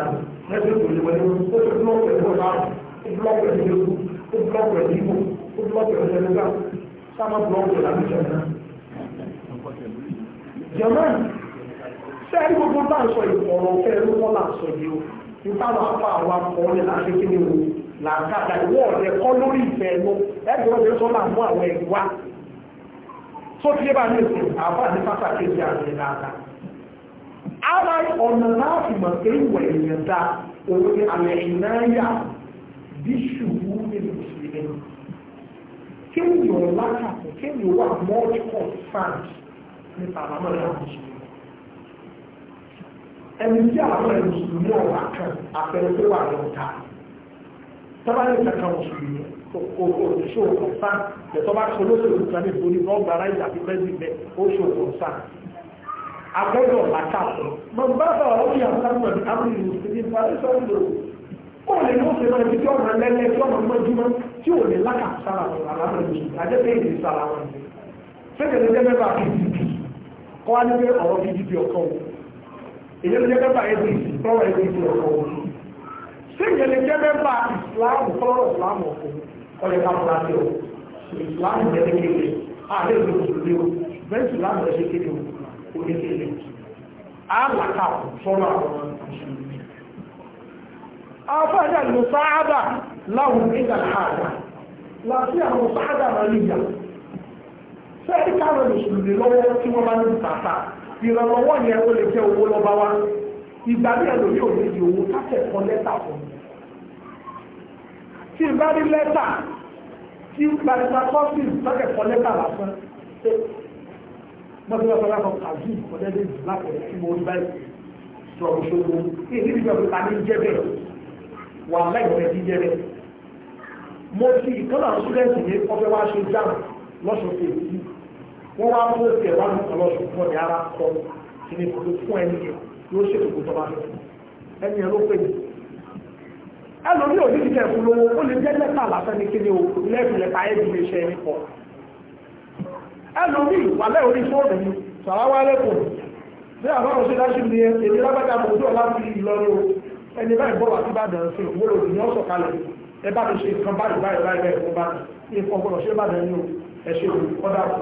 ẹgbẹ́ kò ní wọlé ó tó dúró ọ̀pọ̀ ẹ̀dá ó búlọ́ọ̀kì ẹ̀dí ìbò ó búlọ́ọ̀kì ẹ̀dí ẹ̀dí ẹ̀dá sáma búlọ́ọ̀kì ẹ̀dí àmì ìjọba. jẹ̀mọ́n ṣé ẹni gbogbo bá ń sọ ìfọ̀rọ̀ ọ̀fẹ́ ẹ̀rú wọn là ń sọ yìí o nípa àwọn afọ àwọn akọọ́lẹ̀ láti kí ni o làǹkàdà ìwọ ọ̀rẹ́ kọ́ lórí ìfẹ́ ẹnu ẹgbẹ́ ọ̀rẹ́ sọ láàmú àwọn ẹ̀wá tó fi bá ní ìsìn àbá ní pàtàkì ìjà àti ìdáta ara ọ̀nà láti mọ̀ pé ìwẹ̀ èèyàn dá òun ni àmì ìnáyà bí kéèyàn lákàtọ̀ kéèyàn wà mọ́ọ̀tì kọ̀ọ̀fáàdì nípa àbámọ́ ẹ̀rọ mùsùlùmí ẹni tí àbámọ́ ẹ̀rọ mùsùlùmí ọ̀wà kan àpẹẹrẹ tó wà lọ́ta tọ́bálẹ̀ ìtàkà mùsùlùmí oṣù ọ̀sá lẹ́tọ́ bá ṣe olóṣèlú kan ní ìborí náà gbára ìyàfi pẹ́ẹ́lí bẹ́ oṣù ọ̀sá agbẹ́dọ̀ lákàtọ̀ mọ̀ bá bá ọ̀rọ̀ yà sáwọn àbúrò ìlú sí ní ó lè mú ṣe máa di tí ọ̀nà lẹ́lẹ́ tí ọ̀nà mọ́júmọ́ tí ò lè lákàtú sára wọn alábẹ́ mùsùlùmí àjẹpẹ́ èdè sára wọn ni fẹ́kẹ̀ ló jẹ́ mẹ́fà PDP kọ́ wá ní pé ọ̀rọ̀ PDP ọ̀kan o èyí ló jẹ́ mẹ́fà APC tọ́wọ́ APC ọ̀kan o sẹ́yìn lè jẹ́ mẹ́fà ìsìláàmù kọ́lọ́rọ̀ ìsìláàmù ọ̀kan ọ̀yẹ̀ ká fura sí o ìsìláàmù jẹ́ kékeré ààrẹ ìlú mùsùlùmí o bẹ́ẹ̀ ìsìláàmù jẹ́ kékeré o kò ní kékeré afẹ́dà mùsáàdà láwọn ìgbà àgbà láti àwọn mùsáàdà màlíyà sẹ́ẹ̀dì káwọn mùsùlùmí lọ́wọ́ tí wọ́n bá ní bùkátà ìrànlọ́wọ́ yẹn ó lè jẹ́ owó lọ́ba wa ìgbà ní ẹ̀lò yóò ní di owó kákẹ́kọ̀ọ́ lẹ́tà fún mi tí n bá rí lẹ́tà tí gbàgbà kọ́sì kákẹ́kọ̀ọ́ lẹ́tà lásán ṣe mọ́tò lọ́sọ̀rọ̀ kan kàzú ìkọ́lẹ́dẹ́gbẹ̀ lápẹ̀rẹ̀ tí mo rí báyìí sọ̀rọ̀ wà láìpẹ́ jíjẹ rẹ̀ mo ti ìkọ́nà ṣúlẹ̀ǹtì ní ọfẹ́ wá ṣe jam lọ́sọ̀ fèsì wọ́n wá mú òsì ẹ̀wá ní ọlọ́sọ̀ fún ọ̀dẹ̀ ara kọ́ kí ni kò fún ẹni yẹn yóò ṣètò kó tọ́ba rẹ̀ ẹni ẹ̀ ló pè mí ẹlòmí ò ní ti tẹ̀kù lówó ó lè jẹ́ lẹ́tà lásán ní kíni o lẹ́ẹ̀kì lẹ́tà ẹ̀dùn lè ṣe ẹni pọ̀ ẹlòmí wàlẹ́ orí fóònù mi sàráwá lẹ́kùn bí àwọn òṣèlú dáṣì ní èdè lágbàdà mọ̀ọ́dọ̀ láti Ìlọrin o ẹni báyìí bọ́ọ̀lù àti ìbàdàn sí òwúrò ní ọ̀sọ̀ kalẹ̀ ẹ bá ti ṣe nǹkan báyìí báyìí báyìí báyìí fún bá ní nǹkan gbọ́dọ̀ ṣe bá dẹ̀yìn ẹ ṣe òwú kọ́dà kù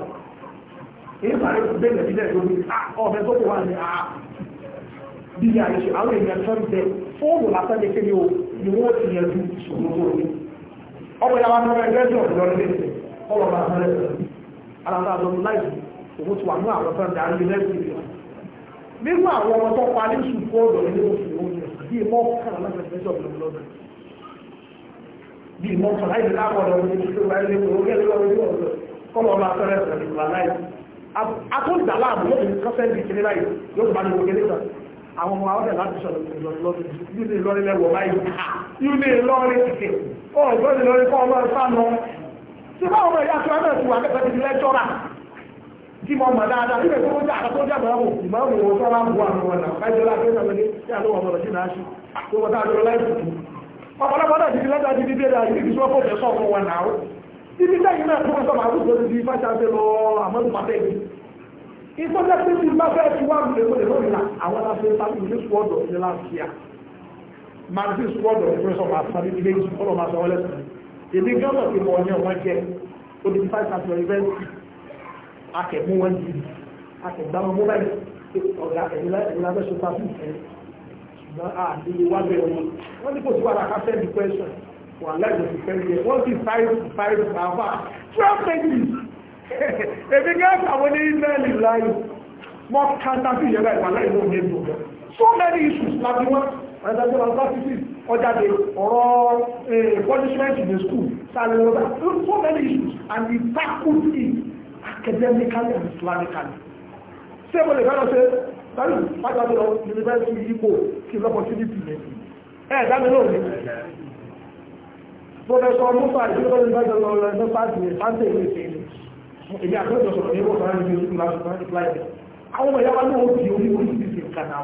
èyí bá yóò gbé ilẹ̀ bílẹ̀ lórí ah, ọ̀bẹ tó kù wà ní a ah. bí i àyè ṣe àwọn èèyàn tó ń bẹ fóònù lásán ní kéde o ni wọ́n ti yẹn ju ìṣòro tó ní ọmọ ìyá wa ní ọmọ ẹgbẹ́ ìjọba lọ nílé ọlọ́ bá fẹ́rẹ̀ alága àjọ láìsí òun ti wà ní àwọn tó ń darí lẹ́sìn nígbà àwọn ọmọ tó parí sùn kó ọ̀dọ̀ nínú òfin òun bí mọ́kàn lọ́sẹ̀fẹ́sọ̀ lọ́dún bí mọ́kàn láì ní láwọ̀dọ̀ ní ìṣẹ́ wáyé lẹ́kọ̀ọ́ ó gẹ́lẹ́ lọ́wọ́ ní ọ̀dọ̀ kọ́lọ̀ ọba fẹ́rẹ́ sọ̀rọ̀ ìgbà láì atúndàlá àbúrò ní kọ́sẹ́ǹdì kiri láì yóò bá ní òkè níta àwọn ọmọ àwọn ẹ̀láti sọ̀rọ̀ lọ́dún ilé ìlọrin lẹ́wọ̀ báyìí ilé ìlọrin kìkì ọ̀gbọ́n ìlọrin kọ́ ọmọ ìfànà tí báwọn ọmọ ìyá tí wọ́n náà ti wà nípa ti lẹ́jọ́ra tí mo mọ̀ dáadáa nígbà tó ń jà àtọ́ tó jàbọ̀ ọ̀hún ìmọ̀ọ́mù wọn tó máa bu àwọn ọ̀nà kájọlá tó sọ̀rọ̀ ní tí àlọ́ ọmọ ọ̀sìn náà ṣe tó wọ́n dáa lọ láìsí tó. ọ̀pọ̀lọpọ̀ náà ti di lẹ́tà ti di bí ẹ̀dá yìí kì í sọ́kọ̀ fẹ́ sọ́kọ̀ wọn náà. ibi lẹ́yìn náà tó ń sọ màálù tó ti di fáṣà ṣe lọ àmọ́tò pàtẹ́ yìí. ìfọ́jà tí ti bá fẹ́ ti wá lulẹ̀ lónìí la àwọn aláṣẹ sábì ní sùwọ́dọ̀ ní láṣìá. màálù sùwọ́dọ̀ ní fẹ́ sọ máa sáré ilé yìí kọ́lọ́ máa sọ wọlé sùn. èmi gán akẹ̀mú wọn di akẹ̀gbámọ́ mobile ọ̀gá ẹ̀yìnlá bẹ́ẹ̀ sọ fásitì ẹ̀ ṣùgbọ́n àdéhùn wá bẹ̀rẹ̀ wọn wọ́n ní kò sí wàrà káfẹ́ di question wà láìpẹ́ ti fẹ́ yẹ wọ́n ti five five bàbá twelve pages èmi gẹ́gẹ́ àwọn ní israeli láyé wọ́n kàńtà sí ìyẹn báyìí wà láì ló ń yẹ dùn lọ so many issues láti wọn ọ̀dàjọ́ wọn bá fífi ọjàde ọ̀rọ̀ eh, punishment in the school sálẹ̀ lọ́dà so many issues and the faculty academically and islamically ṣé mo lè fẹ́ràn ṣe lọ́nà pàtàkì lọ yunifásitì yípo kí lọ́pọ̀tunity yẹn ẹ̀ dámi náà ní professor musa ìjọba yunifásitì lọ lọ ẹgbẹ́ pàtì yẹn pàtì yẹn ṣe ni èmi àtúntò sọ̀rọ̀ ní ìwọ̀n sọ̀rọ̀ ní ìlú ìlú ìlú ìpláyé àwọn ọmọ ìyá wa náà di orí oríṣiríṣi nǹkan náà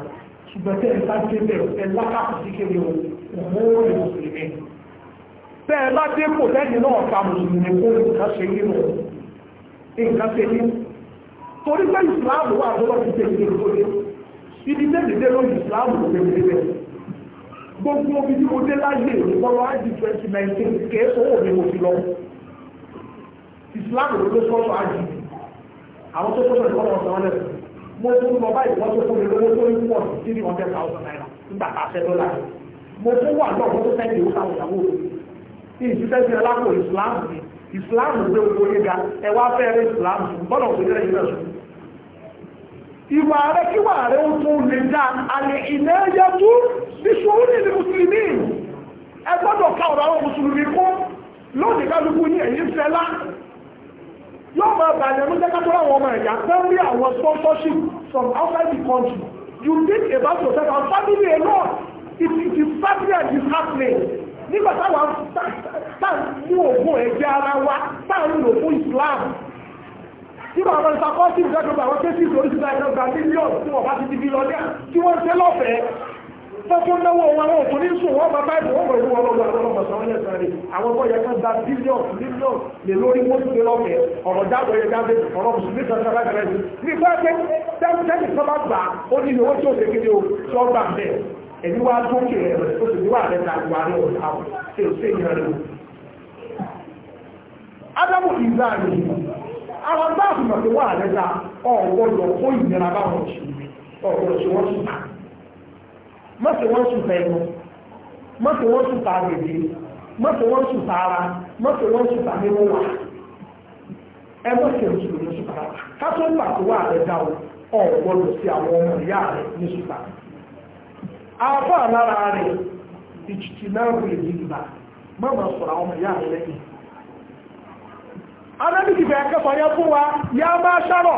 ṣùgbọ́n tẹ́ ẹ bá dé bẹ̀rẹ̀ ẹ lákàtú sí kéde o òmò òye mùsùlùmí tẹ́ ẹ bá dé kò lẹ́yìn náà ta mùsùlùmí kó nǹkan ṣe yé lọ nǹkan ṣe ní torí pé ìsìláàmù wà lọ́wọ́ ti ṣe ìdílé lóde ibi tẹ́lẹ̀ dé lórí ìsìláàmù ló ṣe ìdílé bẹ́ẹ̀ gbogbo omi tí mo dé láyé ìpọlọ ájì twenty nineteen kèé owó mi mo fi lọ ìsìláàmù ló ló sọ́sọ́ ájì àwọn tó sọ́sọ́ ìfọ́nà ọ̀sán wọn lẹ́sìn mo tún lọ báyìí wọ́n tó fún mi lówó tó ń pọ̀ sí three hundred thousand naira nígbà tá a fẹ́ dọ́là mo tún wà lọ́wọ́ tó fẹ́ ìdíwọ́ táwọn ìyàwó mi ìṣiṣẹ́ ti alákòó ìsìláàmù mi ìsìláàmù gbé gbogbo yíga ẹwà fẹ́ẹ̀rẹ́ ìsìláàmù bọ́lá òṣèlérẹ́ yìí lẹ́sùn ìwà rẹ̀ kí wà rẹ̀ ó tún lè dá àlè ìnáyẹ́tú bí ṣòro ní ilé mùsùlùmí ẹ gbọ́dọ̀ ká ọ̀rọ̀ àwọn mùsùlùmí kó lónìí kálukú ní ẹ̀yìn fẹ́lá yóò máa bàjẹ́ ló jẹ́ kátó àwọn ọmọ ẹ̀yà pẹ́ rí àwọn sponsorship from outside the country you think about yourself and family alone it is family and it is happening nígbà táwa táà mú ògùn ẹ̀jẹ̀ ara wa táà ń lò fún Islam tí wọ́n àwọn ìsàkọ́ sí ìjọba àwọn kéṣì ìsorí síta ìjọba gba mílíọ̀nù tí wọ́n bá ti di bílọ́díà tí wọ́n ń tẹ́ lọ́fẹ̀ẹ́ tọ́tún náwó wọn àwọn òtún ní sùn wọ́n bá báyìí wọ́n pẹ̀lú wọn lọ́wọ́ àwọn ọmọ sọ́wọ́n lẹ́sàn rẹ̀ àwọn tó yẹ ká gba bílíọ̀nù mílíọ̀nù lè lórí mọ́tò lé lọ́fẹ̀ẹ́ ọ̀rọ̀ jáde yẹ jáde ọ̀rọ̀ mùsùlùmí kan sára gẹ̀rẹ́ sí ní pẹ́ẹ́pẹ́ tẹ́tẹ́tì tó bá gbà ó ní ìwé tí ó ṣe kéde o tí ó gbà bẹ́ẹ̀ ẹ̀mí wá nke ẹ̀rọ tó ti wá àbẹ́ta wà ní ọ̀rọ̀ àwọn tí ó sí ìyàn rẹ̀ Adamu ìgbà rẹ̀ àwọn bá àfihàn pé wà àbẹ́ta ọ̀gbọ́dọ̀ kó ìnira bá wọn ṣe ọ̀gbọ́dọ̀ ṣe wọ́n sùn má ṣe wọ́n sùn fẹ́nu má ṣe wọ́n sùn tàà gbèdé má ṣe wọ́n sùn tààrà má ṣe wọ́n ẹ ká tó ń afọ́ àlára rẹ̀ ìtìtì náà rẹ̀ nígbà mọ́mọ̀ sọ̀rọ̀ àwọn ìyá rẹ̀ lẹ́yìn anábìtì bẹ̀rẹ̀ kẹfà yẹ fún wa yá máa ṣọ́rọ̀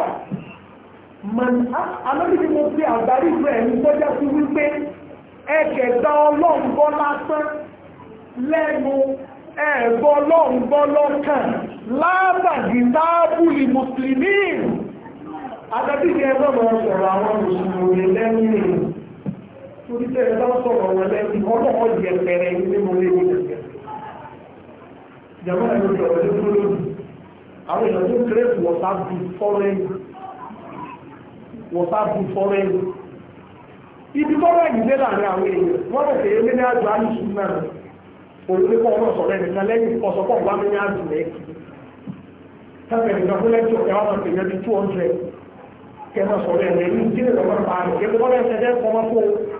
anábìtì mo fi àgbárí ìlú ẹ̀mí gbọ́jẹ́ sí wípé ẹ̀kẹ̀dá ọlọ́ǹgbọ́ lásán lẹ́nu ẹ̀gbọ́ ọlọ́ǹgbọ́ lọ́kàn látàdì tábùlì mùsùlùmí anábìtì ẹgbẹ́ mọ̀ sọ̀rọ̀ àwọn mùsùlùmí lẹ́yìn torí tẹ́ ẹ bá ń sọ̀rọ̀ wọn lẹ́nu ọlọ́wọ́ yẹ pẹ̀rẹ̀ ilé mo lé ní ẹ̀sẹ̀ ìjàmbá ẹ̀rọ ìjọba ló dúró lónìí àwọn èèyàn tó kéré wọ̀sá bu fọ́rẹ́n wọ̀sá bu fọ́rẹ́n ibi tọ́lá ìdílé láàrin àwọn èèyàn wọ́n bẹ̀ tẹ̀yẹ lé ní àjọ alùsùn náà òun kọ́ ọmọ sọ̀rọ̀ ẹ̀nìkan lẹ́yìn ọ̀sọ̀pọ̀ wà ní àjò lẹ́kì tẹ́lẹ̀ nìkan fún lẹ́jọ́ ẹ̀wọ́n máa tẹ̀yẹ bí 200 kẹ́mọ̀ sọ̀rọ̀ ẹ̀nìyàn ní ìdílé lọ́wọ́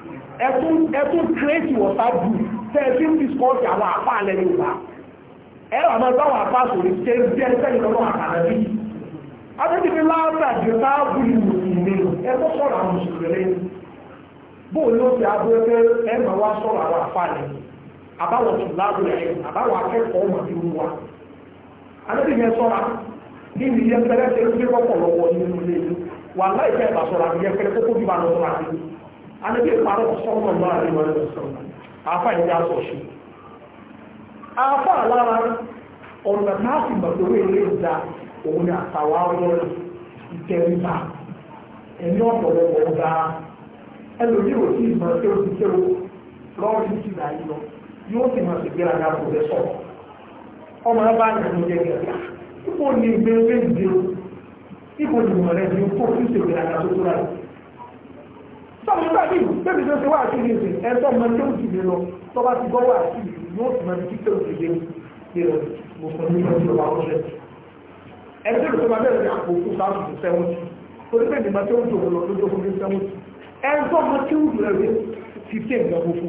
ẹtún kírẹ́tì WhatsApp group tẹ́ ń discourse àwọn àpá alẹ́ Yorùbá ẹ wà máa bá wọn àpá ṣe ń bí na lọ́wọ́ àkàrà bí adébíyí láàbà jẹ sáàbù ní mùsùlùmí sọ̀rọ̀ àwọn ti ẹ máa wá sọ̀rọ̀ àwọn àpá àbáwọ̀ ẹ̀ àbáwọ̀ akẹ́kọ̀ọ́ mà ti sọ̀rọ̀ kí ni ṣe ń gbé nínú ilé wà láì fẹ́ kókó bí anábí parọ́ sọ́mọ̀ náà rí wọn lọ sọ́mọ̀ àfà ìdí ṣe àfà lára ọ̀nà náà sì ilé ìdá òun ni àtàwà ọ̀rọ̀ ìtẹríba ẹni ọ̀pọ̀lọpọ̀ ọ̀gá ẹlòmí ò sí ìmọ̀ tí ó ti tẹ́ o lọ́wọ́ sí ti yìí lọ yóò sì máa ṣègbéra ní àpò rẹ̀ sọ̀rọ̀ ọmọ ẹ bá yàn jẹ gẹ̀ẹ́gà ipò ní ìgbéró ìgbéró ipò ìmọ̀ rẹ̀ ni ó kó fún ìṣègbéra ní àpò tó rà sọ́ọ̀rọ̀ nígbà tí bébí tó ṣe wà sí ìrìnsì ẹ̀tọ́ mọ tó ń jìnnà lọ tó bá ti gbọ́ wà sí yóò sì mọ ibi tó ti dé ìrọ̀ gbogbo ní ìrọ̀ ìjọba ọ̀ṣẹ́ ẹgbẹ́ ìrọ̀ tó bá bẹ̀rẹ̀ àkókò sáàtù tó sẹ́wọ́n sí torí pé ìgbà tó ń jò lọ lójó fún mi sẹ́wọ́n sí ẹ̀tọ́ mọ tí ó jù rẹ̀ ti tẹ̀ ìgbà gbogbo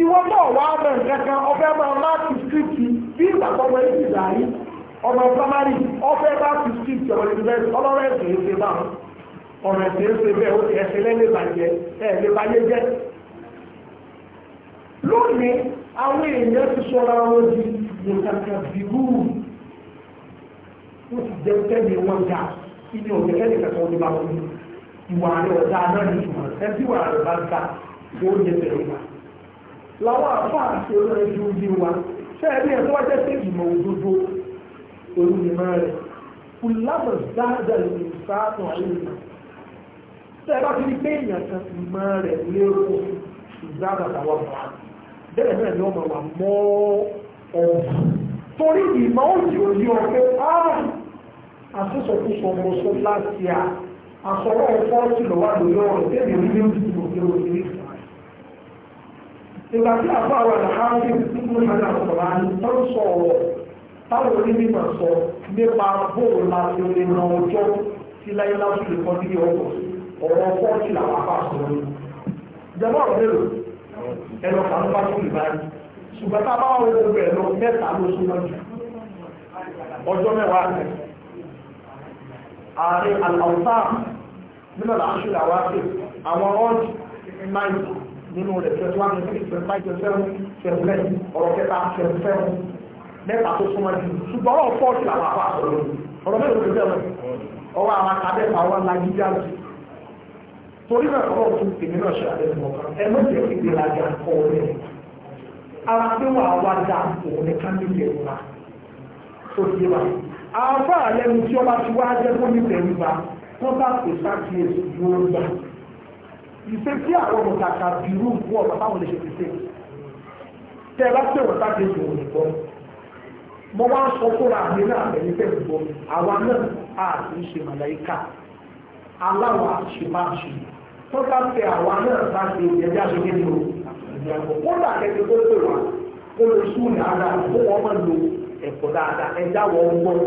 ìwọ náà wà bẹ̀rẹ̀ kankan ọbẹ̀ máa má ti sírìtì bí ọmọ primary ọbẹ̀ bá ti sírìtì ọmọ ìdílé ọlọ́rẹ̀ ẹ̀sìn ìgbà náà ọ̀rọ̀ ẹ̀sìn ń ṣe bẹ́ẹ̀ ó ti ẹsẹ̀ lẹ́lẹ́ bàjẹ́ ẹ̀ lè báyé jẹ́ lónìí àwọn èèyàn ti sọra wọn di nǹkankan bìbú ó ti jẹ́ tẹ́lẹ̀ wọn dà ibi òkè ẹ̀lẹ́ kẹsàn-án ní báwọn ní ìwà rẹ̀ ọ̀dà náà ní ìtumọ̀ ẹ̀ tí ìwà rẹ̀ bá dà ó yẹ tẹ̀lé wa làwọn àfáà ṣe olóyinjú yí wa fẹ́ẹ̀ ní ẹ̀tọ́ wájẹ́ sí ìmọ̀ òdodo olùmọ̀ rẹ̀ kùlámọ̀ dáadáa ìmọ̀ ìsáàtọ̀ àyè tẹ́ ẹ bá ti rí pé èèyàn kan ìmọ̀ rẹ̀ lérò ìgbàgbà àwọn ọmọ wa bẹ́ẹ̀ náà ni ọmọ wa mọ́ ọ̀bù torí ìmọ̀ òjì òjì ọ̀pẹ ààrùn ah, àtúnṣọ̀kúṣọ ọmọ sọ láti à àsọ̀rọ̀ ọ̀pọ̀ tí lọ́wọ́ lórí ọ̀rọ̀ tẹ́lẹ̀ orí ní ìdìbò tí ó ti rí ìgbà tí àbá àwọn àlàkáwé nínú ìlànà àkọ̀rọ̀ àní tó ń sọ ọ̀rọ̀ táwọn onímọ̀ sọ nípa bóòlù láti orí ọjọ́ tí láyé láti lè kọ́ nílé ọkọ̀ sí ọ̀rọ̀ fọ́ọ̀tì làwọn apá sọ̀rọ̀ ní. ìjọba ọ̀rọ̀ mélòó ẹ̀rọ kan bá tó lè báyìí ṣùgbọ́n tá a bá wà wọ́n gbogbo ẹ̀rọ mẹ́ta ló súnmọ́ jù ọjọ́ mẹ́wàá rẹ̀ ààrẹ àlàùtà nínú làásùlà àwọn àti àwọn ọ́ọ̀dì náà nínú rẹ̀ twenty one twenty three twenty five twenty seven twenty nine ọ̀rọ̀ kẹta twenty seven mẹ́ta tó súnmọ́ jù ṣùgbọ́n ọ̀rọ̀ fọ́ọ̀tì làwọn apá sọ̀rọ̀ ọ̀rọ̀ mẹ́rin ló ti bẹ̀rẹ̀ ọwọ́ àwọn akadẹ́fà torí náà kọ́ ọ̀tún tèmi náà ṣe àlẹ́ mọ́ ẹ má jẹ́ kí ìlera ga kọ́ ọ lẹ́yìn ara pé wà á wá dá òun ní kámílì ẹ̀rù wa tó ti wà àáfà àlẹ́nu tí ọba ti wá jẹ́ kó ní bẹ̀rù wa wọ́n bá pè sákìyèsí yóò gbà ìṣe tí àwọn ọmọ kàkà bìrù kú ọ̀rọ̀ táwọn lè ṣe ti ṣe tẹ́ ẹ bá pè wọ́n sákìyèsí òun nìkan mo wá sọ fúnra mi náà lẹ́yìn tẹ̀ gbọ́ àwa náà àti ìṣe màláìka aláwọ̀ àṣemáṣe tó bá fẹ́ àwa náà bá ṣe ìjẹ́jẹ́ àṣekẹ́ ni o kódà kẹ́kẹ́ tó pè wá kó lè sùn dáadáa kó wọ́n máa lo ẹ̀kọ́ dáadáa ẹja wọ́n sùn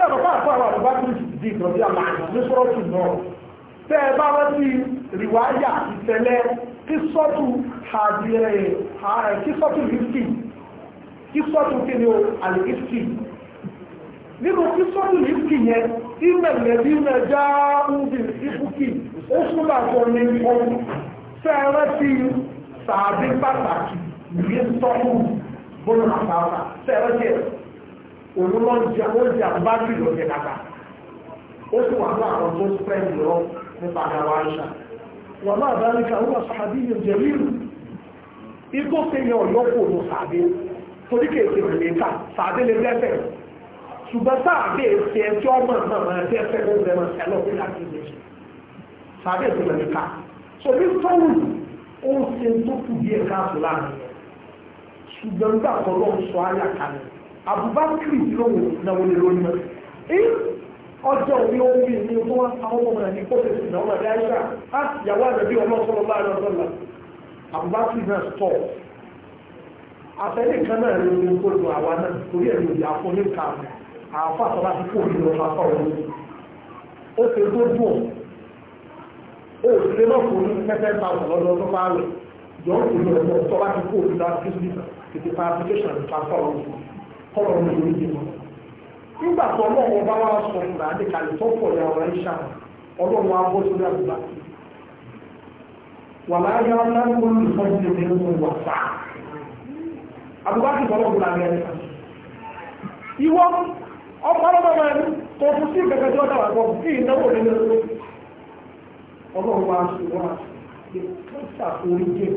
ṣé àbàbà àpá àwọn àbàbà tó ti di ìtọ́jú àmà ní sọ́ọ̀tù náà tẹ́ ẹ bá wọ́n ti rìwáyà ìtẹ̀lẹ́ kí sọ́ọ̀tù àdìrẹ̀ kí sọ́ọ̀tù rìsì kí sọ́ọ̀tù kí ni o àlèkìsì nínú kí sọ́ọ̀tù rìsì yẹn ìmẹ̀lẹ̀bí náà já ń bì ìfúkì ó súnmọ́ àjọ ní ọdún fẹ́ẹ́rẹ́ sí sàbí pàtàkì ní sọ́ọ̀tù bọ́lá àpáta fẹ́ẹ́rẹ́ sí ẹ̀ òun lọ jẹ ó jẹ àbúbá bí ìlú ọjẹ kàkà ó sì wà ní àwọn tó spread lọ nípa àwọn àṣà wọn náà bá ní káwọn àṣàbí yìí jẹ rírù igbó tẹyẹ ọyọ kò lọ sàdé torí kèsì rẹ lẹka sàdé lè dẹsẹ ṣùgbọ́n sàdé ẹsẹ ẹsẹ ọmọ náà máa dẹsẹ ó bẹ máa ṣẹlẹ̀ ó nígbà tí ìlú sàdé ẹsẹ rẹ lẹka so ní sọ̀rọ̀ ó ṣe tó kù díẹ̀ káàtó láàrin ṣùgbọ́n nígbà kan Abubakar lóhùn náwó lè lónìí mọ́ ọjọ́ orí orí ní tó wá àwọn ọmọ ní pọ́sẹ̀sì náà wà dáríṣà á yàwó àdàbí ọlọ́sọ́lọ́ bá lọ sọ́lá àbúbákì náà tọ̀ àtẹ́lẹ̀ kan náà ló ní kó lu àwa náà torí ẹ̀ lòdì àfọ́lé ka àáfà sọ́lá ti kó ìlú ọ̀fà sọ̀rọ̀ ní. ó ṣe tó dùn ó ṣe náà kó ní pẹ́pẹ́ ta ọ̀lọ́dọ́ tó bá rẹ̀ yọ̀ọ́ kó lọ́ọ́ tó bá ti kó ìlú kọ́rọ̀ ní oríṣi wọn. nígbà tó ọlọ́run ọba wa sọ ìgbà àdékalẹ̀ tó pọ̀ ya ọ̀rọ̀ ìṣà ọlọ́run wa bọ́ sórí àgbà. wà láyé aláwọ̀ olùfọ́jú ní inú wà fà. àbúkátì sọ̀rọ̀ gbọ́dọ̀ àgbẹ̀ ẹ̀ka. ìwọ fún sí tí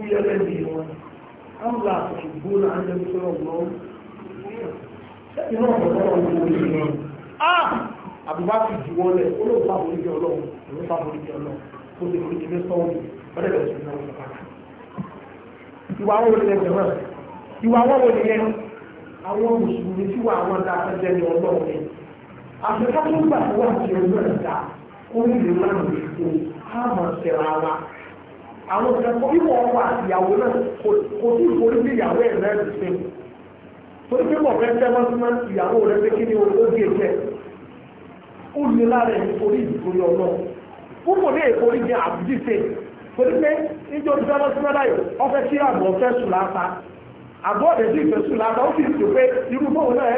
wọ́n dáwà أم لا تحبون أن يغفر الله iná ọ̀rọ̀ ọ̀rọ̀ ìwé ah àbúgbà ti jù wọ́n lẹ̀ ó lóòótọ́ àforíjì ọlọ́run lóòótọ́ àforíjì ọlọ́run kó lè foríjì ní sọ́ọ̀nù ọ̀rẹ́ bẹ̀rẹ̀ sí náà lọ́pàá ìwà wọn wọlé ẹgbẹ̀ náà yẹn awọn mùsùlùmí tí wà tó gbà kó nílé àwọn ìfẹ́kọ́ ìwọ̀ ọkọ̀ àti ìyàwó náà kò sí ìforí sí ìyàwó ẹ̀ náà ti ṣe torí pé mọ̀ fẹ́ tẹ́ mọ́símọ́ ìyàwó rẹ̀ pé kí ni ó gé jẹ́ ó lè lára ẹ̀ nítorí ìdìtorí ọ̀nà púpọ̀ ní ìforí jẹ́ àbújí ṣe torí pé níjọ́ ti fẹ́ mọ́símọ́ láyọ̀ ọfẹ́ kí àbọ̀ ọfẹ́ sùn láta àbọ̀ ọ̀dẹ̀ sí ìfẹ́ sùn láta ó sì rò pé irú bóun náà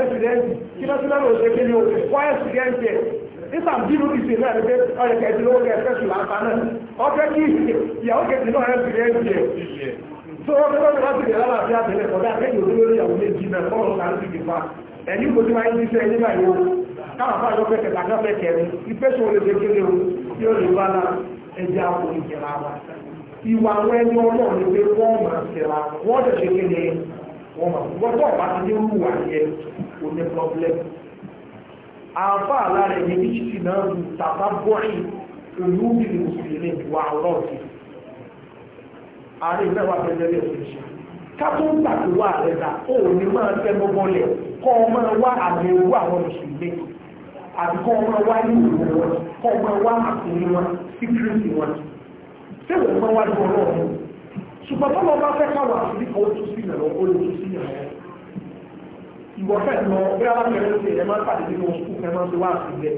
ẹ̀ nígbà tí inú náà ní pé ọyẹ kẹ̀sì lówó kẹ̀ fẹ́ ṣùgbọ́n àpá náà kí ìyàwó kẹ̀sì náà rẹ̀ fi rẹ̀ jẹ tó wọ́n fẹ́ lọ́dọ̀ láti rẹ̀ lálàáfíà tẹ̀lẹ̀ kọ̀dá akẹ́yìn òdúró lórí àwọn méjì náà fọ́ọ̀rọ̀ kan sí kìfà ẹ̀yìn kò tí wáyé níṣẹ́ nígbà ìwò káwọn fà lọ́pẹ́ kẹta kan fẹ́ kẹrin ìfẹ́sùn olè ṣe kéde o tí ó lè bá la ẹja òun ìjẹra wa ìwà àwọn ẹni ọlọ́run ni pé wọ́n máa ṣẹra wọ́n dẹ̀ ṣe kéde wọ́n máa wọ́n tó ọ̀pá ti dé wù wà yẹ oní pọ́blẹ́mù àbá alára ẹni méjì náà ń tàbá bọ́ọ̀lì pẹ̀lú ìlú mùsùlùmí wà ọ̀rọ̀ sí ààrẹ ìgbẹ́wà pẹ̀lú ẹ̀sìn kátó ń gbà tó wà rẹ̀ dà ó ní máa fẹ́ mọ́bọ́lẹ̀ kọ́ ọ máa wá àmì owó àwọn mùsùlùmí àti kọ́ ọ máa wá ìlú wọn kọ́ ọ máa wá àkùnrin wọn síkírìtì wọn tẹ́wọ̀n máa wá ní ọlọ́run ṣùgbọ́n tó lọ bá fẹ́ káwọn àfìdí kan ó tún sí ìrànlọ́wọ́ ó lè tún sí ìrànlọ́wọ́ ìwọ̀fẹ́ lọ bí a bá fẹ́rẹ́ sí ẹ̀ máa ń pàdé nínú oṣù fẹ́ máa ń wá àfilẹ̀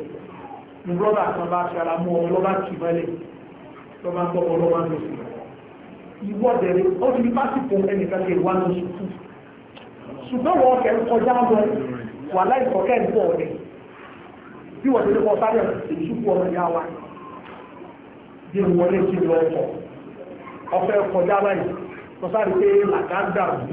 ní rọ́bà kan bá fi ara mú ọmọ lọ́bà kì mọ́lẹ̀ lọ́bà ń tọ́ ọmọ lọ́bà ń lọ sí ìwọ́ bẹ̀rẹ̀ ó ti ní pásítọ̀ ẹnìkan lè wá lọ sí fún ṣùgbọ́n wọn kẹ́ ń kọjá lọ wà láì kọ́kẹ́ ń bọ̀ ọ̀dẹ̀ bí wọ́n ti ní kọ́ sáré ìṣúkú ọmọ ìyá wa bí wọlé kí lọ ọkọ̀ ọ̀fẹ́ kọjá báyìí kọ́sáré pé làkàndà òbí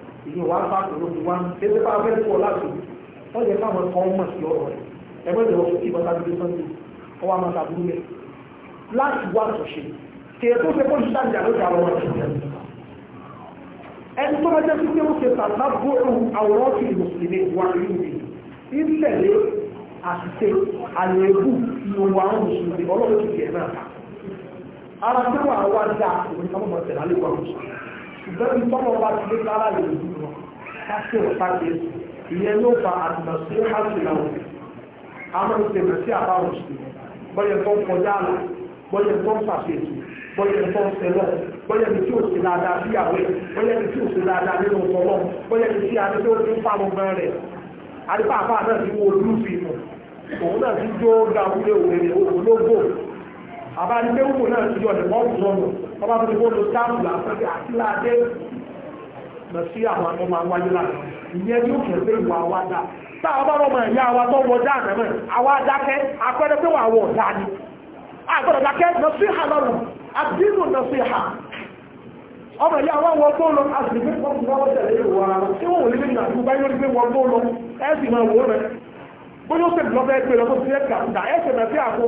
ìlú wa bá tó lóṣù wa ṣé ṣé bá fẹ́ pọ̀ láti wọ́n jẹ́ káwọn kan mọ̀ sí ọ̀rọ̀ rẹ̀ ẹgbẹ́ ìjọba kò tí ì bá sábẹ́ lé sunday ọwọ́ àmọ́ sàbúrú mẹ́ láti wá àtúnṣe kèé tó ṣe kóṣù sáà ìjàló ṣe àwọn ọ̀rọ̀ ẹni tó bá jẹ́ sí pé ó ṣe tàbá bóòrùn àwòrán ti mùsùlùmí wà nínú ìlú ìtẹ̀lé àṣìṣe àlẹ́bù ìwà àwọn mùsùlùmí ọlọ́run ti jẹ̀ náà ara tí wọ́n àwọn àdá òun ni káwọn tẹ̀lé àlẹ́kọ̀ọ́ ṣùgbọ́n ní tọ́lọ̀ bá ti dé lára ìlú wọn káṣí ọ̀tá ṣe ìyẹn ló fa àtìmọ̀ sí káṣí làwọn àwọn ìṣẹ̀lẹ̀ sí àbáwọn ṣe bọ́yẹ̀ tó ń kọjá àlà bọ́yẹ̀ tó ń ṣàṣètò bọ́yẹ̀ tó ń ṣẹlẹ̀ bọ́yẹ̀ ní tí ò sí dáadáa sí àwẹ̀ bọ́yẹ̀ ní tí ò sí dáadáa nínú ọ̀pọ̀lọ́ bọ́yẹ̀ ní tí adé tó ti ń fà wọn gan rẹ̀ adé pàápàá náà ti wo olúfin òun náà ti jó gàwúlé òwèrè ológbò àbá ní pé wúwo náà ti lọ ọba tó ti kó lo sáàpù làásìkò àti láàdé lọ sí àwọn ọmọ àwáyé dị ìyẹn ní òkè pé ìwà wa dá tá a wa tó wọ dá àná mọ àwa dákẹ́ àpẹẹrẹ pé wà wọ ọ̀dá ni àgbọ̀dọ̀ dákẹ́ lọ sí ìhà lọ́rùn àbínú lọ sí ìhà ọmọ ìyá wọ tó lọ wọ́n tẹ̀lé ìwà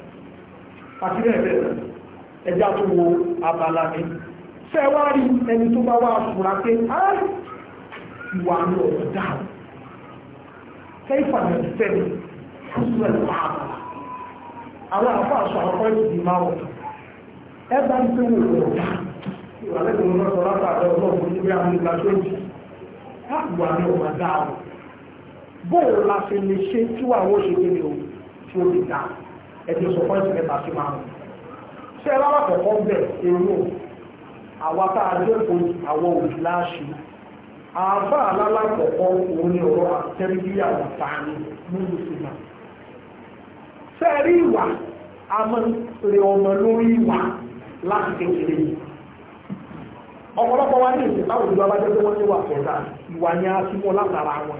àti rẹ̀ẹ̀rẹ̀ ẹjá tó wo abala ní fẹ́wárí ẹni tó bá wá fúra pé ààrẹ ìwà ní ọ̀rọ̀ dáàbò kẹ́fà ní ìfẹ́mi fúnṣẹ́ pàápàá àwọn àfáàṣọ àwọn pọ́ìntì di máa wọ̀ ẹ bá ń pè wọ́n ọ̀rọ̀ dáàbò ìwàlẹ́ tó lọ́sọ látàrí ọlọ́run ní bí àwọn ìgbà tó jì láàbùwà ní ọ̀rọ̀ dáàbò bóòlù la fi lè ṣe tí wàá wọ́n ṣe kéde o tí ó lè dáàbò ẹ̀dí sọ pọ́ìntì mẹ́ta sí máa ń ṣe ẹ̀rọ àkọ́kọ́ bẹ̀ èrò àwa tá a dé òní àwọn òbí láṣù àbá alálàkọ̀ọ́kọ́ òun ni ọ̀rọ̀ àtẹ́rìbíyà wàtàní nínú ìsìnà sẹ́ẹ̀rí ìwà amọ̀rẹ̀ ọmọ lórí ìwà láti kékeré yìí ọ̀pọ̀lọpọ̀ wa ní ìsìnká òjò abájọ́ tó wọ́n ti wà pẹ̀lú ìwà ni a ti mọ́ látara wọn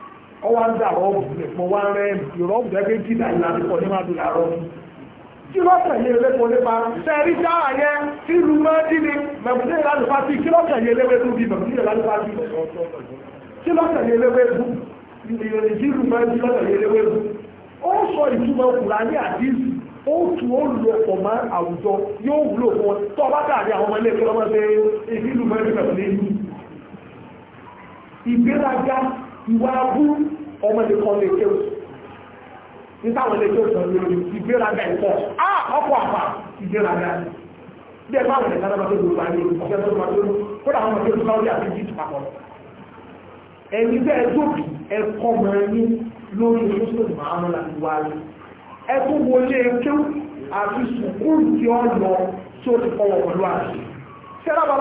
ọwá ń dà rọ́ọ̀bù lẹ̀pọ̀ wá rẹ̀ ìrọ́ọ̀bù gẹ́gẹ́ jì náà ìlànà ìkọ̀ ní máa dùnà rọ́ọ̀bù kí ló tẹ̀lé elépo nípa sẹ́rí jáà yẹn tí ìlú mẹ́rin ní mẹ̀mùsí ìlànà fásitì kí ló tẹ̀lé elépo ẹ̀dùn bíi mẹ̀mùsí ìlànà fásitì kí ló tẹ̀lé elépo ẹ̀dùn ìrìnlẹ̀ tí ìlú mẹ́rin ló tẹ̀lé elépo ẹ̀dùn ó sọ ìtumọ̀ kùránì àdìsí ó tù ó lò pọ̀ mọ́ àwùjọ yóò wúlò fún wọn tó bá dàrí àwọn ọmọ ilé ìfẹ́ lọ́mọ ìwà abú ọmọ nìkan lè kéwù nítawọ̀ lè kéwù sọ lórí ìgbéraga ìpọ̀ ah ọkọ̀ àpá ìgbéraga bí ẹ bá wọlé sára bá tó gbogbo ayé ìṣẹ́ tó máa tó kódà àwọn ọmọdé tó sáwọ́dé àti jíjù papọ̀ ẹni bẹ́ẹ̀ tóbi ẹ̀kọ́ mọ̀ ẹni lórí ìṣòṣòṣò máa ń la ìwà rẹ̀ ẹkún wọlé kéwù àti sùkúrù tí ó lọ tí ó ti fọwọ́ pẹ̀lú àṣì sẹ́rábàlá tó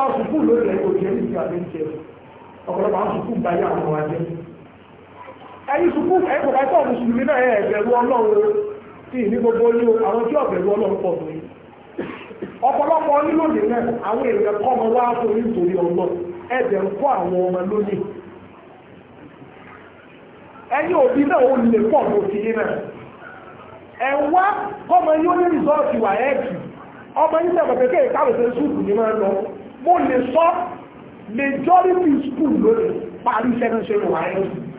ń àwọn sùkúrù báyé àwọn ẹ̀yìn sùkú ẹ̀yìn kò kájọ́ mùsùlùmí náà ẹ̀ ọlọ́run tí ní gbogbo ní àwọn tí ọ̀bẹ̀rù ọlọ́run pọ̀ tó yìí ọ̀pọ̀lọpọ̀ nílòdì àwọn èèyàn kọ́ ọmọ wá sórí nítorí ọlọ́ ẹ̀jẹ̀ ń kọ́ àwọn ọmọ lónìí ẹ̀yìn òbí náà ó lè pọ̀ tó ti yín náà ẹ̀ wá kọ́mọ yóò ní rìsọ́ọ̀tì wà ọmọ ní máa lọ mo lè sọ majority school lónìí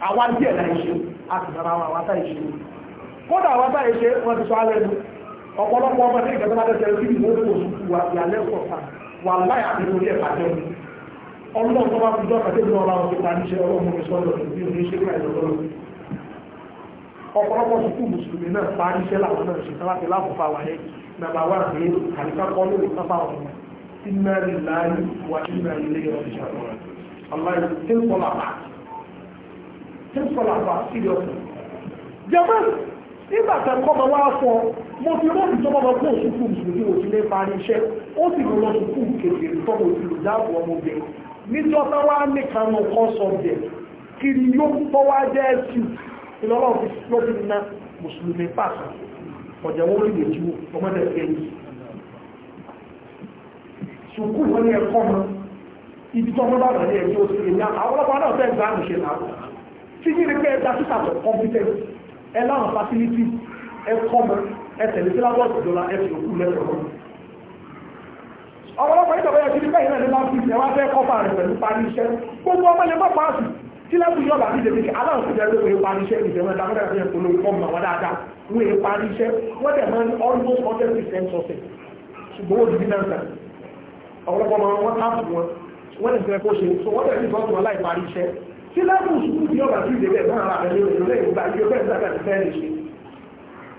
àwa díẹ̀ náà ṣe àti ìdára àwọn àwátá ìṣe kódà àwátá ìṣe wọ́n ti sọ alẹ́ nu ọ̀pọ̀lọpọ̀ ọmọ ní ìjọba tẹ́tẹ́ sí ìwé oṣù wa ìyàlẹ́ sọ̀tà wà láì àti orí ẹ̀fà jẹ́ ọlọ́run tó bá fi jọ́ kàtẹ́ ìlú ọba òṣèlú àníṣe ọlọ́run mi sọ́dọ̀ bí omi ṣe gbà ìlú ọlọ́run ọ̀pọ̀lọpọ̀ sùkúù mùsùlùmí náà principal àgbà serious jẹ́mọ́ nígbà tẹ́ kọ́mọ wá fọ mo fi rọ́ọ̀dù tó mọ́mọ́ fún òṣùkú mùsùlùmí òsì lè parí iṣẹ́ ó sì lọ sùkú kèfè tọ́mọ òsì lò dáàbò ọmọbìnrin níjọ́ tá wá nìkan lọ kọ́ sọ̀bẹ̀ kí ni yóò tọ́ wá jẹ́ ẹ̀sìn ìlọ́lọ́ fi lọ́dí ná mùsùlùmí pàṣẹ ọ̀jẹ̀wọ́ orí lè ju ọmọdé ẹ̀yìn sùkú wọn ni ẹ̀kọ́ mọ́ ibi tọ́mọ́ bá rẹ̀ ní ẹ̀jọ́ òsì lè ní àwọn ọlọ́pàá náà fẹ́ gbà tí yìí rí pé ẹ dásítà tó competent ẹ láwọn facility ẹ kọ́mọ ẹ tẹ̀lé sí lábọ́ ìjọba ẹ fi òkú lẹ́tọ̀ọ́ ọ̀pọ̀lọpọ̀ ìjọba yẹn ti rí bẹ́ẹ̀ náà ní láti ẹ wá fẹ́ kọ́fà rẹ̀ pẹ̀lú parí iṣẹ́ gbogbo ọmọ ilẹ̀ mọ́pàá sí tí lẹ́kùn yọ bàbí ìdèmí kí aláwọ̀ sí ẹgbẹ́ òye parí iṣẹ́ ìdèmí ẹ̀dáwọ́dà fi hàn polówó kọ́ mọ̀ wọ́n dáadáa wọ́n èé parí iṣẹ́ wọ́n dẹ̀ máa ń almost hundred percent sọ̀sẹ̀ ṣùgbọ́n ó dìbí náà sàn ọ̀pọ̀lọpọ̀ máa wọ́n káàpù wọn wọ́n dẹ̀ so wọ́n dẹ̀ fi sọ́ọ̀tù wọn láì parí tí lẹ́kùn sùkúù yóò bá sí ìdèbẹ̀ náà rà pẹ̀lú ìrọ̀lẹ́ ìgbà yóò bẹ́ẹ̀ sábà ti fẹ́ẹ́ ṣe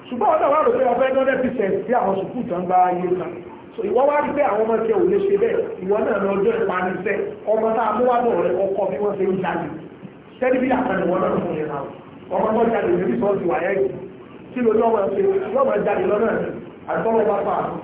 ṣùgbọ́n ọ̀dọ̀ wà lópin ọ̀fẹ́ gọ́dẹ̀ ti sẹ̀ sí àwọn sùkúù tó ń gba ayé kan ìwọ wá rí pé àwọn ọmọ tí ò lè ṣe bẹ́ẹ̀ ìwọ náà lọ ọjọ́ ìpanisẹ́ ọmọ tá a mú wá bọ̀ rẹ ọkọ bí wọ́n ṣe ń jáde tẹ́lí bí àpẹẹrẹ wọn náà fún yẹn náà ọmọ tó jáde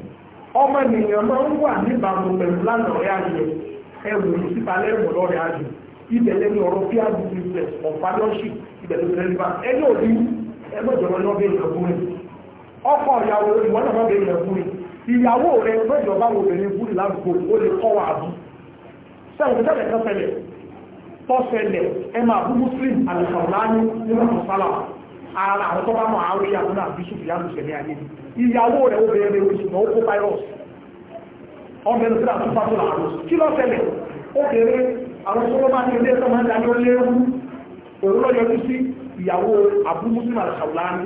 ọmọ ènìyàn máa ń wà níbàámu pẹ̀lú lánàá rẹ̀ àjò ẹrù ìsíta lẹ́rù lọ́rẹ̀ àjò ìbẹ̀lẹ̀ ní ọ̀rọ̀ bí àbùkù ìfẹ̀ ọ̀pálọ́ṣì ìbẹ̀lẹ̀ ìfẹ̀ nípa ẹni òbí ẹgbẹ́jọba ní ọbẹ̀ ìyàn fún mi ọkọ ìyàwó ìwọ náà má bẹ ìyàn fún mi ìyàwó rẹ ẹgbẹ́jọba wo bẹ̀rẹ̀ fún mi lásìkò ó lè kọ́ wa àbú sẹ́wọ̀n tẹ́lẹ̀ kan fẹlẹ̀ tọ́sẹlẹ̀ ẹ máa bú muslim àlùfàlání nínú àmọ́sálà ara àwọn tó bá mọ̀ àwọn ìyá àwọn àbí sùfìyà ló sẹ̀mí ayé ìyàwó rẹ̀ ó bẹ̀rẹ̀ oṣù náà ó kó fáírọ́ọ̀sì ọmọ ẹni sílá tún fásitì àrùn kí ló ṣẹlẹ̀ ó kéré àwọn tó bá ní ilé ẹ̀sọ́ máa ń darí ó léwu òun ló yọjú sí ìyàwó abúmúsùn àṣàwùlámi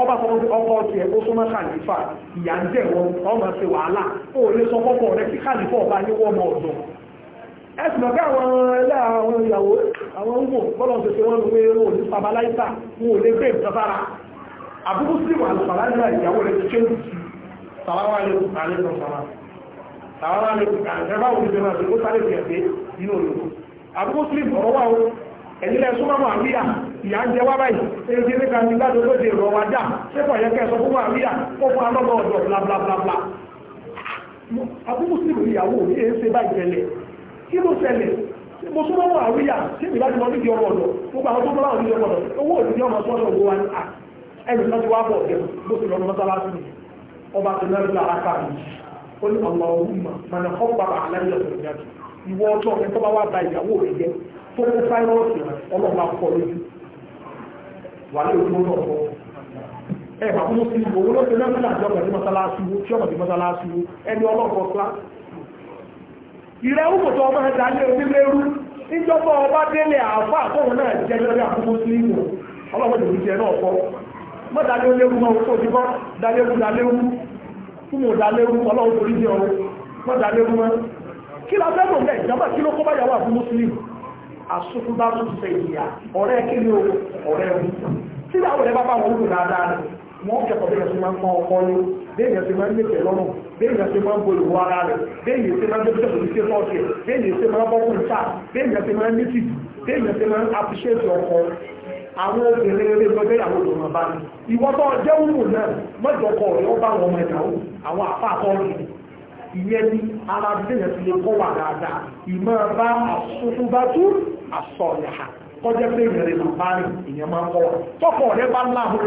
ọba sọ fún ọkọ tiẹ̀ ó súnmọ́ kàlífà ìyà ń jẹ wọn ọmọ ṣe wàhálà ó lè sọ fọ́kọ rẹ̀ kí ẹ̀sìnlọ́gá àwọn ẹlẹ́ àwọn ìyàwó àwọn ọmọ bọ́lọ̀ tẹ̀sẹ̀ wọn lórí ẹ̀rọ òní pàbáláìsà wọn ò lè gbé ìtọ́sára àbúkú sí wà lọ́pàá ìyàwó rẹ̀ ti ṣe lù sí sàwárá lè kù kàrí lọ́sàrá sàwárá lè kù kàrí ẹ̀bá òní jẹ́ náà tó sáré fi ẹ̀dẹ́ inú olùkú àbúkú sí ọ̀rọ̀ wà wọn ẹ̀yìn lẹ́ súnmọ́ mọ́ àríyá ìyá ń jẹ wá báyìí ẹni tí ní ká ní gbádùn ló dé rọ̀ wá dà sẹ́kọ̀ yẹ kẹ́ sọ fún mọ́ àríyá ó fún alọ́gbọ̀ ọ̀dọ̀ blablabla àbúkú sí ìyàwó ní èé ṣe báyìí tẹ́lẹ̀ kí ló ṣẹlẹ̀ mo súnmọ́ wọn àríyá tí mi láti wọn nídìí ọmọ ọ̀dọ̀ gbogbo àwọn tó bọ́lá òní ọmọ ọ̀dọ̀ owó òdìdí ọmọ tó ọ̀dọ̀ wa à ẹni tó ti wá bọ̀ ọ̀dẹ̀ bó ti lọ́nà mọ́sálásí mi ọba tó náà lọ àràkà mi ó ní ọmọ ọ̀hún mà mànà kọ́ pa àlàyé ọ̀dọ̀ ìyàwó rẹ̀ tó ìrẹ́ òkòtò ọmọ ẹ̀dá ní onílérú níjọba ọba délé àáfà àtọ́wọ̀n náà jẹ́ lórí àkókò sílíìmù ọlọ́wọ́n ìlú jẹ náà fọ́ mọ́ dalé léwu mọ́ òkú òdìbọ́ dalé wu dalé wu fún mọ́ dalé ọlọ́wọ́n mọ́ dalé mọ́ kí la fẹ́ ìjọba kí ló bá yàwó fẹ́ ìyà ọ̀rẹ́ kí ni ọ̀rẹ́ wọ́n kẹ́kọ̀ọ́ bẹ́ẹ̀ sí máa ń pọ́n ọkọ ní bẹ́ẹ̀ sí máa ń lèkẹ̀ lọ́rùn bẹ́ẹ̀ sí máa ń bo ìwọ ara rẹ̀ bẹ́ẹ̀ sí máa ń gbé bẹ́ẹ̀ sí máa ń bẹ́ẹ̀ sí máa ń bọ́ fún ìta bẹ́ẹ̀ sí máa ń nítì bẹ́ẹ̀ sí máa ń appreciate ọkọ àwọn obìnrin eré gbọdẹ́ àwọn òdòmọ̀ bá ní ìwọ tó jẹ́ òmù náà mọ́jọkọ̀ ọ̀yọ́ bá wọn ọmọ ìdáwó àwọn àfáà kọ́ ní ìyẹn ní ara bí lèyàn ti lè kọ́ wà dáadáa ìmọ̀ bá àsùnfún bá tún àsọ̀yà kọjá pé ìrẹ̀lẹ̀ bàbá rìn ìyẹn máa ń kọ́ wà ọ̀rẹ́ bá láhùn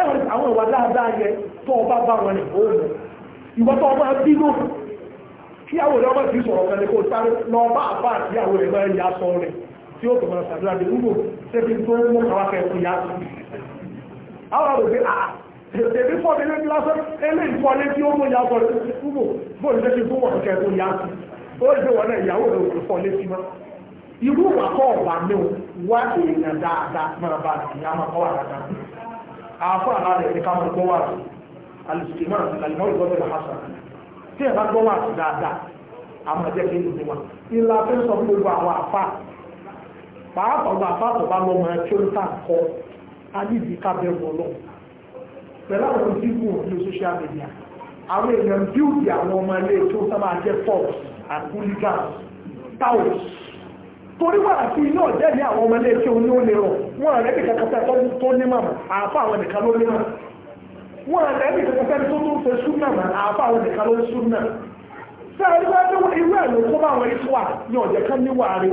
ẹ̀rọ àwọn ìwà dáadáa yẹ tó ọba bá wọn ní òòrùn ìwọ tó ọba bínú kí àwọn ìwà ti sọ̀rọ̀ kan ní kó sáré lọ bá àbá àti àwọn ìwà ẹ̀rí aṣọ rẹ̀ tí ó tọ̀mọ̀ sàdúrà dé wúlò tẹ́bí tó ń mú àwọn akẹ́kọ̀ọ́ yá sí àwọn àrògbé àà tẹ̀bí fọ́ mi lẹ́bí lásán ẹlẹ́ ìfọ́lé tí ó ya sọ wúlò bóòlù tẹ́bí tó wọ̀ kẹ́kọ̀ọ́ yá sí ó lè irú wà kọ́ ọ̀bà mẹ́wọ̀n wá èèyàn dáadáa mọ́ra bá ìyá máa kọ́ wà dáadáa àáfà aláàrẹ̀ ní káwọn gbọ́ wà sí alùsùlùmọ́ àlùmọ́ ìgbọ́dọ̀ lè hásà tí ẹ̀ bá gbọ́ wà sí dáadáa àwọn ẹ̀jẹ̀ kí n dùn wà ìlà fẹ́ sọ fún gbogbo àwọn àfà pàápàá gba àfà tó bá lọ́mọ ẹ̀ tí ó ń tà kọ́ alíbi kábẹ́ lọ pẹ̀lú àwọn dínkù ní social media àwọn èèyàn bíúdì àwọn ọmọ ilé tó sábà jẹ́ fox and torí wà àti ilé ọ̀jẹ́ ní àwọn ọmọ iléeṣẹ́ oní ó lè rọ̀ wọn rẹ̀ bí kàkàtà tó ní màmá àáfà àwọn nìkan ló ní màmá wọn rẹ̀ bí kàkàtà tó tó ń fẹ́ súnà mà àáfà àwọn nìkan ló ń súnà sẹ́ẹ̀ ní wọ́n ní irú ẹ̀ ló kó bá àwọn ìfọ̀ ní ọ̀jẹ̀ kan ní wàárí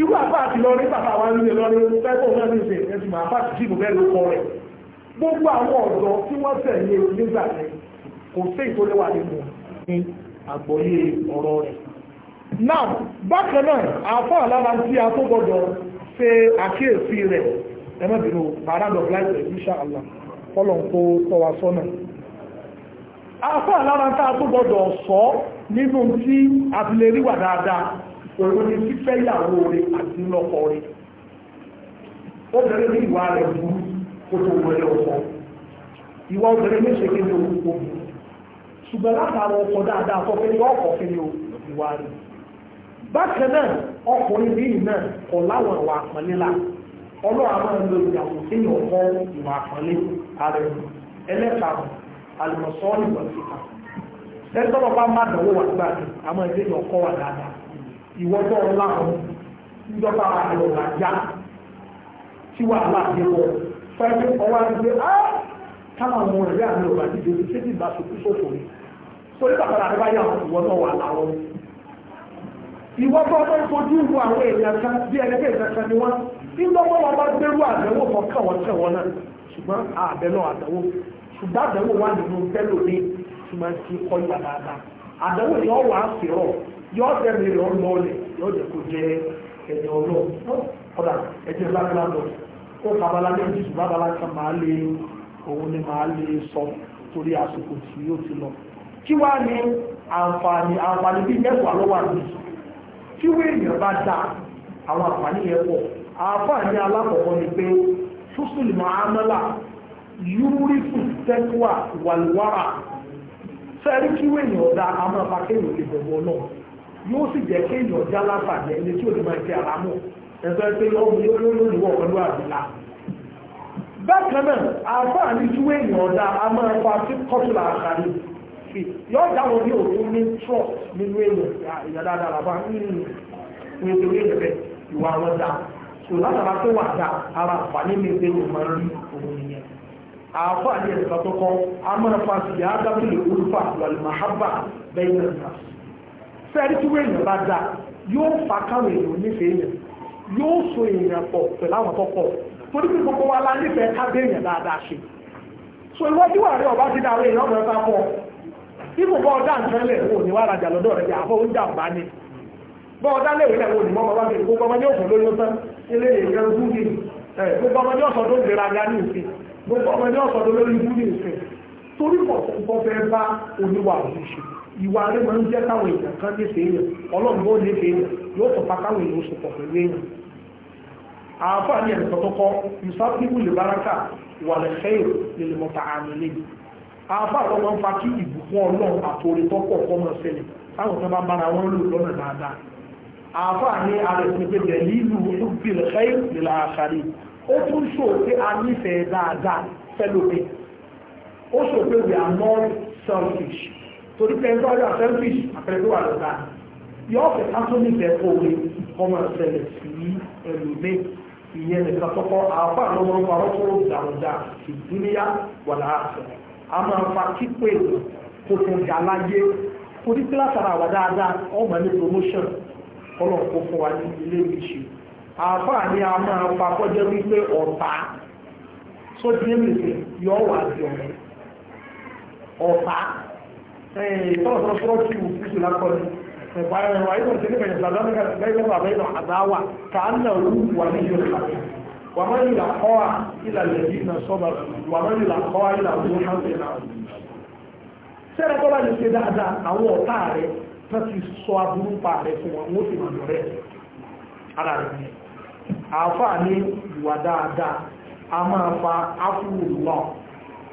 irú àfà àti lọrí bàbá wa ń lè lọrí fẹ́kọ̀ọ́ náà ní ìsìn ẹ̀sùn mà àfà àti jíìbù bẹ́ẹ̀ ló kọ rẹ̀ gbogbo àwọn ọ̀dọ́ rẹ̀ now bákan náà àfọ́ àlára tí a tó gbọdọ̀ ṣe àkíyèsí rẹ̀ ẹmọ́bìnú parad of life inshallah fọ́lọ̀ tó tọ́ wa sọ́nà àfọ́ àlára tá a tó gbọdọ̀ sọ nínú tí a ti lè ríwà dáadáa òun ni fífẹ́ ìyàwó rẹ̀ àti lọ́kọ rẹ̀ ní ìwà rẹ̀ kó tó ọkọ ìwà ṣùgbọ́n dáadáa bákan náà ọkùnrin bíi náà kọ̀ láwọn ìwà àpọ̀nlélà ọlọ́wà máa ń lo ìyàwó sí ọkọ̀ ìwà àpọ̀nlé ààrẹ ẹlẹ́kàrún alùmọ̀sọ́ọ̀lù wọ̀síkà ẹgbọ́n bá má dánwò wà nígbà tí a máa gbé ọkọ̀ wà dáadáa ìwọ́tọ̀ ọláhùn ìjọba àlọ́ wà já tí wà láti wọ̀ fẹ́ẹ́ ọwọ́ àgbẹ̀ á táwọn ọmọ rẹ̀ àmì ọ̀gbà dídé ṣé ti bá ṣokú ṣòfò ni torí bàbá rẹ̀ bá yà wọ́n náà wà láwọn ìwọ́pọ̀ ọmọ ìfojú wo àwọn èèyàn kan bí ẹlẹ́gbẹ́ ìkankan ni wọ́n ní lọ́wọ́ wọn bá gbérú àdánwò kan kẹwọn kẹwọn náà ṣùgbọ́n àbẹ̀ náà àdánwò ṣùgbọ́n àdánwò wà nínú bẹ́lò ní ṣùgbọ́n ti kọ́ ìyá dáadáa àdánwò yóò wà á sì rọ̀ yóò tẹ̀lé rẹ̀ ọ̀nà ọ̀lẹ̀ yóò jẹ́ kó jẹ́ ẹ̀yẹ ọlọ́ọ̀ kọ́dà ẹ̀jẹ̀ lágbára lọ ó kábàlá méjì ṣùgbọ́n abala kan máa lé òun ni máa lé sọ torí àsìkò tí yóò ti lọ kí wàá ní àǹfààní àǹfààní bíi mẹ́wàá lọ́wọ́ àdúgbò tí wọ́n èèyàn bá dá àwọn àǹfààní yẹn pọ̀ àǹfààní alákọ̀ọ́kọ́ ni pé fúsùlù mọ́hámẹ́là yúrífù tẹ́kùwà wàlúwàrà fẹ́rí kí wọ́n èèyàn dá àwọn àpàkéyìn òkè bọ̀bọ̀ náà yóò sì jẹ́ kéèyàn já láfàjẹ́ ilé tí ò ní máa jẹ ara mọ́ ẹ̀fẹ́ pé ọmọ yóò lóyún ìwọ̀ pẹ̀lú àbílà bákan náà àǹfààní tí wọ́n èèyàn dá àwọn àpàkéyìn kọ́tùlà àkàrí pé yóò dáwọn ní òun ní trọ nínú èèyàn èèyàn ah, dáadáa làbá nínú nítorí ẹ̀rẹ̀ ìwà wọn dá so látara tó wà dá ara àǹfààní mi pé mo máa rí òun nìyẹn àáfà ní ẹ̀ka tó kọ́ amúnafa sì yá dábìlì olùfà wàlùmáhábà bẹ́ẹ̀ náà nà fẹ́ẹ́rí tí wọ́n bá dá yóò fa káwọn èèyàn nífẹ̀ẹ́ yẹn yóò so èèyàn pọ̀ pẹ̀lú àwọn tó pọ̀ torí pé gbogbo wa la nífẹ̀ẹ́ ká bẹ́ẹ̀ yẹn dáadáa ṣe so ìwọ́n tí wà rí ọba ti dá àwọn èèyàn ọ̀rọ̀ ẹ̀ka pọ̀ ibù bọ́ ọ̀dá nǹkan lẹ̀ wò ní wàá rajà lọ́dọ̀ rẹ̀ àbọ̀ oúnjẹ àbá ni bọ́ ọ̀dá lẹ̀wé lẹ̀ wò ní wọ́n bá bẹ̀rẹ̀ gbogbo ọmọdé òfò lórí ilé gbogbo ọmọdé ọ̀sán tó gbèrà ga ní gbogbo ọmọdé ọ̀sán tó lórí ní torí pọ̀ fẹ́ bá oníwà òṣìṣẹ́ ìwà rẹ̀ máa ń jẹ́ káwọn èèyàn kan ní ó ní àbá àwọn ọmọ ń fa kí ìbùkún ọlọ́run àtòrí tọ́pọ̀ kọ́ máa ṣẹlẹ̀ táwọn kan bá bára wọn lò lọ́nà dáadáa àbá ní arẹ̀sìnpẹ̀lẹ̀ lílu ìbìlẹ̀ ẹ̀yìn ìlà àṣàrí ó tún ṣò pé a nífẹ̀ẹ́ dáadáa fẹ́lómi ó ṣò pé we are not selfish torí pé ẹgbẹ́ ọjà selfish àpẹẹrẹ wà lọ́dà yóò fẹ́ ká tó nífẹ̀ẹ́ kóore kọ́ máa ṣẹlẹ̀ sí ẹlòmí ìyẹn nìkan tọ́kọ́ àbá àwọn ọmọ ń fa ọkọ̀ dáadáa ìdúnyá wà láàṣẹ a máa fa kíkó èlò kó tó ga láyé torí pé látara dáadáa ọmọ ní promotion ọlọ́run fún wa ní ilé ìṣe ni a máa fa kọjá wípé ọ̀tá sójú èmìsì yọ wà di ọ̀rẹ́ ọ̀tá tọ́lọ̀tọ́lọ́tọ́lọ́tì ẹ̀rọ ayélujára bẹ̀rẹ̀ àdáwà wà ní ومن يلقاها إلى الذين صبروا ومن يلقاها إلى ذو حظ عظيم sẹ́rẹ̀ tó bá lè ṣe dáadáa àwọn ọ̀tá rẹ̀ tó ti sọ aburú pa rẹ̀ fún wọn wọ́n sì máa lọ ara rẹ̀ ni àáfàá ní ìwà dáadáa a máa fa áfúrú lọ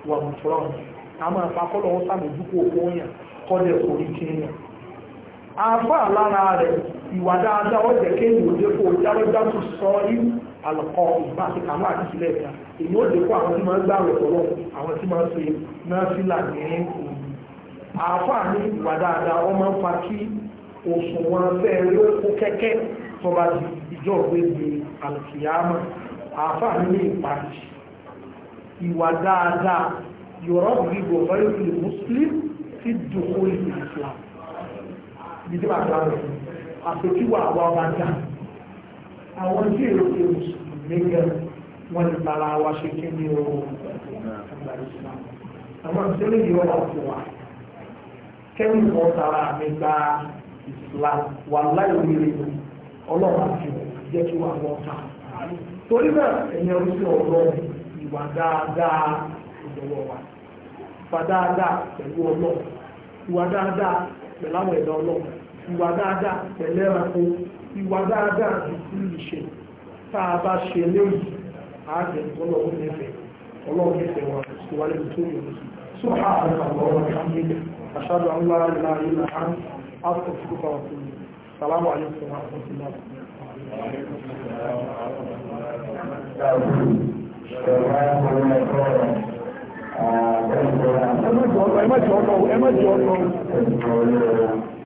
wà mùsùlùmí a ma fa kọ́lọ̀ alọ́kọ́ ìgbà àti kàmú àti sílẹ̀ ẹ̀ka èyí ó dẹ́kọ́ àwọn tí máa ń gbàwẹ̀ tọ́lọ́ àwọn tí máa ń ṣe náfìlà ní òru àáfàá ní ìwà dáadáa wọ́n máa ń fa kí òṣùwọ̀n fẹ́ ló kó kẹ́kẹ́ tọ́ba di ìjọ ògbégbé àlùkìyàmọ̀ àáfàá ní ìparí ìwà dáadáa yọ̀rọ̀ gbígbó fẹ́rẹ́ ìlú mùsùlùmí ti dùn ó ìlú ìsìlám ìdí bàtà rẹ̀ àpèkíwà àwọn ọba dáa àwọn tí èrò ti mùsùlùmí gẹ wọn ti wa ṣe kí ni o àwọn ìṣẹ̀lẹ̀ yìí wọn ti wà kẹ́mi kan tara mi gba ìsìlá wà láì wíri ọlọ́run àti jẹ́ kí wà wọ́n ta torí náà ẹ̀yìn ọdún sí ọ̀rọ̀ ìwà dáadáa wa ìwà dáadáa pẹ̀lú ọlọ́run ìwà dáadáa ẹ̀dá ọlọ́run ìwà dáadáa ìwà dáadáa ti sí iṣẹ́ tá a bá ṣe léyìí ààbẹ̀ ọlọ́run nífẹ̀ẹ́ ọlọ́run nífẹ̀ẹ́ wa sí wálé tó yẹ lọ sí ààrẹ àwọn ọmọ ìhàmìlẹ̀ àṣàdù àwọn arìnrìn àìlà àrùn àtọ̀fúkà ọ̀tún sàlámù àlékún wa àtọ̀fún náà Ẹ má jọ ọ̀nà ẹ má jọ ọ̀nà.